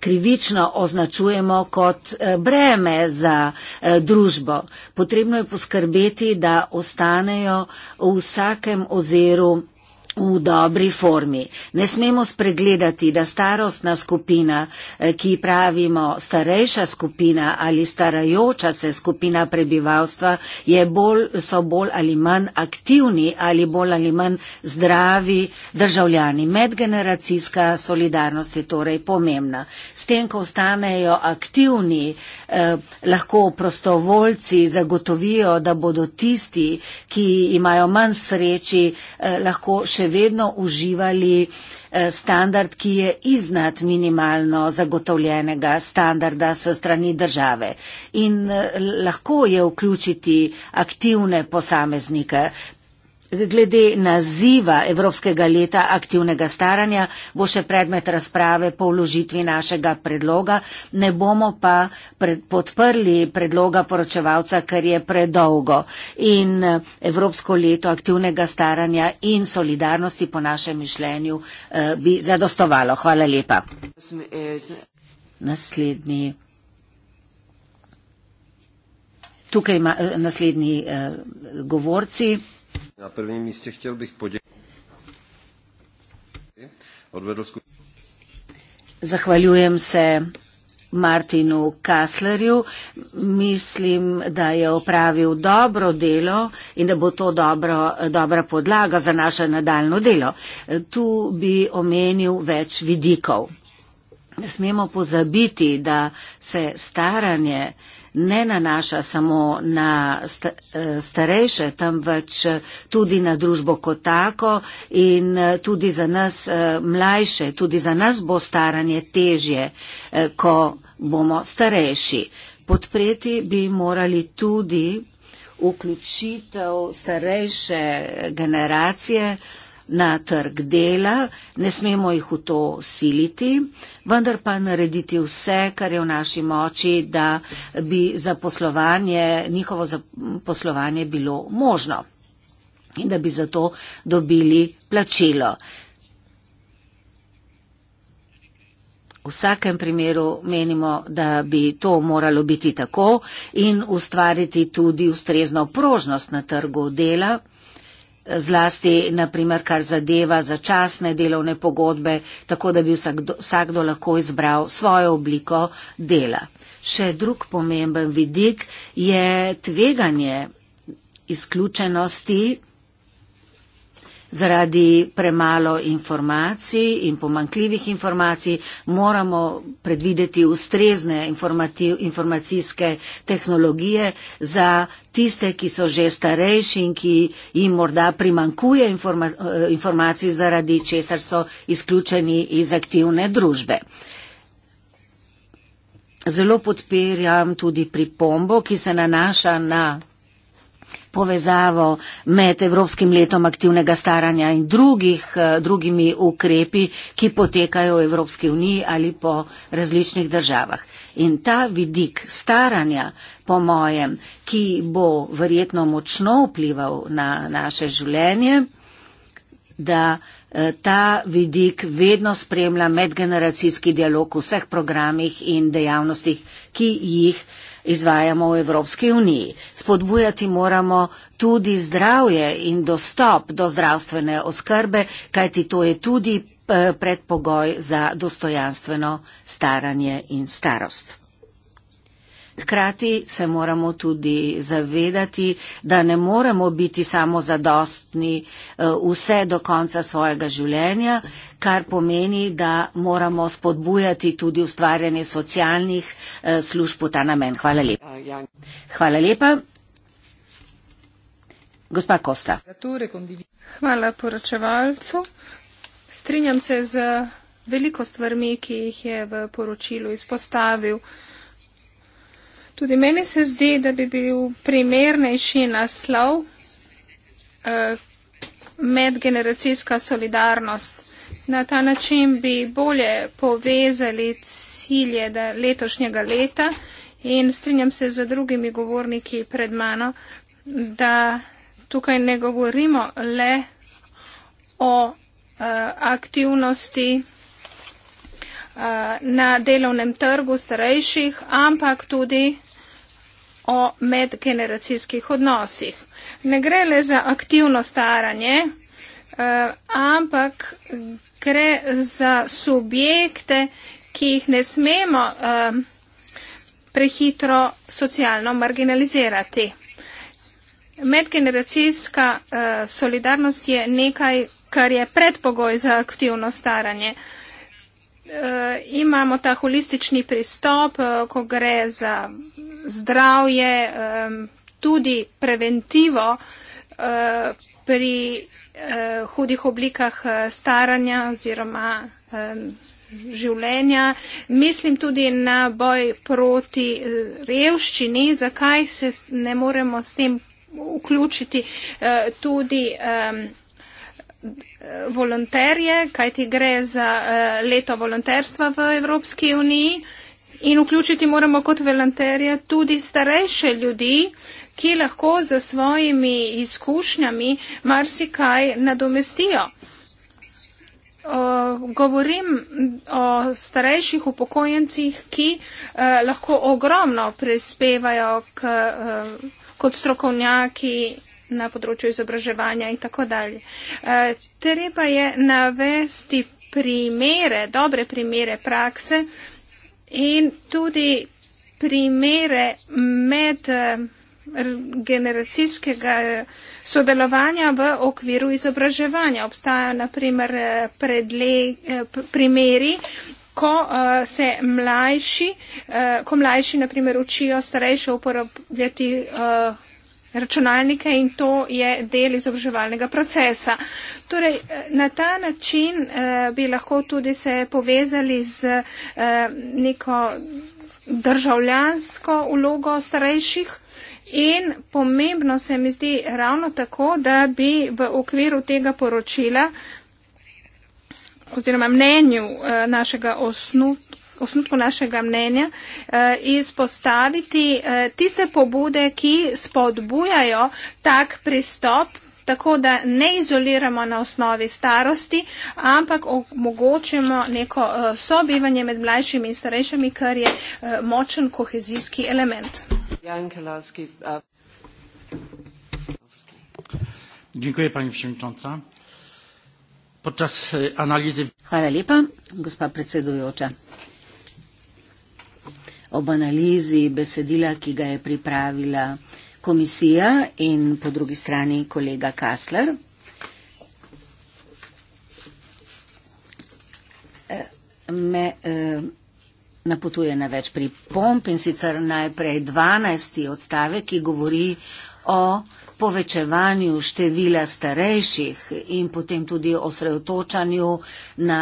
krivično označujemo kot eh, breme za družbo. Potrebno je poskrbeti, da ostanejo v vsakem oziru v dobri formi. Ne smemo spregledati, da starostna skupina, eh, ki pravimo starejša skupina ali starajoča se skupina prebivalstva, bolj, so bolj ali manj aktivni ali bolj ali manj zdravi državljani. Medgeneracijska solidarnost je torej pomembna. S tem, ko ostanejo aktivni, eh, lahko prostovoljci zagotovijo, da bodo tisti, ki imajo manj sreči, eh, lahko še vedno uživali eh, standard, ki je iznad minimalno zagotovljenega standarda s strani države. In eh, lahko je vključiti aktivne posameznike. Glede naziva Evropskega leta aktivnega staranja bo še predmet razprave po vložitvi našega predloga, ne bomo pa pred, podprli predloga poročevalca, ker je predolgo. In eh, Evropsko leto aktivnega staranja in solidarnosti po našem mišljenju eh, bi zadostovalo. Hvala lepa. Naslednji. Tukaj ima eh, naslednji eh, govorci. Na prvním místě chtěl bych poděkovat. Zahvaljujem se Martinu Kaslerju. Mislim, da je opravil dobro delo in da bo to dobro, dobra podlaga za naše nadaljno delo. Tu bi omenil več vidikov. Ne smemo pozabiti, da se staranje ne nanaša samo na e, starejše, temveč tudi na družbo kot tako in e, tudi za nas e, mlajše, tudi za nas bo staranje težje, ko bomo starejši. Podpreti bi morali tudi vključitev starejše generacije, na trg dela, ne smemo jih v to siliti, vendar pa narediti vse, kar je v naši moči, da bi zaposlovanje, njihovo zaposlovanje bilo možno in da bi za to dobili plačilo. V vsakem primeru menimo, da bi to moralo biti tako in ustvariti tudi ustrezno prožnost na trgu dela zlasti, naprimer, kar zadeva začasne delovne pogodbe, tako da bi vsakdo, vsakdo lahko izbral svojo obliko dela. Še drug pomemben vidik je tveganje izključenosti zaradi premalo informacij in pomankljivih informacij moramo predvideti ustrezne informacijske tehnologije za tiste, ki so že starejši in ki jim morda primankuje informa eh, informacij, zaradi česar so izključeni iz aktivne družbe. Zelo podpirjam tudi pripombo, ki se nanaša na povezavo med Evropskim letom aktivnega staranja in drugih, eh, drugimi ukrepi, ki potekajo v Evropski uniji ali po različnih državah. In ta vidik staranja, po mojem, ki bo verjetno močno vplival na naše življenje, da eh, ta vidik vedno spremlja medgeneracijski dialog v vseh programih in dejavnostih, ki jih izvajamo v Evropski uniji. Spodbujati moramo tudi zdravje in dostop do zdravstvene oskrbe, kajti to je tudi eh, predpogoj za dostojanstveno staranje in starost. Hkrati se moramo tudi zavedati, da ne moremo biti samo zadostni eh, vse do konca svojega življenja, kar pomeni, da moramo spodbujati tudi ustvarjanje socialnih eh, služb v ta namen. Hvala lepa. Hvala lepa. Gospa Kosta. Hvala poročevalcu. Strinjam se z veliko stvarmi, ki jih je v poročilu izpostavil. Tudi meni se zdi, da bi bil primernejši naslov eh, medgeneracijska solidarnost. Na ta način bi bolje povezali cilje letošnjega leta in strinjam se z drugimi govorniki pred mano, da tukaj ne govorimo le o uh, aktivnosti uh, na delovnem trgu starejših, ampak tudi o medgeneracijskih odnosih. Ne gre le za aktivno staranje, eh, ampak gre za subjekte, ki jih ne smemo eh, prehitro socialno marginalizirati. Medgeneracijska eh, solidarnost je nekaj, kar je predpogoj za aktivno staranje. Imamo ta holistični pristop, ko gre za zdravje, tudi preventivo eh, pri eh, hudih oblikah eh, staranja oziroma življenja. Mislim tudi na boj proti revščini, zakaj se ne moremo s tem vključiti tudi volonterje, kajti gre za leto volonterstva v Evropski uniji in vključiti moramo kot volonterje tudi starejše ljudi, ki lahko za svojimi izkušnjami marsikaj nadomestijo. O, govorim o starejših upokojencih, ki eh, lahko ogromno prispevajo k, eh, kot strokovnjaki na področju izobraževanja in tako dalje. Eh, treba je navesti primere, dobre primere prakse, eh, in tudi primere med eh, generacijskega eh, sodelovanja v okviru izobraževanja. Obstajajo naprimer eh, predle, primeri, ko se mlajši, ko mlajši naprimer učijo starejše uporabljati računalnike in to je del izobraževalnega procesa. Torej, eh, na ta način eh, bi lahko tudi se povezali z eh, neko državljansko ulogo starejših. In pomembno se mi zdi ravno tako, da bi v okviru tega poročila oziroma mnenju eh, našega osnut, osnutku našega mnenja eh, izpostaviti eh, tiste pobude, ki spodbujajo tak pristop, tako da ne izoliramo na osnovi starosti, ampak omogočimo neko eh, sobivanje med mlajšimi in starejšimi, kar je močen kohezijski element. Dziękuję pani przewodnicząca. Podczas e, analizy Hvala lepa, gospa predsedujoča ob analizi besedila, ki ga je pripravila komisija in po drugi strani kolega Kasler. Me eh, napotuje na več pripomp in sicer najprej 12. odstavek, ki govori o povečevanju števila starejših in potem tudi osredotočanju na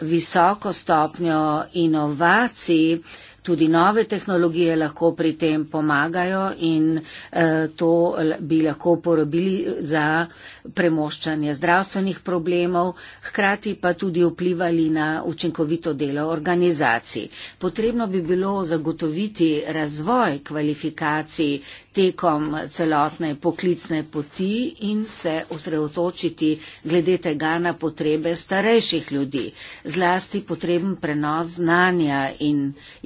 visoko stopnjo inovacij eh, tudi nove tehnologije lahko pri tem pomagajo in eh, to bi lahko uporabili za premoščanje zdravstvenih problemov, hkrati pa tudi vplivali na učinkovito delo organizacij. Potrebno bi bilo zagotoviti razvoj kvalifikacij tekom celotne poklicne poti in se osredotočiti glede tega na potrebe starejših ljudi. Zlasti potreben prenos znanja in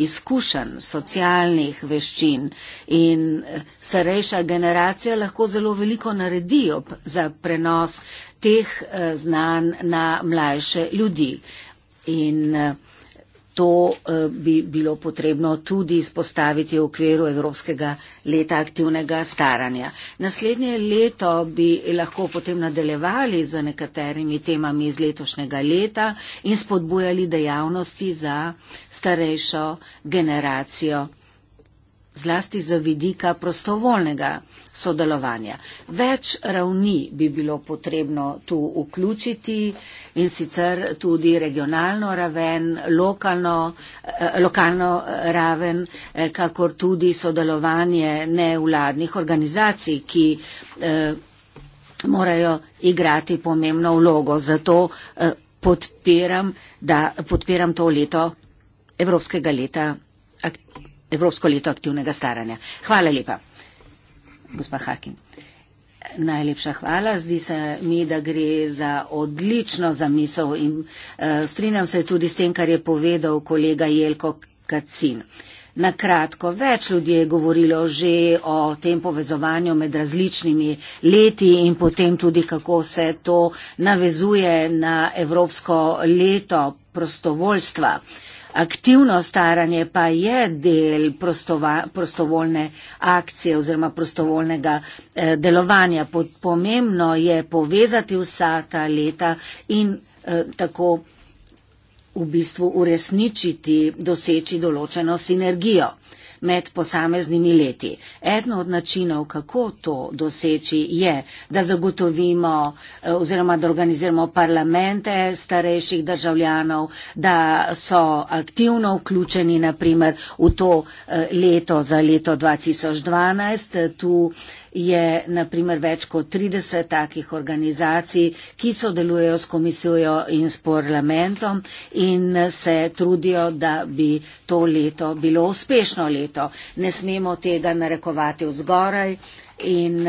izkušenj, socialnih veščin in eh, starejša generacija lahko zelo veliko naredi za prenos teh eh, znanj na mlajše ljudi. In, uh, to eh, bi bilo potrebno tudi izpostaviti v okviru Evropskega leta aktivnega staranja. Naslednje leto bi lahko potem nadaljevali z nekaterimi temami iz letošnjega leta in spodbujali dejavnosti za starejšo generacijo zlasti za vidika prostovoljnega sodelovanja. Več ravni bi bilo potrebno tu vključiti in sicer tudi regionalno raven, lokalno, eh, lokalno eh, raven, eh, kakor tudi sodelovanje nevladnih organizacij, ki morajo igrati pomembno vlogo. Zato podpiram, da, podpiram to leto Evropskega leta Evropsko leto aktivnega staranja. Hvala lepa, gospa Hakin. Najlepša hvala. Zdi se mi, da gre za odlično zamisel in uh, strinjam se tudi s tem, kar je povedal kolega Jelko Kacin. Na kratko, več ljudi je govorilo že o tem povezovanju med različnimi leti in potem tudi, kako se to navezuje na Evropsko leto prostovoljstva. Uh, Aktivno staranje pa je del prostova, prostovoljne akcije oziroma prostovoljnega eh, delovanja. Pod, pomembno je povezati vsa ta leta in eh, tako v bistvu uresničiti, doseči določeno sinergijo med posameznimi leti. Edno od načinov, kako to doseči, je, da zagotovimo eh, oziroma da organiziramo parlamente starejših državljanov, da so aktivno vključeni naprimer v to eh, leto za leto 2012. Tu je naprimer več kot 30 takih organizacij, ki sodelujejo s komisijo in s parlamentom in se trudijo, da bi to leto bilo uspešno leto. Ne smemo tega narekovati vzgoraj in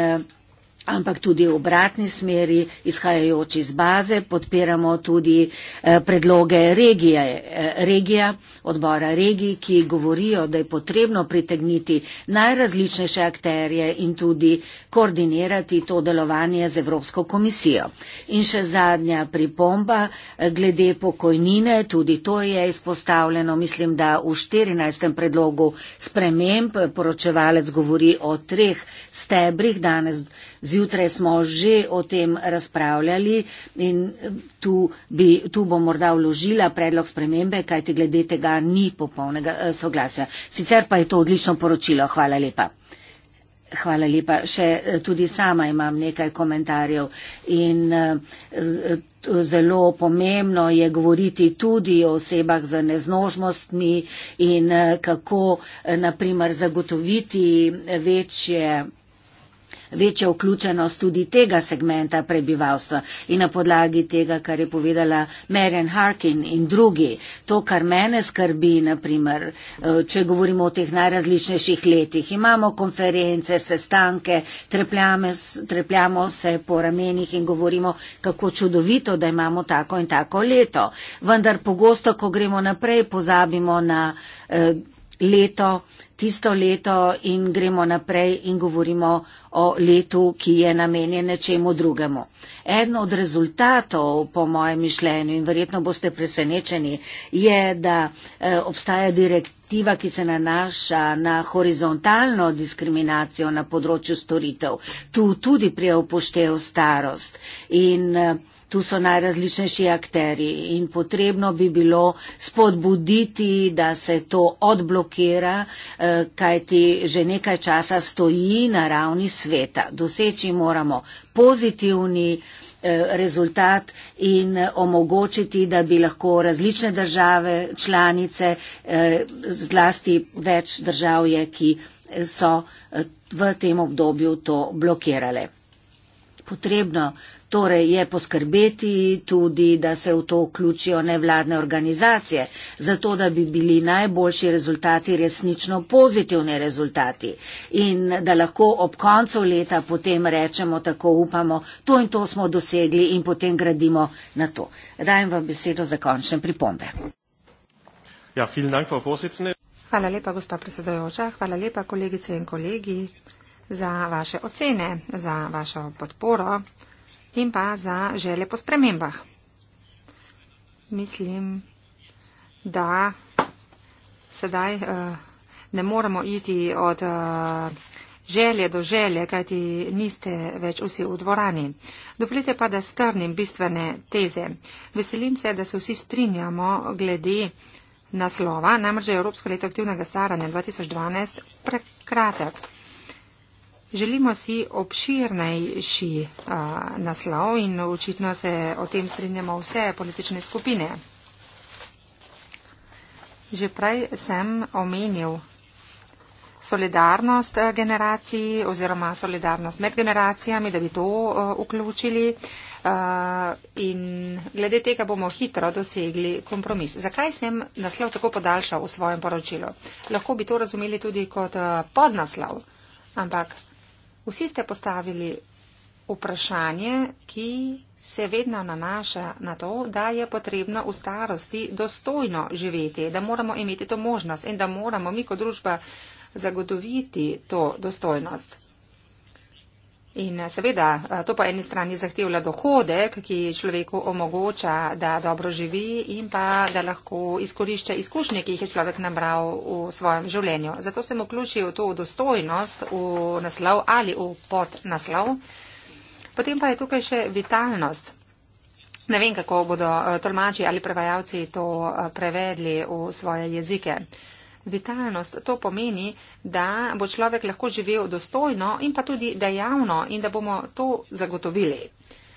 ampak tudi v obratni smeri, izhajajoč iz baze, podpiramo tudi eh, predloge regije, eh, regija, odbora regij, ki govorijo, da je potrebno pritegniti najrazličnejše akterje in tudi koordinirati to delovanje z Evropsko komisijo. In še zadnja pripomba eh, glede pokojnine, tudi to je izpostavljeno, mislim, da v 14. predlogu sprememb poročevalec govori o treh stebrih danes. Zjutraj smo že o tem razpravljali in eh, tu, bi, tu bom morda vložila predlog spremembe, kajti glede tega ni popolnega eh, soglasja. Sicer pa je to odlično poročilo. Hvala lepa. Hvala lepa. Še eh, tudi sama imam nekaj komentarjev in zelo pomembno je govoriti tudi o osebah z neznožnostmi in kako naprimer zagotoviti večje večja vključenost tudi tega segmenta prebivalstva in na podlagi tega, kar je povedala Marian Harkin in drugi. To, kar mene skrbi, naprimer, eh, če govorimo o teh najrazličnejših letih, imamo konference, sestanke, trepljamo se po ramenih in govorimo, kako čudovito, da imamo tako in tako leto. Vendar pogosto, ko gremo naprej, pozabimo na eh, leto, tisto leto in gremo naprej in govorimo o letu, ki je namenjen nečemu drugemu. En od rezultatov, po mojem mišljenju, in verjetno boste presenečeni, je, da e, obstaja direktiva, ki se nanaša na horizontalno diskriminacijo na področju storitev. Tu tudi prije upoštev starost. In, e, tu so najrazličnejši akteri in potrebno bi bilo spodbuditi, da se to odblokira, eh, kajti že nekaj časa stoji na ravni sveta. Doseči moramo pozitivni eh, rezultat in omogočiti, da bi lahko različne države članice, eh, zlasti več držav je, ki so v tem obdobju to blokirale. Potrebno Torej je poskrbeti tudi, da se v to vključijo nevladne organizacije, zato da bi bili najboljši rezultati resnično pozitivni rezultati in da lahko ob koncu leta potem rečemo, tako upamo, to in to smo dosegli in potem gradimo na to. Dajem vam besedo za končne pripombe. Ja, hvala lepa, gospod predsedojoča, hvala lepa, kolegice in kolegi, za vaše ocene, za vašo podporo in pa za želje po spremembah. Mislim, da sedaj uh, ne moremo iti od uh, želje do želje, kajti niste več vsi v dvorani. Dovolite pa, da strnim bistvene teze. Veselim se, da se vsi strinjamo glede naslova, namreč Evropsko leto aktivnega staranja 2012 prekratek. Želimo si obširnejši a, naslov in očitno se o tem strinjamo vse politične skupine. Že prej sem omenil solidarnost generacij oziroma solidarnost med generacijami, da bi to a, vključili a, in glede tega bomo hitro dosegli kompromis. Zakaj sem naslov tako podaljšal v svojem poročilu? Lahko bi to razumeli tudi kot a, podnaslov, ampak. Vsi ste postavili vprašanje, ki se vedno nanaša na to, da je potrebno v starosti dostojno živeti, da moramo imeti to možnost in da moramo mi kot družba zagotoviti to dostojnost. In eh, seveda, eh, to po eni strani zahtevlja dohodek, ki človeku omogoča, da dobro živi in pa da lahko izkorišča izkušnje, ki jih je človek nabral v svojem življenju. Zato sem vključil to dostojnost v naslov ali v podnaslov. Potem pa je tukaj še vitalnost. Ne vem, kako bodo eh, tolmači ali prevajalci to prevedli v svoje jezike vitalnost. To pomeni, da bo človek lahko živel dostojno in pa tudi dejavno in da bomo to zagotovili.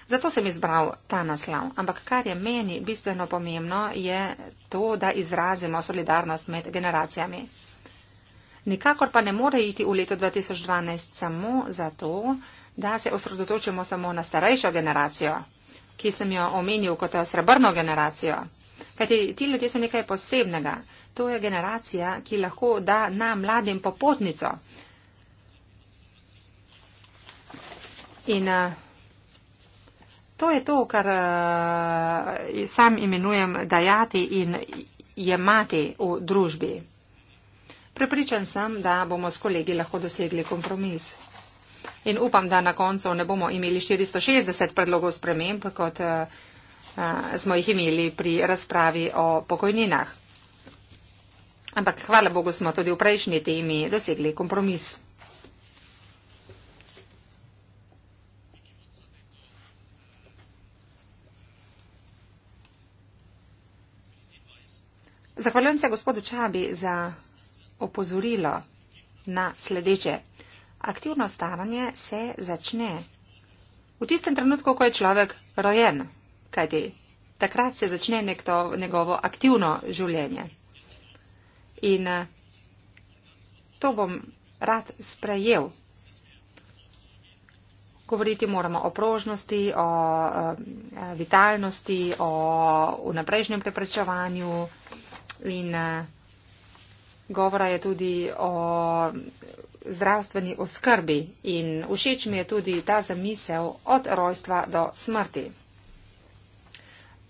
Zato sem izbral ta naslov. Ampak kar je meni bistveno pomembno, je to, da izrazimo solidarnost med generacijami. Nikakor pa ne more iti v leto 2012 samo zato, da se osredotočimo samo na starejšo generacijo, ki sem jo omenil kot srebrno generacijo. Kajti ti ljudje so nekaj posebnega. To je generacija, ki lahko da nam mladim popotnico. In eh, to je to, kar eh, sam imenujem dajati in jemati v družbi. Prepričan sem, da bomo s kolegi lahko dosegli kompromis. In upam, da na koncu ne bomo imeli 460 predlogov sprememb, kot uh, smo jih imeli pri razpravi o pokojninah. Ampak hvala Bogu smo tudi v prejšnji temi dosegli kompromis. Zahvaljujem se gospodu Čabi za opozorilo na sledeče. Aktivno staranje se začne v tistem trenutku, ko je človek rojen, kajti takrat se začne nekto, njegovo aktivno življenje in eh, to bom rad sprejel. Govoriti moramo o prožnosti, o eh, vitalnosti, o vnaprejšnjem preprečevanju in eh, govora je tudi o zdravstveni oskrbi in všeč mi je tudi ta zamisel od rojstva do smrti.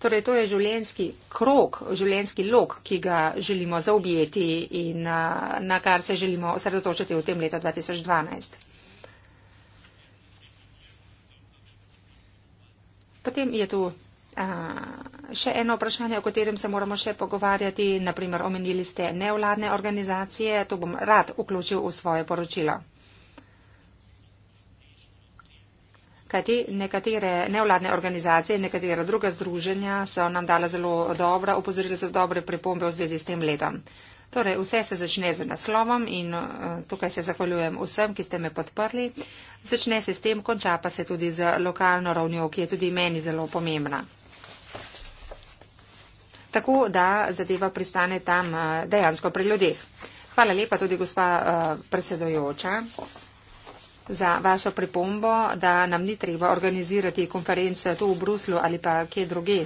Torej, to je življenski krok, življenski lok, ki ga želimo zaobjeti in na kar se želimo osredotočiti v tem letu 2012. Potem je tu a, še eno vprašanje, o katerem se moramo še pogovarjati. Naprimer, omenili ste nevladne organizacije, to bom rad vključil v svoje poročilo kajti nekatere nevladne organizacije in nekatera druga združenja so nam dala zelo dobra opozorila za dobre pripombe v zvezi s tem letom. Torej, vse se začne z naslovom in eh, tukaj se zahvaljujem vsem, ki ste me podprli. Začne se s tem, konča pa se tudi z lokalno ravnjo, ki je tudi meni zelo pomembna. Tako da zadeva pristane tam eh, dejansko pri ljudeh. Hvala lepa tudi gospa eh, predsedojoča za vašo pripombo, da nam ni treba organizirati konference tu v Bruslu ali pa kje druge.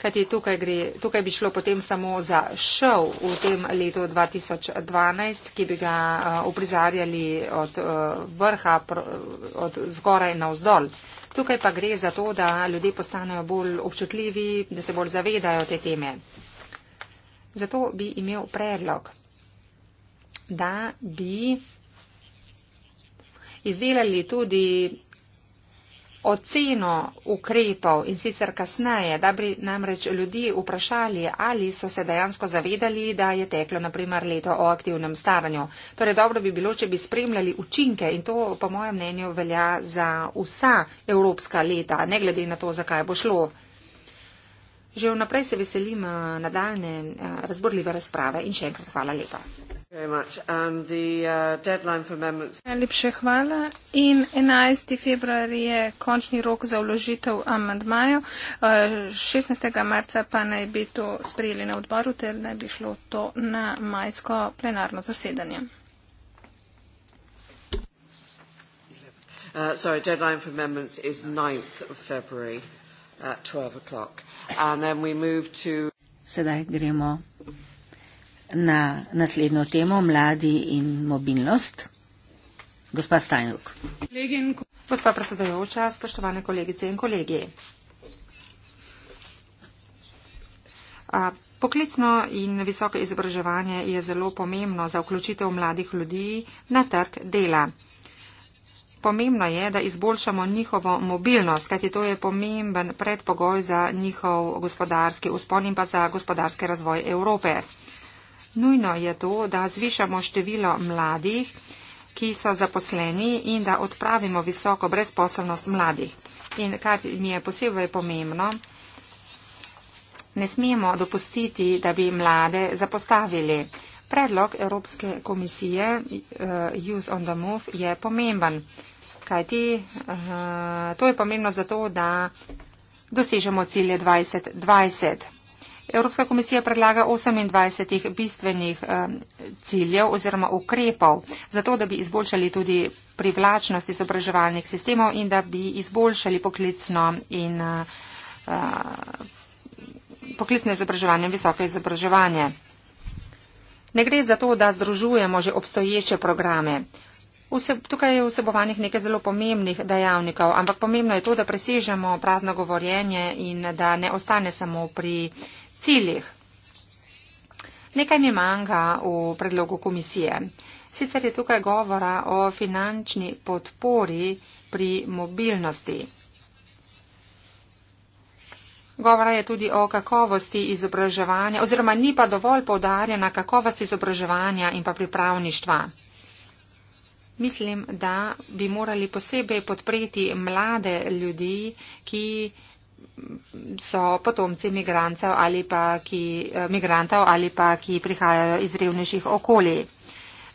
Kajti tukaj, gre, tukaj bi šlo potem samo za šov v tem letu 2012, ki bi ga eh, uprizarjali od eh, vrha, od zgoraj na vzdolj. Tukaj pa gre za to, da ljudje postanejo bolj občutljivi, da se bolj zavedajo te teme. Zato bi imel predlog, da bi izdelali tudi oceno ukrepov in sicer kasneje, da bi namreč ljudi vprašali, ali so se dejansko zavedali, da je teklo naprimer leto o aktivnem staranju. Torej, dobro bi bilo, če bi spremljali učinke in to, po mojem mnenju, velja za vsa evropska leta, ne glede na to, zakaj bo šlo. Že vnaprej se veselim eh, nadaljne eh, razborljive razprave in še enkrat hvala lepa. Uh, Najlepše hvala. In 11. februar je končni rok za vložitev amandmajo. 16. Uh, marca pa naj bi to sprejeli na odboru, ter naj bi šlo to na majsko plenarno zasedanje. Uh, sorry, deadline for amendments is 9th of February at 12 o'clock. And then we move to... Sedaj gremo na naslednjo temo mladi in mobilnost. Gospa Steinruck. Gospa predsedajoča, spoštovane kolegice in kolegi. A, poklicno in visoko izobraževanje je zelo pomembno za vključitev mladih ljudi na trg dela. Pomembno je, da izboljšamo njihovo mobilnost, kajti to je pomemben predpogoj za njihov gospodarski uspon in pa za gospodarski razvoj Evrope. Nujno je to, da zvišamo število mladih, ki so zaposleni in da odpravimo visoko brezposobnost mladih. In kar mi je posebej pomembno, ne smemo dopustiti, da bi mlade zapostavili. Predlog Evropske komisije eh, Youth on the Move je pomemben, kajti eh, to je pomembno zato, da dosežemo cilje 2020. Evropska komisija predlaga 28 bistvenih eh, ciljev oziroma ukrepov za to, da bi izboljšali tudi privlačnost izobraževalnih sistemov in da bi izboljšali poklicno in eh, eh, poklicno izobraževanje in visoke izobraževanje. Ne gre za to, da združujemo že obstoječe programe. Vse, tukaj je vsebovanih nekaj zelo pomembnih dejavnikov, ampak pomembno je to, da presežemo prazno govorjenje in da ne ostane samo pri ciljih. Nekaj mi manjka v predlogu komisije. Sicer je tukaj govora o finančni podpori pri mobilnosti. Govora je tudi o kakovosti izobraževanja, oziroma ni pa dovolj povdarjena kakovost izobraževanja in pa pripravništva. Mislim, da bi morali posebej podpreti mlade ljudi, ki so potomci migrantov ali pa ki, eh, migrantov ali pa ki prihajajo iz revnejših okolij.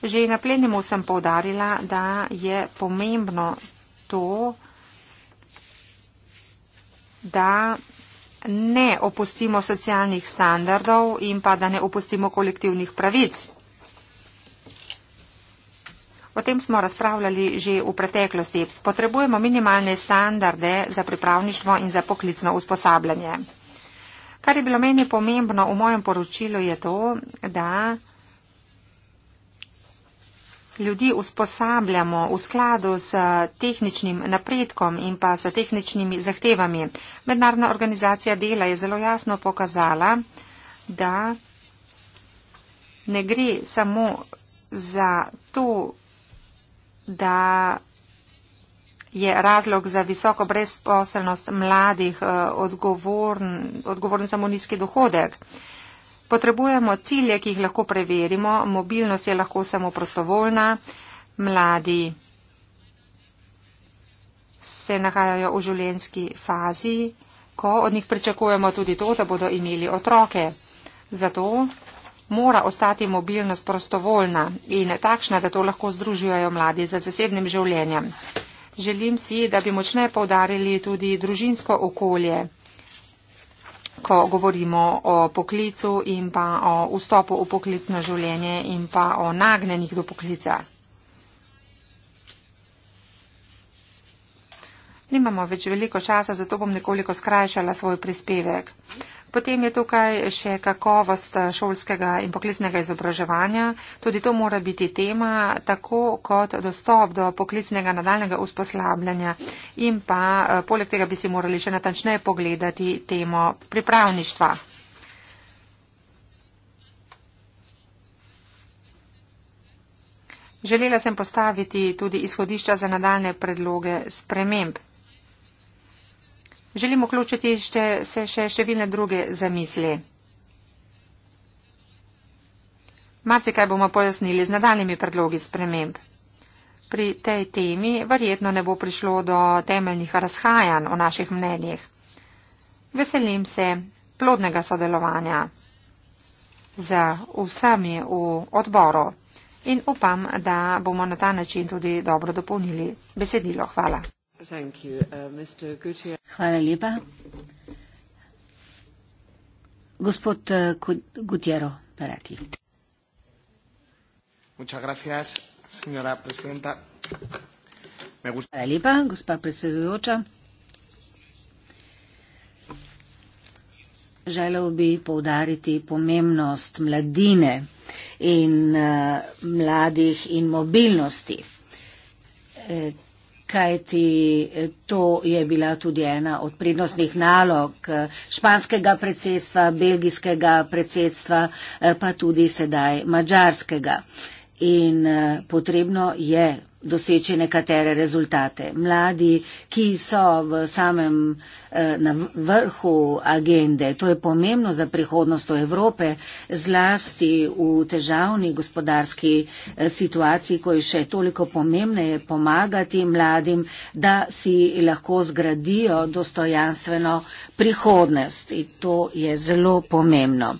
Že na plenimu sem povdarila, da je pomembno to, da ne opustimo socialnih standardov in pa da ne opustimo kolektivnih pravic. O tem smo razpravljali že v preteklosti. Potrebujemo minimalne standarde za pripravništvo in za poklicno usposabljanje. Kar je bilo meni pomembno v mojem poročilu je to, da ljudi usposabljamo v skladu s tehničnim napredkom in pa s tehničnimi zahtevami. Mednarodna organizacija dela je zelo jasno pokazala, da ne gre samo za to, da je razlog za visoko brezposelnost mladih eh, odgovorn, odgovorn samo nizki dohodek. Potrebujemo cilje, ki jih lahko preverimo. Mobilnost je lahko samo prostovoljna. Mladi se nahajajo v življenjski fazi, ko od njih pričakujemo tudi to, da bodo imeli otroke. Zato mora ostati mobilnost prostovoljna in takšna, da to lahko združujejo mladi za zasebnim življenjem. Želim si, da bi močne povdarili tudi družinsko okolje, ko govorimo o poklicu in pa o vstopu v poklicno življenje in pa o nagnenih do poklica. Nimamo več veliko časa, zato bom nekoliko skrajšala svoj prispevek. Potem je tukaj še kakovost eh, šolskega in poklicnega izobraževanja. Tudi to mora biti tema, tako kot dostop do poklicnega nadaljnega usposabljanja. In pa eh, poleg tega bi si morali še natančneje pogledati temo pripravništva. Želela sem postaviti tudi izhodišča za nadaljne predloge sprememb. Želim vključiti še, še, še številne druge zamisli. Marsi kaj bomo pojasnili z nadaljnimi predlogi sprememb. Pri tej temi verjetno ne bo prišlo do temeljnih razhajanj o naših mnenjih. Veselim se plodnega sodelovanja z vsemi v odboru in upam, da bomo na ta način tudi dobro dopolnili besedilo. Hvala. Thank you. Uh, Mr. Gutier- Hvala lepa. Gospod uh, Gutiérrez, pa rekli. Muchas gracias, señora presidenta. Me gusta... Hvala lepa, gospa predsedujoča. Želel bi poudariti pomembnost mladine in uh, mladih in mobilnosti. E, kajti eh, to je bila tudi ena od prednostnih nalog eh, španskega predsedstva, belgijskega predsedstva, eh, pa tudi sedaj mačarskega. In potrebno je doseči nekatere rezultate. Mladi, ki so v samem eh, na vrhu agende, to je pomembno za prihodnost Evrope, zlasti v težavni gospodarski eh, situaciji, ko je še toliko pomembneje pomagati mladim, da si lahko zgradijo dostojanstveno prihodnost. In to je zelo pomembno.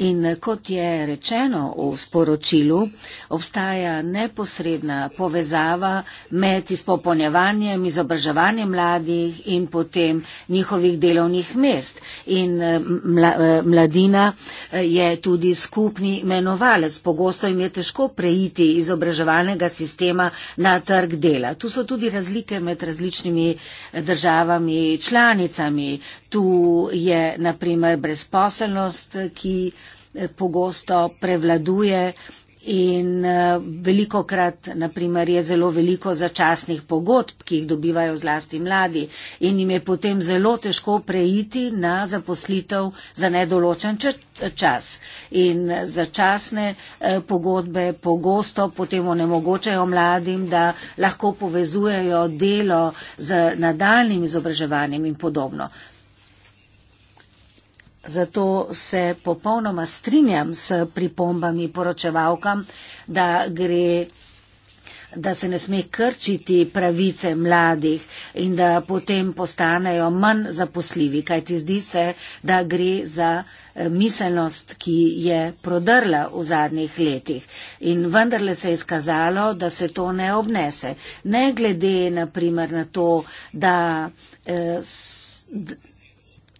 In eh, kot je rečeno v sporočilu, obstaja neposredna povezava med izpopolnjevanjem, izobraževanjem mladih in potem njihovih delovnih mest. In eh, eh, mladina je tudi skupni menovalec. Pogosto jim je težko preiti izobraževalnega sistema na trg dela. Tu so tudi razlike med različnimi državami, članicami. Tu je naprimer brezposelnost, ki eh, pogosto prevladuje in eh, veliko krat, naprimer, je zelo veliko začasnih pogodb, ki jih dobivajo zlasti mladi in jim je potem zelo težko preiti na zaposlitev za nedoločen čas. In začasne eh, pogodbe pogosto potem onemogočajo mladim, da lahko povezujejo delo z nadaljnim izobraževanjem in podobno. Zato se popolnoma strinjam s pripombami poročevalkam, da, gre, da se ne sme krčiti pravice mladih in da potem postanejo manj zaposljivi, kajti zdi se, da gre za eh, miselnost, ki je prodrla v zadnjih letih. In vendarle se je izkazalo, da se to ne obnese. Ne glede na primer na to, da. Eh,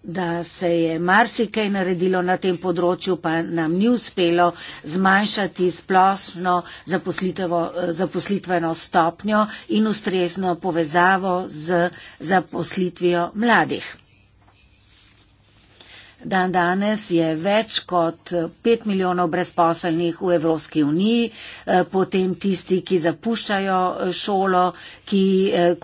da se je marsikaj naredilo na tem področju, pa nam ni uspelo zmanjšati splošno eh, zaposlitveno stopnjo in ustrezno povezavo z zaposlitvijo mladih. Dan danes je več kot 5 milijonov brezposelnih v Evropski uniji, eh, potem tisti, ki zapuščajo eh, šolo, ki eh,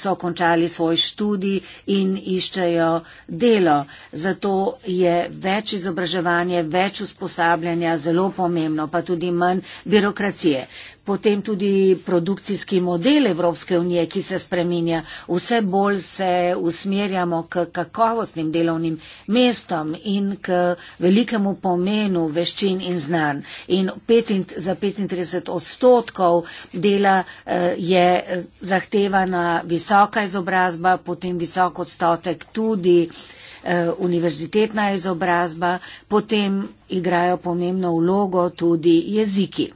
so končali svoj študij in iščejo delo. Zato je več izobraževanja, več usposabljanja zelo pomembno, pa tudi manj birokracije potem tudi produkcijski model Evropske unije, ki se spreminja. Vse bolj se usmerjamo k kakovostnim delovnim mestom in k velikemu pomenu veščin in znanj. In petint, za 35 odstotkov dela eh, je zahtevana visoka izobrazba, potem visok odstotek tudi eh, univerzitetna izobrazba, potem igrajo pomembno vlogo tudi jeziki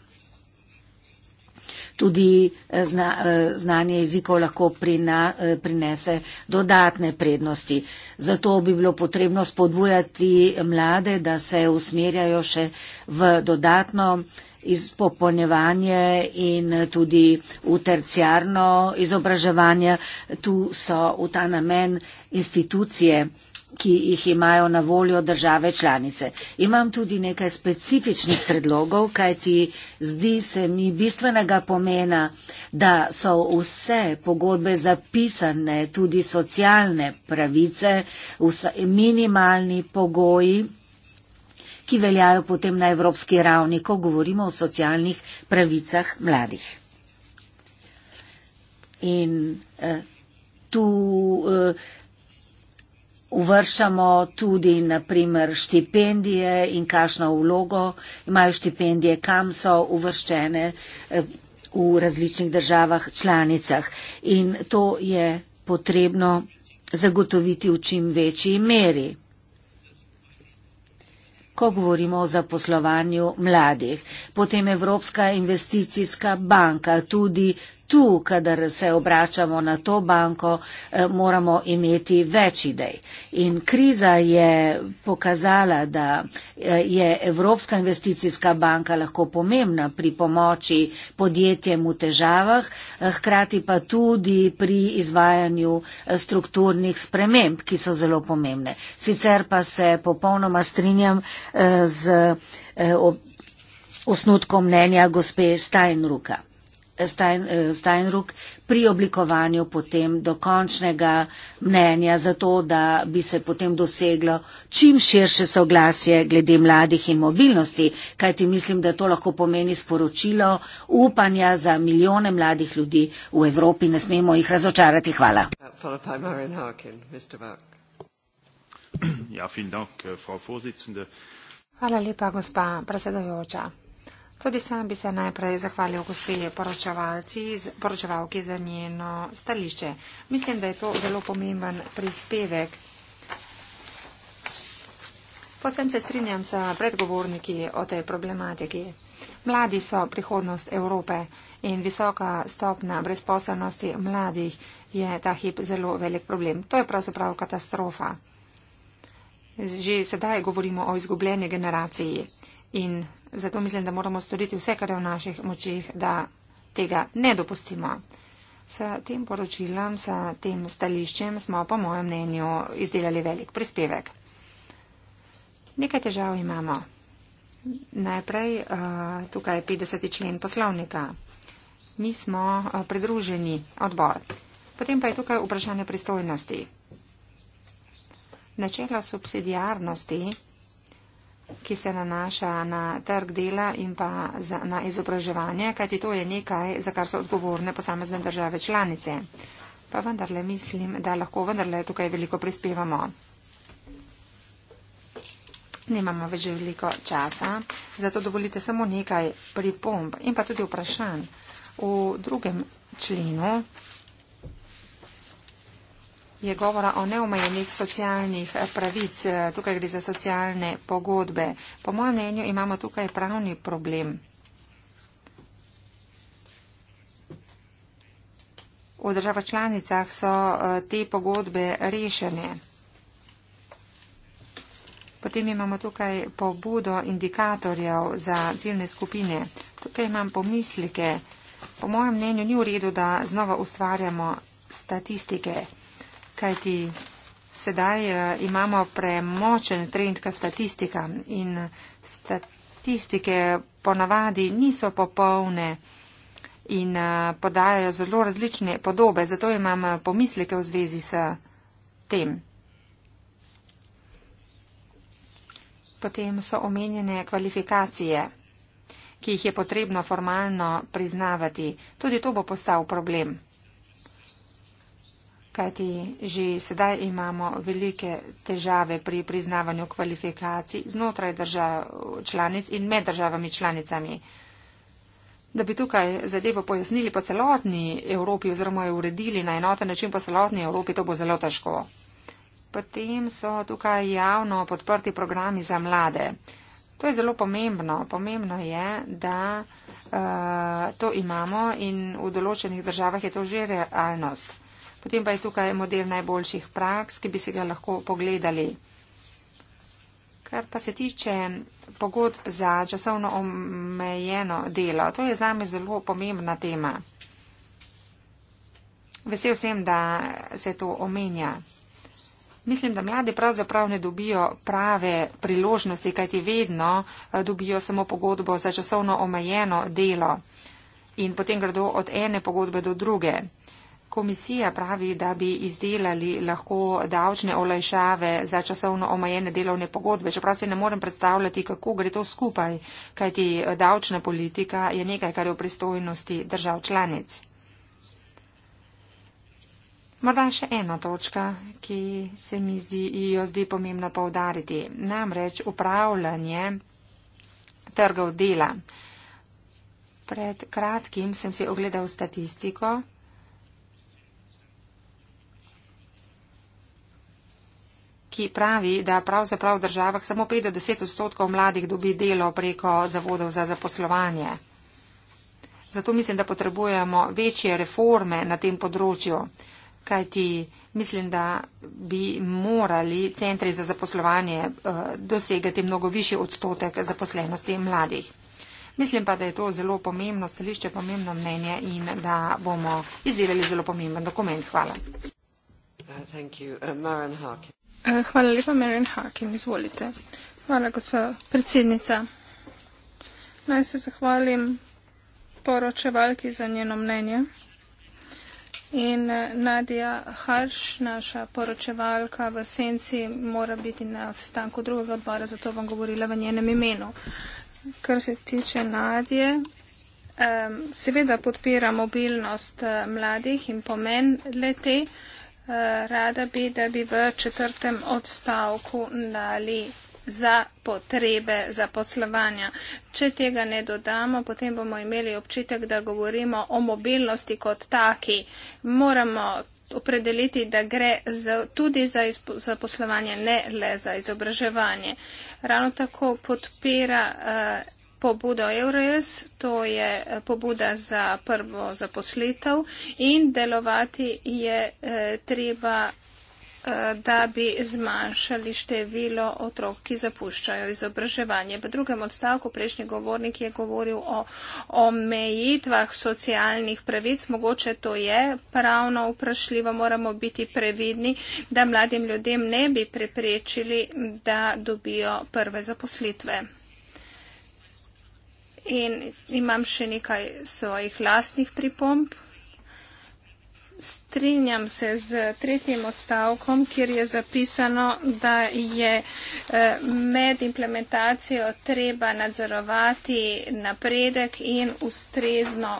tudi eh, zna, eh, znanje jezikov lahko prina, eh, prinese dodatne prednosti. Zato bi bilo potrebno spodbujati mlade, da se usmerjajo še v dodatno izpopolnjevanje in tudi v terciarno izobraževanje. Tu so v ta namen institucije ki jih imajo na voljo države članice. Imam tudi nekaj specifičnih predlogov, kajti zdi se mi bistvenega pomena, da so vse pogodbe zapisane, tudi socialne pravice, minimalni pogoji ki veljajo potem na evropski ravni, ko govorimo o socialnih pravicah mladih. In eh, tu eh, uvršamo tudi naprimer štipendije in kakšno vlogo imajo štipendije, kam so uvrščene eh, v različnih državah članicah. In to je potrebno zagotoviti v čim večji meri. Ko govorimo o zaposlovanju mladih, potem Evropska investicijska banka tudi tu, kadar se obračamo na to banko, eh, moramo imeti več idej. In kriza je pokazala, da eh, je Evropska investicijska banka lahko pomembna pri pomoči podjetjem v težavah, eh, hkrati pa tudi pri izvajanju strukturnih sprememb, ki so zelo pomembne. Sicer pa se popolnoma strinjam z osnutkom mnenja gospe Steinruka. Eh, Steinruck pri oblikovanju potem dokončnega mnenja za to, da bi se potem doseglo čim širše soglasje glede mladih in mobilnosti, kajti mislim, da to lahko pomeni sporočilo upanja za milijone mladih ljudi v Evropi. Ne smemo jih razočarati. Hvala. Ja, äh, Hvala lepa, gospa predsedojoča. Tudi sam bi se najprej zahvalil gostilje poročevalki za njeno stališče. Mislim, da je to zelo pomemben prispevek. Posem se strinjam sa predgovorniki o tej problematiki. Mladi so prihodnost Evrope in visoka stopna brezposobnosti mladih je ta hip zelo velik problem. To je pravzaprav katastrofa. Že sedaj govorimo o izgubljeni generaciji in Zato mislim, da moramo storiti vse, kar je v naših močih, da tega ne dopustimo. S tem poročilom, s tem stališčem smo, po mojem mnenju, izdelali velik prispevek. Nekaj težav imamo. Najprej eh, tukaj je 50. člen poslovnika. Mi smo eh, pridruženi odbor. Potem pa je tukaj vprašanje pristojnosti. Načelo subsidijarnosti ki se nanaša na trg dela in pa za, na izobraževanje, kajti to je nekaj, za kar so odgovorne posamezne države članice. Pa vendarle mislim, da lahko vendarle tukaj veliko prispevamo. Nemamo več veliko časa, zato dovolite samo nekaj pripomb in pa tudi vprašanj. V drugem členu je govora o neomejenih socialnih eh, pravic. Eh, tukaj gre za socialne pogodbe. Po mojem mnenju imamo tukaj pravni problem. V državah članicah so eh, te pogodbe rešene. Potem imamo tukaj pobudo indikatorjev za ciljne skupine. Tukaj imam pomislike. Po mojem mnenju ni v redu, da znova ustvarjamo statistike kajti sedaj eh, imamo premočen trend k statistika in statistike ponavadi niso popolne in eh, podajajo zelo različne podobe, zato imam eh, pomisleke v zvezi s tem. Potem so omenjene kvalifikacije ki jih je potrebno formalno priznavati. Tudi to bo postal problem kajti že sedaj imamo velike težave pri priznavanju kvalifikacij znotraj držav članic in med državami članicami. Da bi tukaj zadevo pojasnili po celotni Evropi oziroma jo uredili na enoten način po celotni Evropi, to bo zelo težko. Potem so tukaj javno podprti programi za mlade. To je zelo pomembno. Pomembno je, da uh, to imamo in v določenih državah je to že realnost. Potem pa je tukaj model najboljših praks, ki bi si ga lahko pogledali. Kar pa se tiče pogodb za časovno omejeno delo, to je zame zelo pomembna tema. Vesel sem, da se to omenja. Mislim, da mladi pravzaprav ne dobijo prave priložnosti, kajti vedno eh, dobijo samo pogodbo za časovno omejeno delo in potem gredo od ene pogodbe do druge. Komisija pravi, da bi izdelali lahko davčne olajšave za časovno omejene delovne pogodbe, čeprav se ne morem predstavljati, kako gre to skupaj, kajti davčna politika je nekaj, kar je v pristojnosti držav članic. Morda še ena točka, ki se mi zdi, jo zdi pomembno povdariti, namreč upravljanje trgov dela. Pred kratkim sem si ogledal statistiko ki pravi, da pravzaprav v državah samo 50 odstotkov mladih dobi delo preko zavodov za zaposlovanje. Zato mislim, da potrebujemo večje reforme na tem področju, kajti mislim, da bi morali centri za zaposlovanje eh, dosegati mnogo višji odstotek zaposlenosti mladih. Mislim pa, da je to zelo pomembno stališče, pomembno mnenje in da bomo izdelali zelo pomemben dokument. Hvala. Uh, thank you. Uh, Maren Harkin. Eh, hvala lepa, Marian Hakim. Izvolite. Hvala, gospod predsednica. Naj se zahvalim poročevalki za njeno mnenje. In eh, Nadija Harš, naša poročevalka v Senci, mora biti na sestanku drugega odbora, zato bom govorila v njenem imenu. Kar se tiče Nadije, seveda podpira mobilnost eh, mladih in pomen le te rada bi, da bi v četrtem odstavku dali za potrebe za poslovanja. Če tega ne dodamo, potem bomo imeli občitek, da govorimo o mobilnosti kot taki. Moramo opredeliti, da gre za, tudi za, izpo, za poslovanje, ne le za izobraževanje. Ravno tako podpira uh, pobudo EURES, to je eh, pobuda za prvo zaposlitev in delovati je eh, treba, eh, da bi zmanjšali število otrok, ki zapuščajo izobraževanje. V drugem odstavku prejšnji govornik je govoril o omejitvah socialnih pravic, mogoče to je pravno vprašljivo, moramo biti previdni, da mladim ljudem ne bi preprečili, da dobijo prve zaposlitve. In imam še nekaj svojih lastnih pripomb. Strinjam se z tretjim odstavkom, kjer je zapisano, da je eh, med implementacijo treba nadzorovati napredek in ustrezno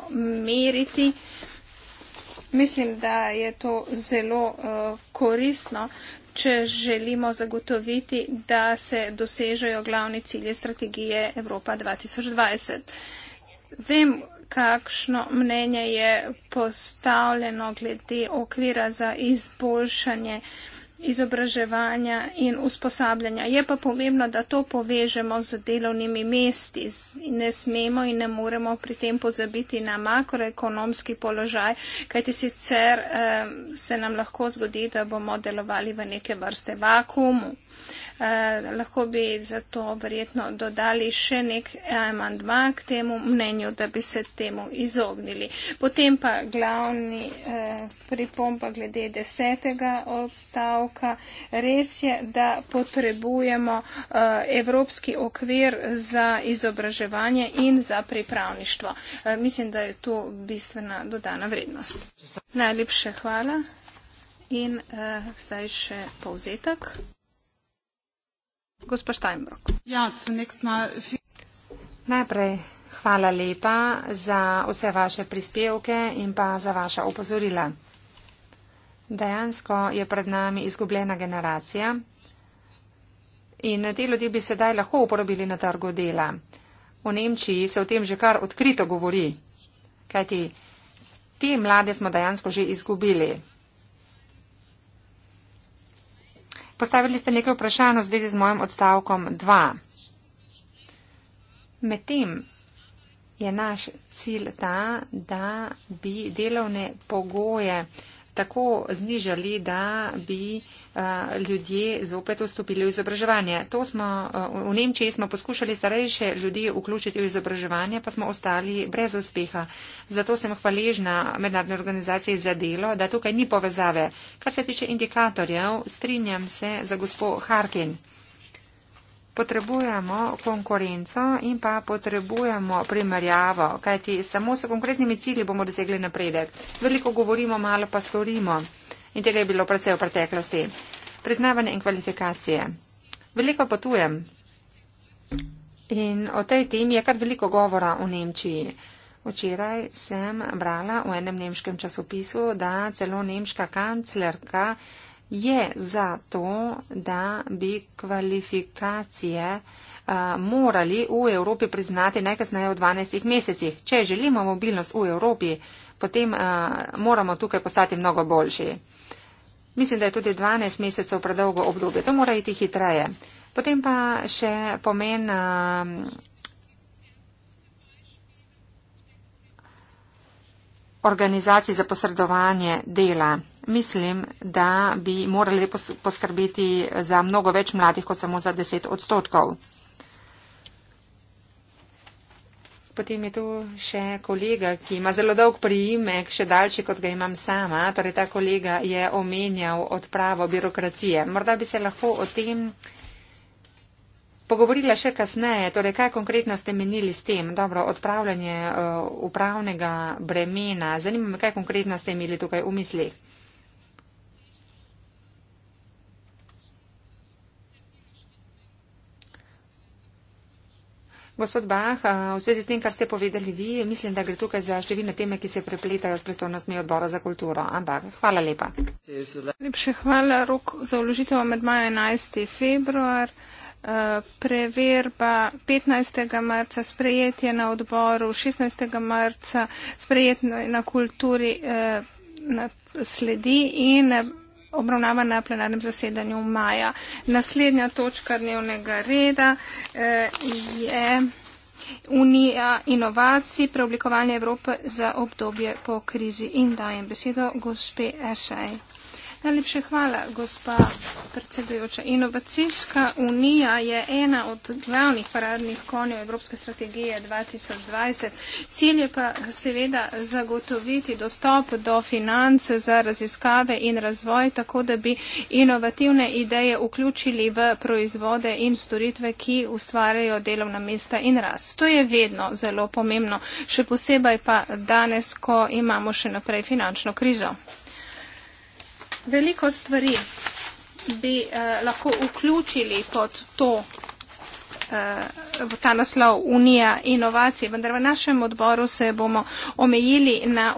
meriti. Mislim, da je to zelo uh, koristno, če želimo zagotoviti, da se dosežejo glavni cilje strategije Evropa 2020. Vem, kakšno mnenje je postavljeno glede okvira za izboljšanje uh, izobraževanja in usposabljanja. Je pa pomembno, da to povežemo z delovnimi mesti. Ne smemo in ne moremo pri tem pozabiti na makroekonomski položaj, kajti sicer eh, se nam lahko zgodi, da bomo delovali v neke vrste vakumu. Eh, Eh, lahko bi zato verjetno dodali še nek amandma k temu mnenju, da bi se temu izognili. Potem pa glavni eh, pripomba glede desetega odstavka. Res je, da potrebujemo eh, evropski okvir za izobraževanje in za pripravništvo. Eh, mislim, da je tu bistvena dodana vrednost. Najlepše hvala. In eh, zdaj še povzetek. Gospa Steinbrock. Ja, zunächst mal. Najprej hvala lepa za vse vaše prispevke in pa za vaša opozorila. Dejansko je pred nami izgubljena generacija in te ljudi bi sedaj lahko uporabili na trgu dela. V Nemčiji se o tem že kar odkrito govori, kajti te mlade smo dejansko že izgubili. Postavili ste nekaj vprašanj v zvezi z mojim odstavkom 2. Medtem je naš cilj ta, da bi delovne pogoje tako znižali, da bi eh, ljudje zopet vstopili v izobraževanje. Smo, eh, v Nemčiji smo poskušali starejše ljudi vključiti v izobraževanje, pa smo ostali brez uspeha. Zato sem hvaležna mednarodni organizaciji za delo, da tukaj ni povezave. Kar se tiče indikatorjev, strinjam se za gospod Harkin. Potrebujemo konkurenco in pa potrebujemo primerjavo, kajti samo s konkretnimi cilji bomo dosegli napredek. Veliko govorimo, malo pa storimo in tega je bilo predvsej v preteklosti. Priznavanje in kvalifikacije. Veliko potujem in o tej temi je kar veliko govora v Nemčiji. Včeraj sem brala v enem nemškem časopisu, da celo nemška kanclerka je za to, da bi kvalifikacije uh, morali v Evropi priznati najkasneje v 12 mesecih. Če želimo mobilnost v Evropi, potem uh, moramo tukaj postati mnogo boljši. Mislim, da je tudi 12 mesecev predolgo obdobje. To mora iti hitreje. Potem pa še pomen. Uh, organizacij za posredovanje dela. Mislim, da bi morali poskrbeti za mnogo več mladih kot samo za 10 odstotkov. Potem je tu še kolega, ki ima zelo dolg priimek, še daljši, kot ga imam sama. Torej, ta kolega je omenjal odpravo birokracije. Morda bi se lahko o tem pogovorila še kasneje. Torej, kaj konkretno ste menili s tem? Dobro, odpravljanje eh, upravnega bremena. Zanima me, kaj konkretno ste imeli tukaj v mislih. Gospod Bah, v svezi s tem, kar ste povedali vi, mislim, da gre tukaj za številne teme, ki se prepletajo s pristojnostmi odbora za kulturo. Ampak hvala lepa. Lepše hvala, rok za vložitev med maja 11. februar. Eh, preverba 15. marca, sprejetje na odboru 16. marca, sprejetje na kulturi eh, sledi in eh, obravnava na plenarnem zasedanju v maja. Naslednja točka dnevnega reda eh, je Unija inovacij, preoblikovanje Evrope za obdobje po krizi in dajem besedo gospe Esej. Najlepša hvala, gospa predsedujoča. Inovacijska unija je ena od glavnih paradnih konjev Evropske strategije 2020. Cilj je pa seveda zagotoviti dostop do finance za raziskave in razvoj, tako da bi inovativne ideje vključili v proizvode in storitve, ki ustvarjajo delovna mesta in rast. To je vedno zelo pomembno, še posebej pa danes, ko imamo še naprej finančno krizo veliko stvari bi uh, lahko vključili pod to, uh, v ta naslov Unija inovacij, vendar v našem odboru se bomo omejili na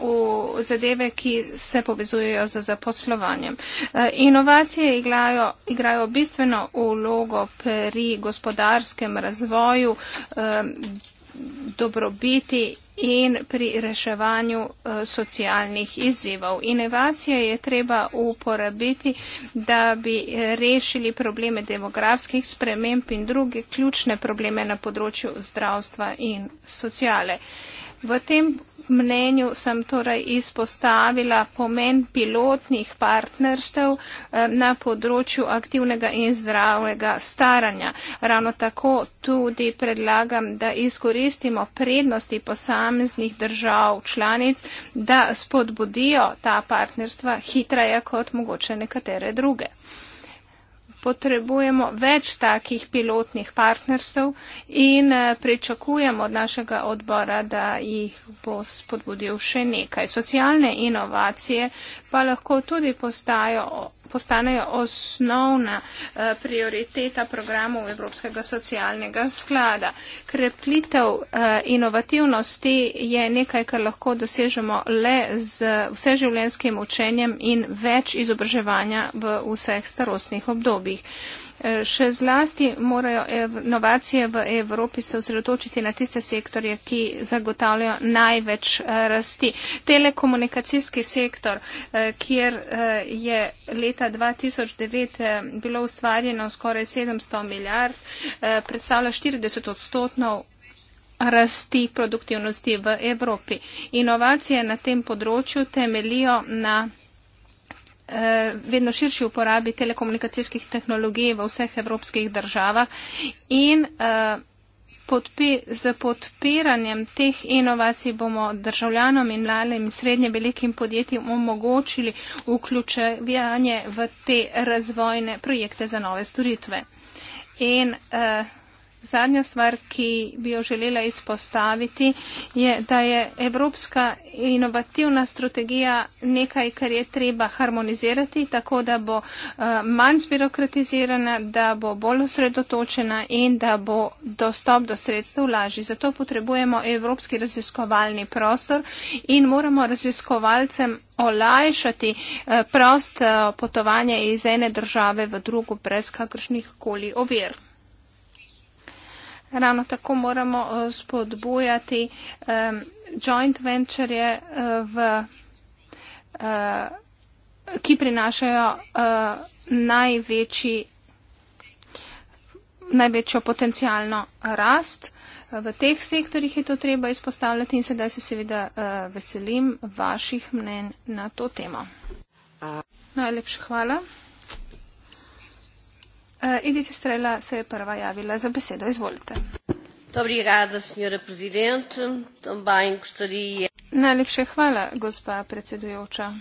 zadeve, ki se povezujejo z zaposlovanjem. Uh, inovacije igrajo, igrajo bistveno vlogo pri gospodarskem razvoju. Uh, dobrobiti in pri reševanju eh, socialnih izzivov. Inovacije je treba uporabiti, da bi rešili probleme demografskih sprememb in druge ključne probleme na področju zdravstva in sociale. V tem mnenju sem torej izpostavila pomen pilotnih partnerstev eh, na področju aktivnega in zdravega staranja. Ravno tako tudi predlagam, da izkoristimo prednosti posameznih držav članic, da spodbudijo ta partnerstva hitreje kot mogoče nekatere druge potrebujemo več takih pilotnih partnerstv in eh, pričakujemo od našega odbora, da jih bo spodbudil še nekaj. Socialne inovacije pa lahko tudi postajo postanejo osnovna eh, prioriteta programov Evropskega socialnega sklada. Krepitev eh, inovativnosti je nekaj, kar lahko dosežemo le z vseživljenjskim učenjem in več izobraževanja v vseh starostnih obdobjih še zlasti morajo inovacije v Evropi se osredotočiti na tiste sektorje, ki zagotavljajo največ eh, rasti. Telekomunikacijski sektor, eh, kjer eh, je leta 2009 bilo ustvarjeno skoraj 700 milijard, predstavlja 40 odstotkov rasti produktivnosti v Evropi. Inovacije na tem področju temelijo na Eh, vedno širši uporabi telekomunikacijskih tehnologij v vseh evropskih državah in z eh, podpiranjem teh inovacij bomo državljanom in mladim in srednje velikim podjetjem omogočili vključevanje v te razvojne projekte za nove storitve. In uh, Zadnja stvar, ki bi jo želela izpostaviti, je, da je evropska inovativna strategija nekaj, kar je treba harmonizirati, tako da bo eh, manj zbirokratizirana, da bo bolj osredotočena in da bo dostop do sredstev lažji. Zato potrebujemo evropski raziskovalni prostor in moramo raziskovalcem olajšati eh, prost eh, potovanje iz ene države v drugo brez kakršnih koli ovir. Ravno tako moramo eh, spodbujati um, joint venture, eh, v, uh, ki prinašajo uh, največji, največjo potencijalno rast. V teh sektorjih je to treba izpostavljati in sedaj se seveda uh, veselim vaših mnen na to temo. Najlepša hvala. Eh, Edita Estrela se je prva javila za besedo. Izvolite. Obrigada, gostaria... Najlepše hvala, gospa predsedujoča.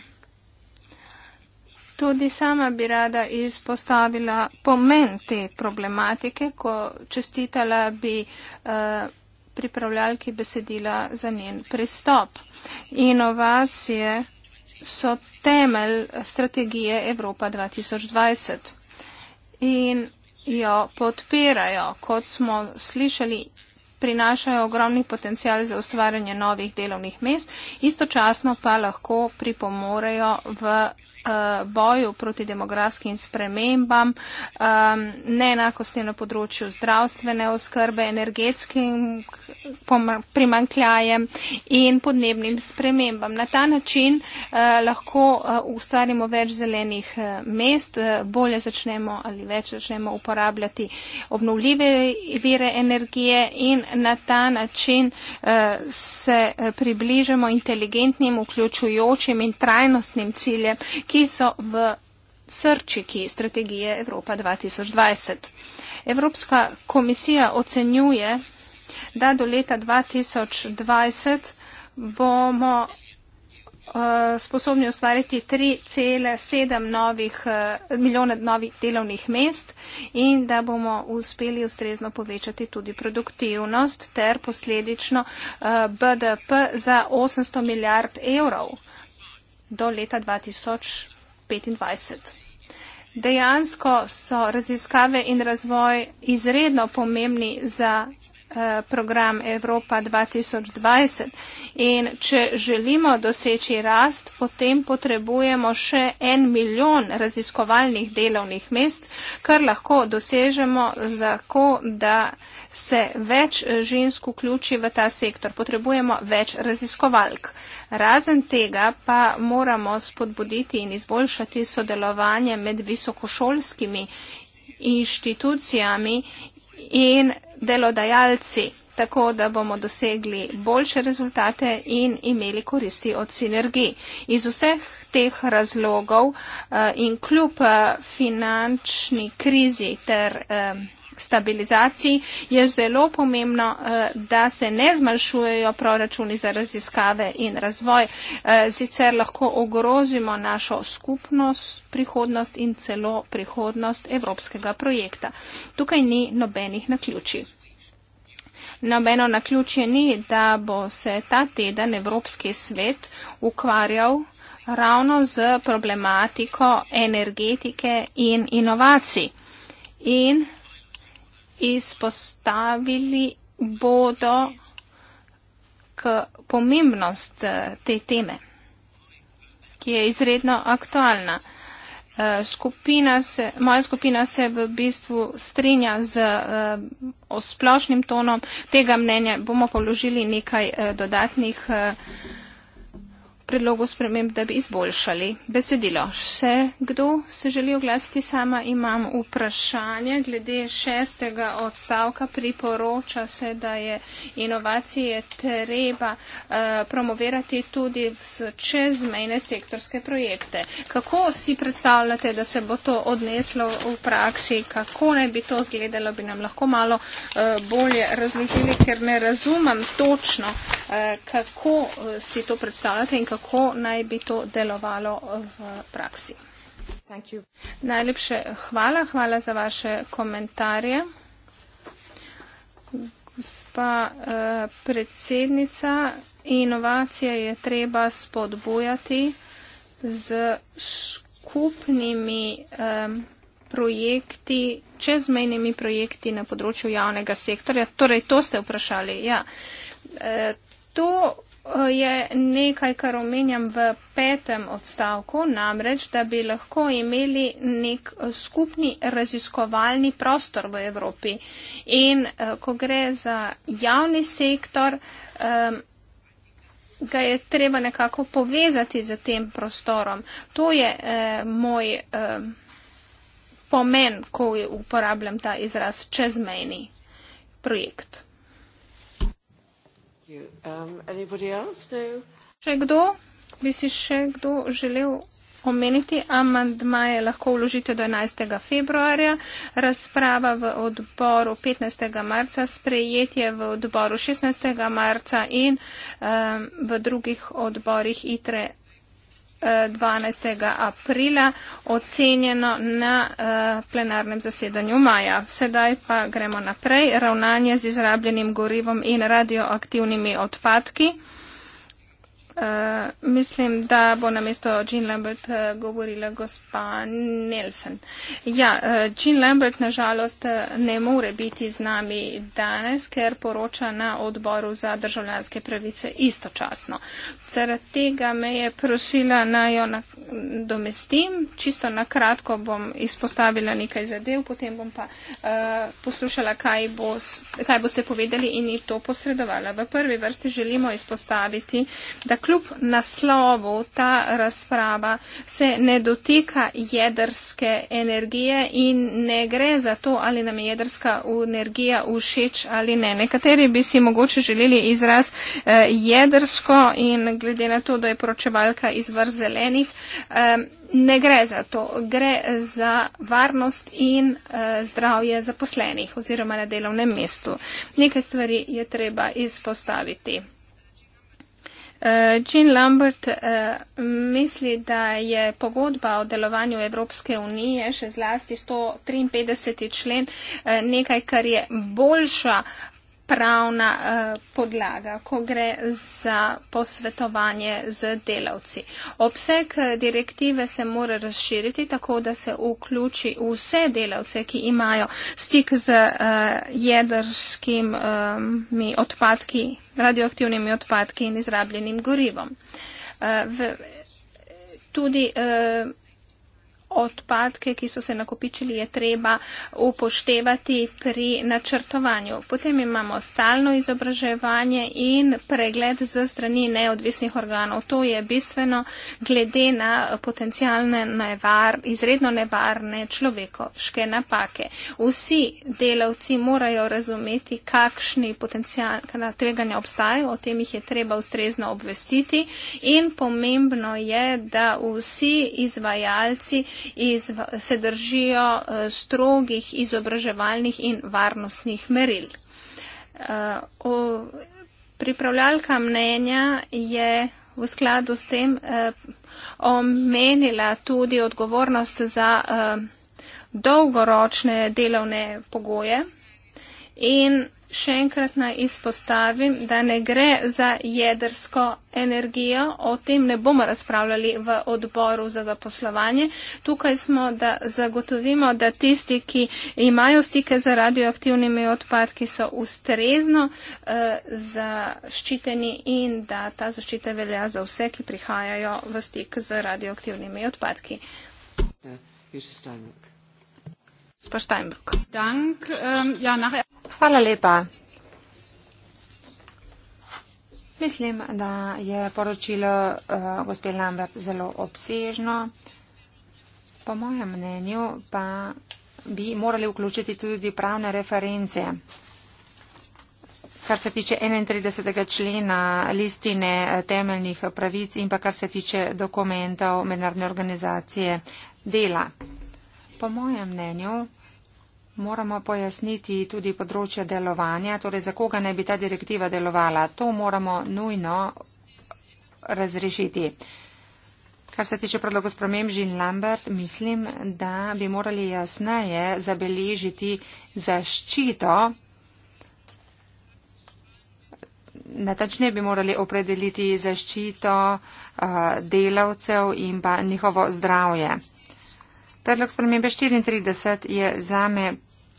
Tudi sama bi rada izpostavila pomen te problematike, ko čestitala bi uh, pripravljalki besedila za njen pristop. Inovacije so temelj strategije Evropa 2020 in jo podpirajo. Kot smo slišali, prinašajo ogromni potencial za ustvarjanje novih delovnih mest, istočasno pa lahko pripomorejo v Eh, boju proti demografskim spremembam, eh, neenakosti na področju zdravstvene oskrbe, energetskim primankljajem in podnebnim spremembam. Na ta način eh, lahko ustvarimo več zelenih mest, bolje začnemo ali več začnemo uporabljati obnovljive vire energije in na ta način se približamo inteligentnim, vključujočim in trajnostnim ciljem, ki so v srčiki strategije Evropa 2020. Evropska komisija ocenjuje, da do leta 2020 bomo eh, sposobni ustvariti 3,7 novih, eh, milijona novih delovnih mest in da bomo uspeli ustrezno povečati tudi produktivnost ter posledično eh, BDP za 800 milijard evrov do leta 2025. Dejansko so raziskave in razvoj izredno pomembni za Eh, program Evropa 2020. In če želimo doseči rast, potem potrebujemo še en milijon raziskovalnih delovnih mest, kar lahko dosežemo zato, da se več žensk vključi v ta sektor. Potrebujemo več raziskovalk. Razen tega pa moramo spodbuditi in izboljšati sodelovanje med visokošolskimi inštitucijami in delodajalci, tako da bomo dosegli boljše rezultate in imeli koristi od sinergij. Iz vseh teh razlogov eh, in kljub eh, finančni krizi ter eh, stabilizaciji, je zelo pomembno, eh, da se ne zmanjšujejo proračuni za raziskave in razvoj. Eh, sicer lahko ogrozimo našo skupnost, prihodnost in celo prihodnost evropskega projekta. Tukaj ni nobenih naključij. Nobeno naključje ni, da bo se ta teden Evropski svet ukvarjal ravno z problematiko energetike in inovacij. In izpostavili bodo k pomembnost eh, te teme, ki je izredno aktualna. Eh, skupina se, moja skupina se v bistvu strinja z eh, osplošnim tonom tega mnenja. Bomo položili nekaj dodatnih predlogu sprememb, da bi izboljšali besedilo. Še kdo se želi oglasiti sama? Imam vprašanje glede šestega odstavka. Priporoča se, da je inovacije treba uh, promovirati tudi čezmejne sektorske projekte. Kako si predstavljate, da se bo to odneslo v praksi? Kako naj bi to zgledalo? Bi nam lahko malo uh, bolje razložili, ker ne razumem točno, uh, kako si to predstavljate in kako kako naj bi to delovalo v praksi. Najlepše hvala, hvala za vaše komentarje. Gospa eh, predsednica, inovacije je treba spodbujati z skupnimi eh, projekti, čezmejnimi projekti na področju javnega sektorja. Torej, to ste vprašali. Ja. Eh, to je nekaj, kar omenjam v petem odstavku, namreč, da bi lahko imeli nek skupni raziskovalni prostor v Evropi. In eh, ko gre za javni sektor, eh, ga je treba nekako povezati z tem prostorom. To je eh, moj pomen, ko uporabljam ta izraz čezmejni projekt. Če um, no? kdo, bi si še kdo želel omeniti, amandmaje lahko vložite do 11. februarja, razprava v odboru 15. marca, sprejetje v odboru 16. marca in um, v drugih odborih ITRE 12. aprila ocenjeno na eh, plenarnem zasedanju maja. Sedaj pa gremo naprej. Ravnanje z izrabljenim gorivom in radioaktivnimi odpadki. Uh, mislim, da bo na mesto Jean Lambert uh, govorila gospa Nelson. Ja, uh, Jean Lambert nažalost ne more biti z nami danes, ker poroča na odboru za državljanske pravice istočasno. Zaradi tega me je prosila, naj jo domestim. Čisto na kratko bom izpostavila nekaj zadev, potem bom pa uh, poslušala, kaj, bo, kaj boste povedali in ji to posredovala. V prvi vrsti želimo izpostaviti, da kljub naslovu ta razprava se ne dotika jedrske energije in ne gre za to, ali nam je jedrska energija všeč ali ne. Nekateri bi si mogoče želeli izraz eh, jedrsko in glede na to, da je poročevalka iz vrst zelenih. Eh, Ne gre za to, gre za varnost in e, zdravje zaposlenih oziroma na delovnem mestu. Nekaj stvari je treba izpostaviti. Eh, Jean Lambert eh, misli, da je pogodba o delovanju Evropske unije, še zlasti 153. člen, eh, nekaj, kar je boljša pravna eh, podlaga, ko gre za posvetovanje z delavci. Obseg eh, direktive se mora razširiti tako, da se vključi vse delavce, ki imajo stik z eh, jedrskimi eh, odpadki, radioaktivnimi odpadki in izrabljenim gorivom. Eh, v, tudi eh, odpadke, ki so se nakopičili, je treba upoštevati pri načrtovanju. Potem imamo stalno izobraževanje in pregled z strani neodvisnih organov. To je bistveno glede na potencijalne nevar, izredno nevarne človekoške napake. Vsi delavci morajo razumeti, kakšni potencijalna tveganja obstajajo, o tem jih je treba ustrezno obvestiti in pomembno je, da vsi izvajalci izv, se držijo uh, strogih izobraževalnih in varnostnih meril. Uh, o, pripravljalka mnenja je v skladu s tem uh, omenila tudi odgovornost za uh, dolgoročne delovne pogoje in še enkrat naj izpostavim, da ne gre za jedrsko energijo. O tem ne bomo razpravljali v odboru za zaposlovanje. Tukaj smo, da zagotovimo, da tisti, ki imajo stike z radioaktivnimi odpadki, so ustrezno eh, zaščiteni in da ta zaščita velja za vse, ki prihajajo v stik z radioaktivnimi odpadki. Yeah, ja, Frau Steinbrück. Frau Steinbrück. Dank. Ähm, ja, nach Hvala lepa. Mislim, da je poročilo uh, gospe Lambert zelo obsežno. Po mojem mnenju pa bi morali vključiti tudi pravne reference. Kar se tiče 31. člena listine eh, temeljnih eh, pravic in pa kar se tiče dokumentov Mednarodne organizacije dela. Po mojem mnenju. Moramo pojasniti tudi področje delovanja, torej za koga naj bi ta direktiva delovala. To moramo nujno razrešiti. Kar se tiče predloga sprememb Žin Lambert, mislim, da bi morali jasneje zabeležiti zaščito. Natačne bi morali opredeliti zaščito eh, delavcev in pa njihovo zdravje. Predlog spremembe 34 je zame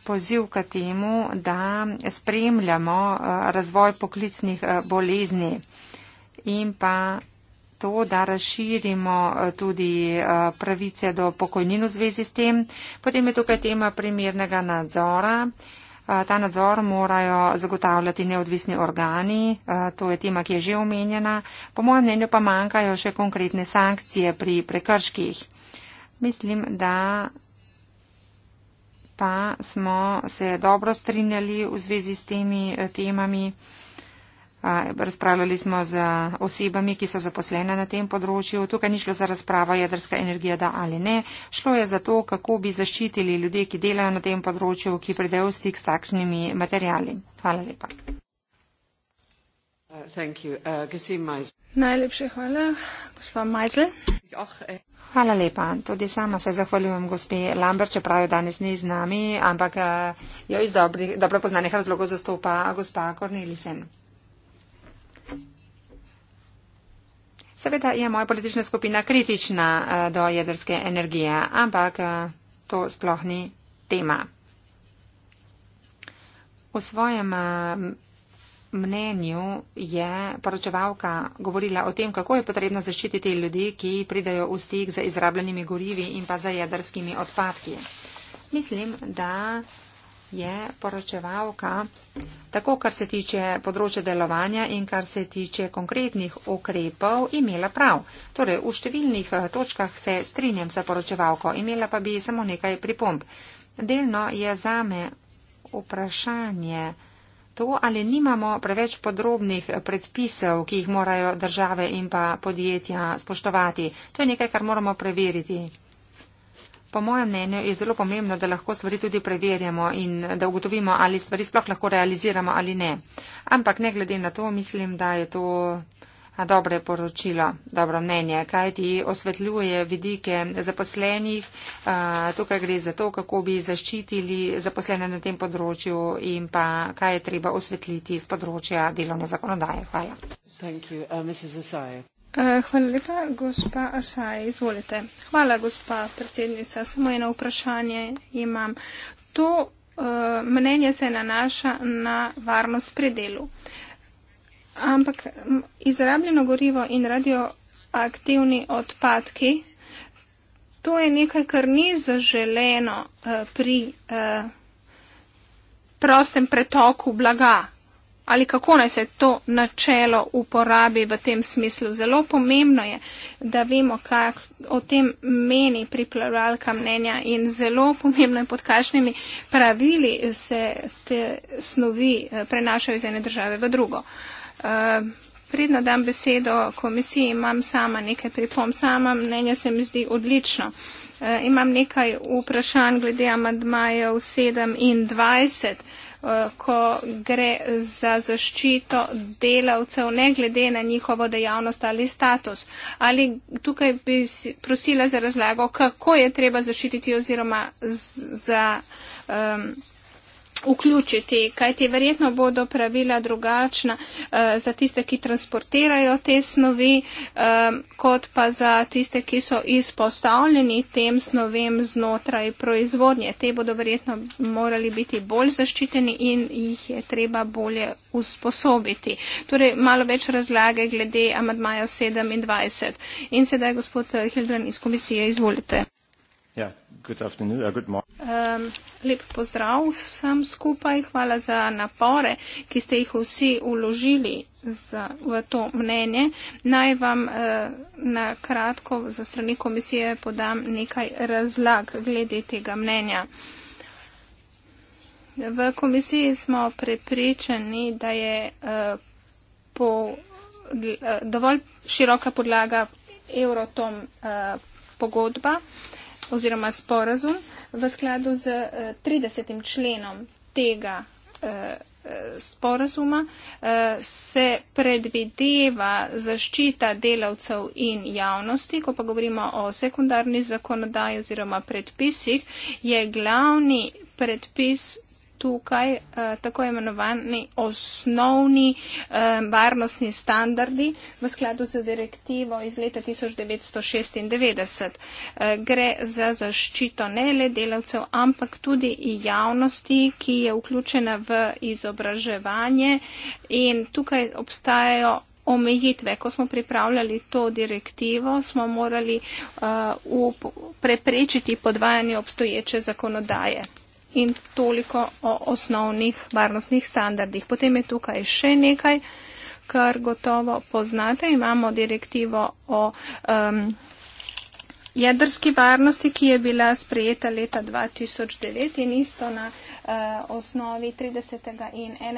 poziv k temu, da spremljamo eh, razvoj poklicnih eh, bolezni in pa to, da razširimo eh, tudi pravice do pokojnin v zvezi s tem. Potem je tukaj tema primernega nadzora. Ta nadzor morajo zagotavljati neodvisni organi, to je tema, ki je že omenjena. Po mojem mnenju pa manjkajo še konkretne sankcije pri prekrških. Mislim, da pa smo se dobro strinjali v zvezi s temi eh, temami. Razpravljali smo z osebami, ki so zaposlene na tem področju. Tukaj ni šlo za razpravo jedrska energija, da ali ne. Šlo je za to, kako bi zaščitili ljudi, ki delajo na tem področju, ki pridejo v stik s takšnimi materijali. Hvala lepa. Uh, Najlepše hvala, gospa Majzle. Hvala lepa. Tudi sama se zahvaljujem gospi Lambert, čeprav je danes ni z nami, ampak eh, jo iz dobri, dobro poznanih razlogov zastopa gospa Kornelisen. Seveda je moja politična skupina kritična eh, do jedrske energije, ampak eh, to sploh ni tema. V svojem mnenju je poročevalka govorila o tem, kako je potrebno zaščititi ljudi, ki pridajo v stik z izrabljenimi gorivi in pa za jedrskimi odpadki. Mislim, da je poročevalka tako, kar se tiče področja delovanja in kar se tiče konkretnih ukrepov, imela prav. Torej, v številnih eh, točkah se strinjam sa poročevalko, imela pa bi samo nekaj pripomb. Delno je zame vprašanje, To, ali nimamo preveč podrobnih predpisov, ki jih morajo države in pa podjetja spoštovati, to je nekaj, kar moramo preveriti. Po mojem mnenju je zelo pomembno, da lahko stvari tudi preverjamo in da ugotovimo, ali stvari sploh lahko realiziramo ali ne. Ampak ne glede na to, mislim, da je to dobre poročilo, dobro mnenje, kaj ti osvetljuje vidike zaposlenih. Tukaj gre za to, kako bi zaščitili zaposlene na tem področju in pa kaj je treba osvetliti z področja delovne zakonodaje. Hvala. Uh, eh, hvala lepa, gospa Asaj, izvolite. Hvala, gospa predsednica. Samo eno vprašanje imam. To uh, mnenje se nanaša na varnost pri delu. Uh, Ampak izrabljeno gorivo in radioaktivni odpadki, to je nekaj, kar ni zaželeno uh, pri uh, prostem pretoku blaga. Ali kako naj se to načelo uporabi v tem smislu? Zelo pomembno je, da vemo, kaj o tem meni pripravljalka mnenja in zelo pomembno je, pod kakšnimi pravili se te snovi eh, prenašajo iz ene države v drugo. Uh, Eh, predno dam besedo komisiji, imam sama nekaj pripom, sama mnenja se mi zdi odlično. E, imam nekaj vprašanj glede amadmajev 7 in 20, e, eh, ko gre za zaščito delavcev, ne glede na njihovo dejavnost ali status. Ali tukaj bi prosila za razlago, kako je treba zaščititi oziroma z, za. Um, vključiti, kajti verjetno bodo pravila drugačna eh, za tiste, ki transportirajo te snovi, eh, kot pa za tiste, ki so izpostavljeni tem snovem znotraj proizvodnje. Te bodo verjetno morali biti bolj zaščiteni in jih je treba bolje usposobiti. Torej, malo več razlage glede amadmaja 27. In sedaj, gospod eh, Hildren iz komisije, izvolite. Ja, Good afternoon, uh, good morning. Um, lep pozdrav vsem skupaj. Hvala za napore, ki ste jih vsi uložili za, v to mnenje. Naj vam uh, na kratko za strani komisije podam nekaj razlag glede tega mnenja. V komisiji smo prepričani, da je uh, po, uh, dovolj široka podlaga Eurotom uh, pogodba oziroma sporazum v skladu z 30. Eh, členom tega eh, eh, sporazuma se predvideva zaščita delavcev in javnosti, ko pa govorimo o sekundarni zakonodaji oziroma predpisih, je glavni predpis tukaj eh, tako imenovani osnovni eh, varnostni standardi v skladu z direktivo iz leta 1996. Eh, gre za zaščito ne le delavcev, ampak tudi javnosti, ki je vključena v izobraževanje in tukaj obstajajo omejitve. Ko smo pripravljali to direktivo, smo morali uh, preprečiti podvajanje obstoječe zakonodaje in toliko o osnovnih varnostnih standardih. Potem je tukaj še nekaj, kar gotovo poznate. Imamo direktivo o um, jedrski varnosti, ki je bila sprejeta leta 2009 in isto na uh, osnovi 30.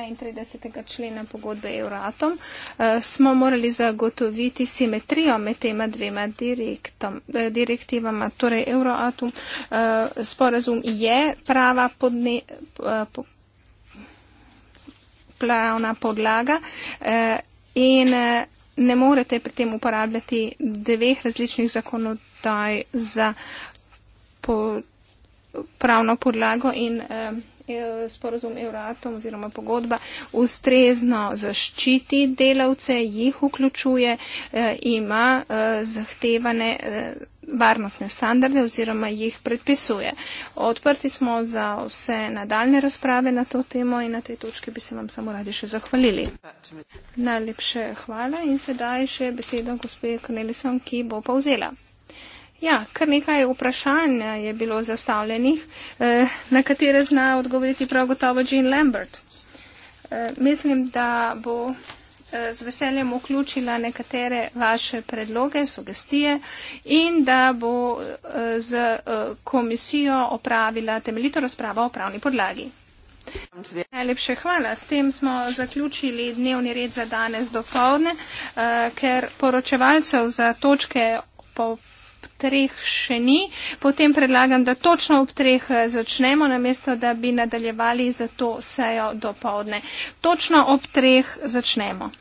in 31. člena pogodbe Euratom, uh, smo morali zagotoviti simetrijo med tema dvema direktom, uh, direktivama. Torej, Euratom uh, sporazum je prava podne. Uh, pravna podlaga in ne morete pri tem uporabljati dveh različnih zakonodaj obstoj za po, pravno podlago in eh, sporozum Euratom oziroma pogodba ustrezno zaščiti delavce, jih vključuje, eh, ima eh, zahtevane. Eh, varnostne standarde oziroma jih predpisuje. Odprti smo za vse nadaljne razprave na to temo in na tej točki bi se vam samo radi še zahvalili. Najlepše hvala in sedaj še besedo gospe Kornelison, ki bo povzela. Ja, kar nekaj vprašanj eh, je bilo zastavljenih, eh, na katere zna odgovoriti prav gotovo Jean Lambert. Eh, mislim, da bo z veseljem vključila nekatere vaše predloge, sugestije in da bo z komisijo opravila temeljito razpravo o pravni podlagi. Najlepše hvala. S tem smo zaključili dnevni red za danes do povdne, ker poročevalcev za točke po treh še ni, potem predlagam, da točno ob treh eh, začnemo, namesto da bi nadaljevali za to sejo do povdne. Točno ob treh začnemo.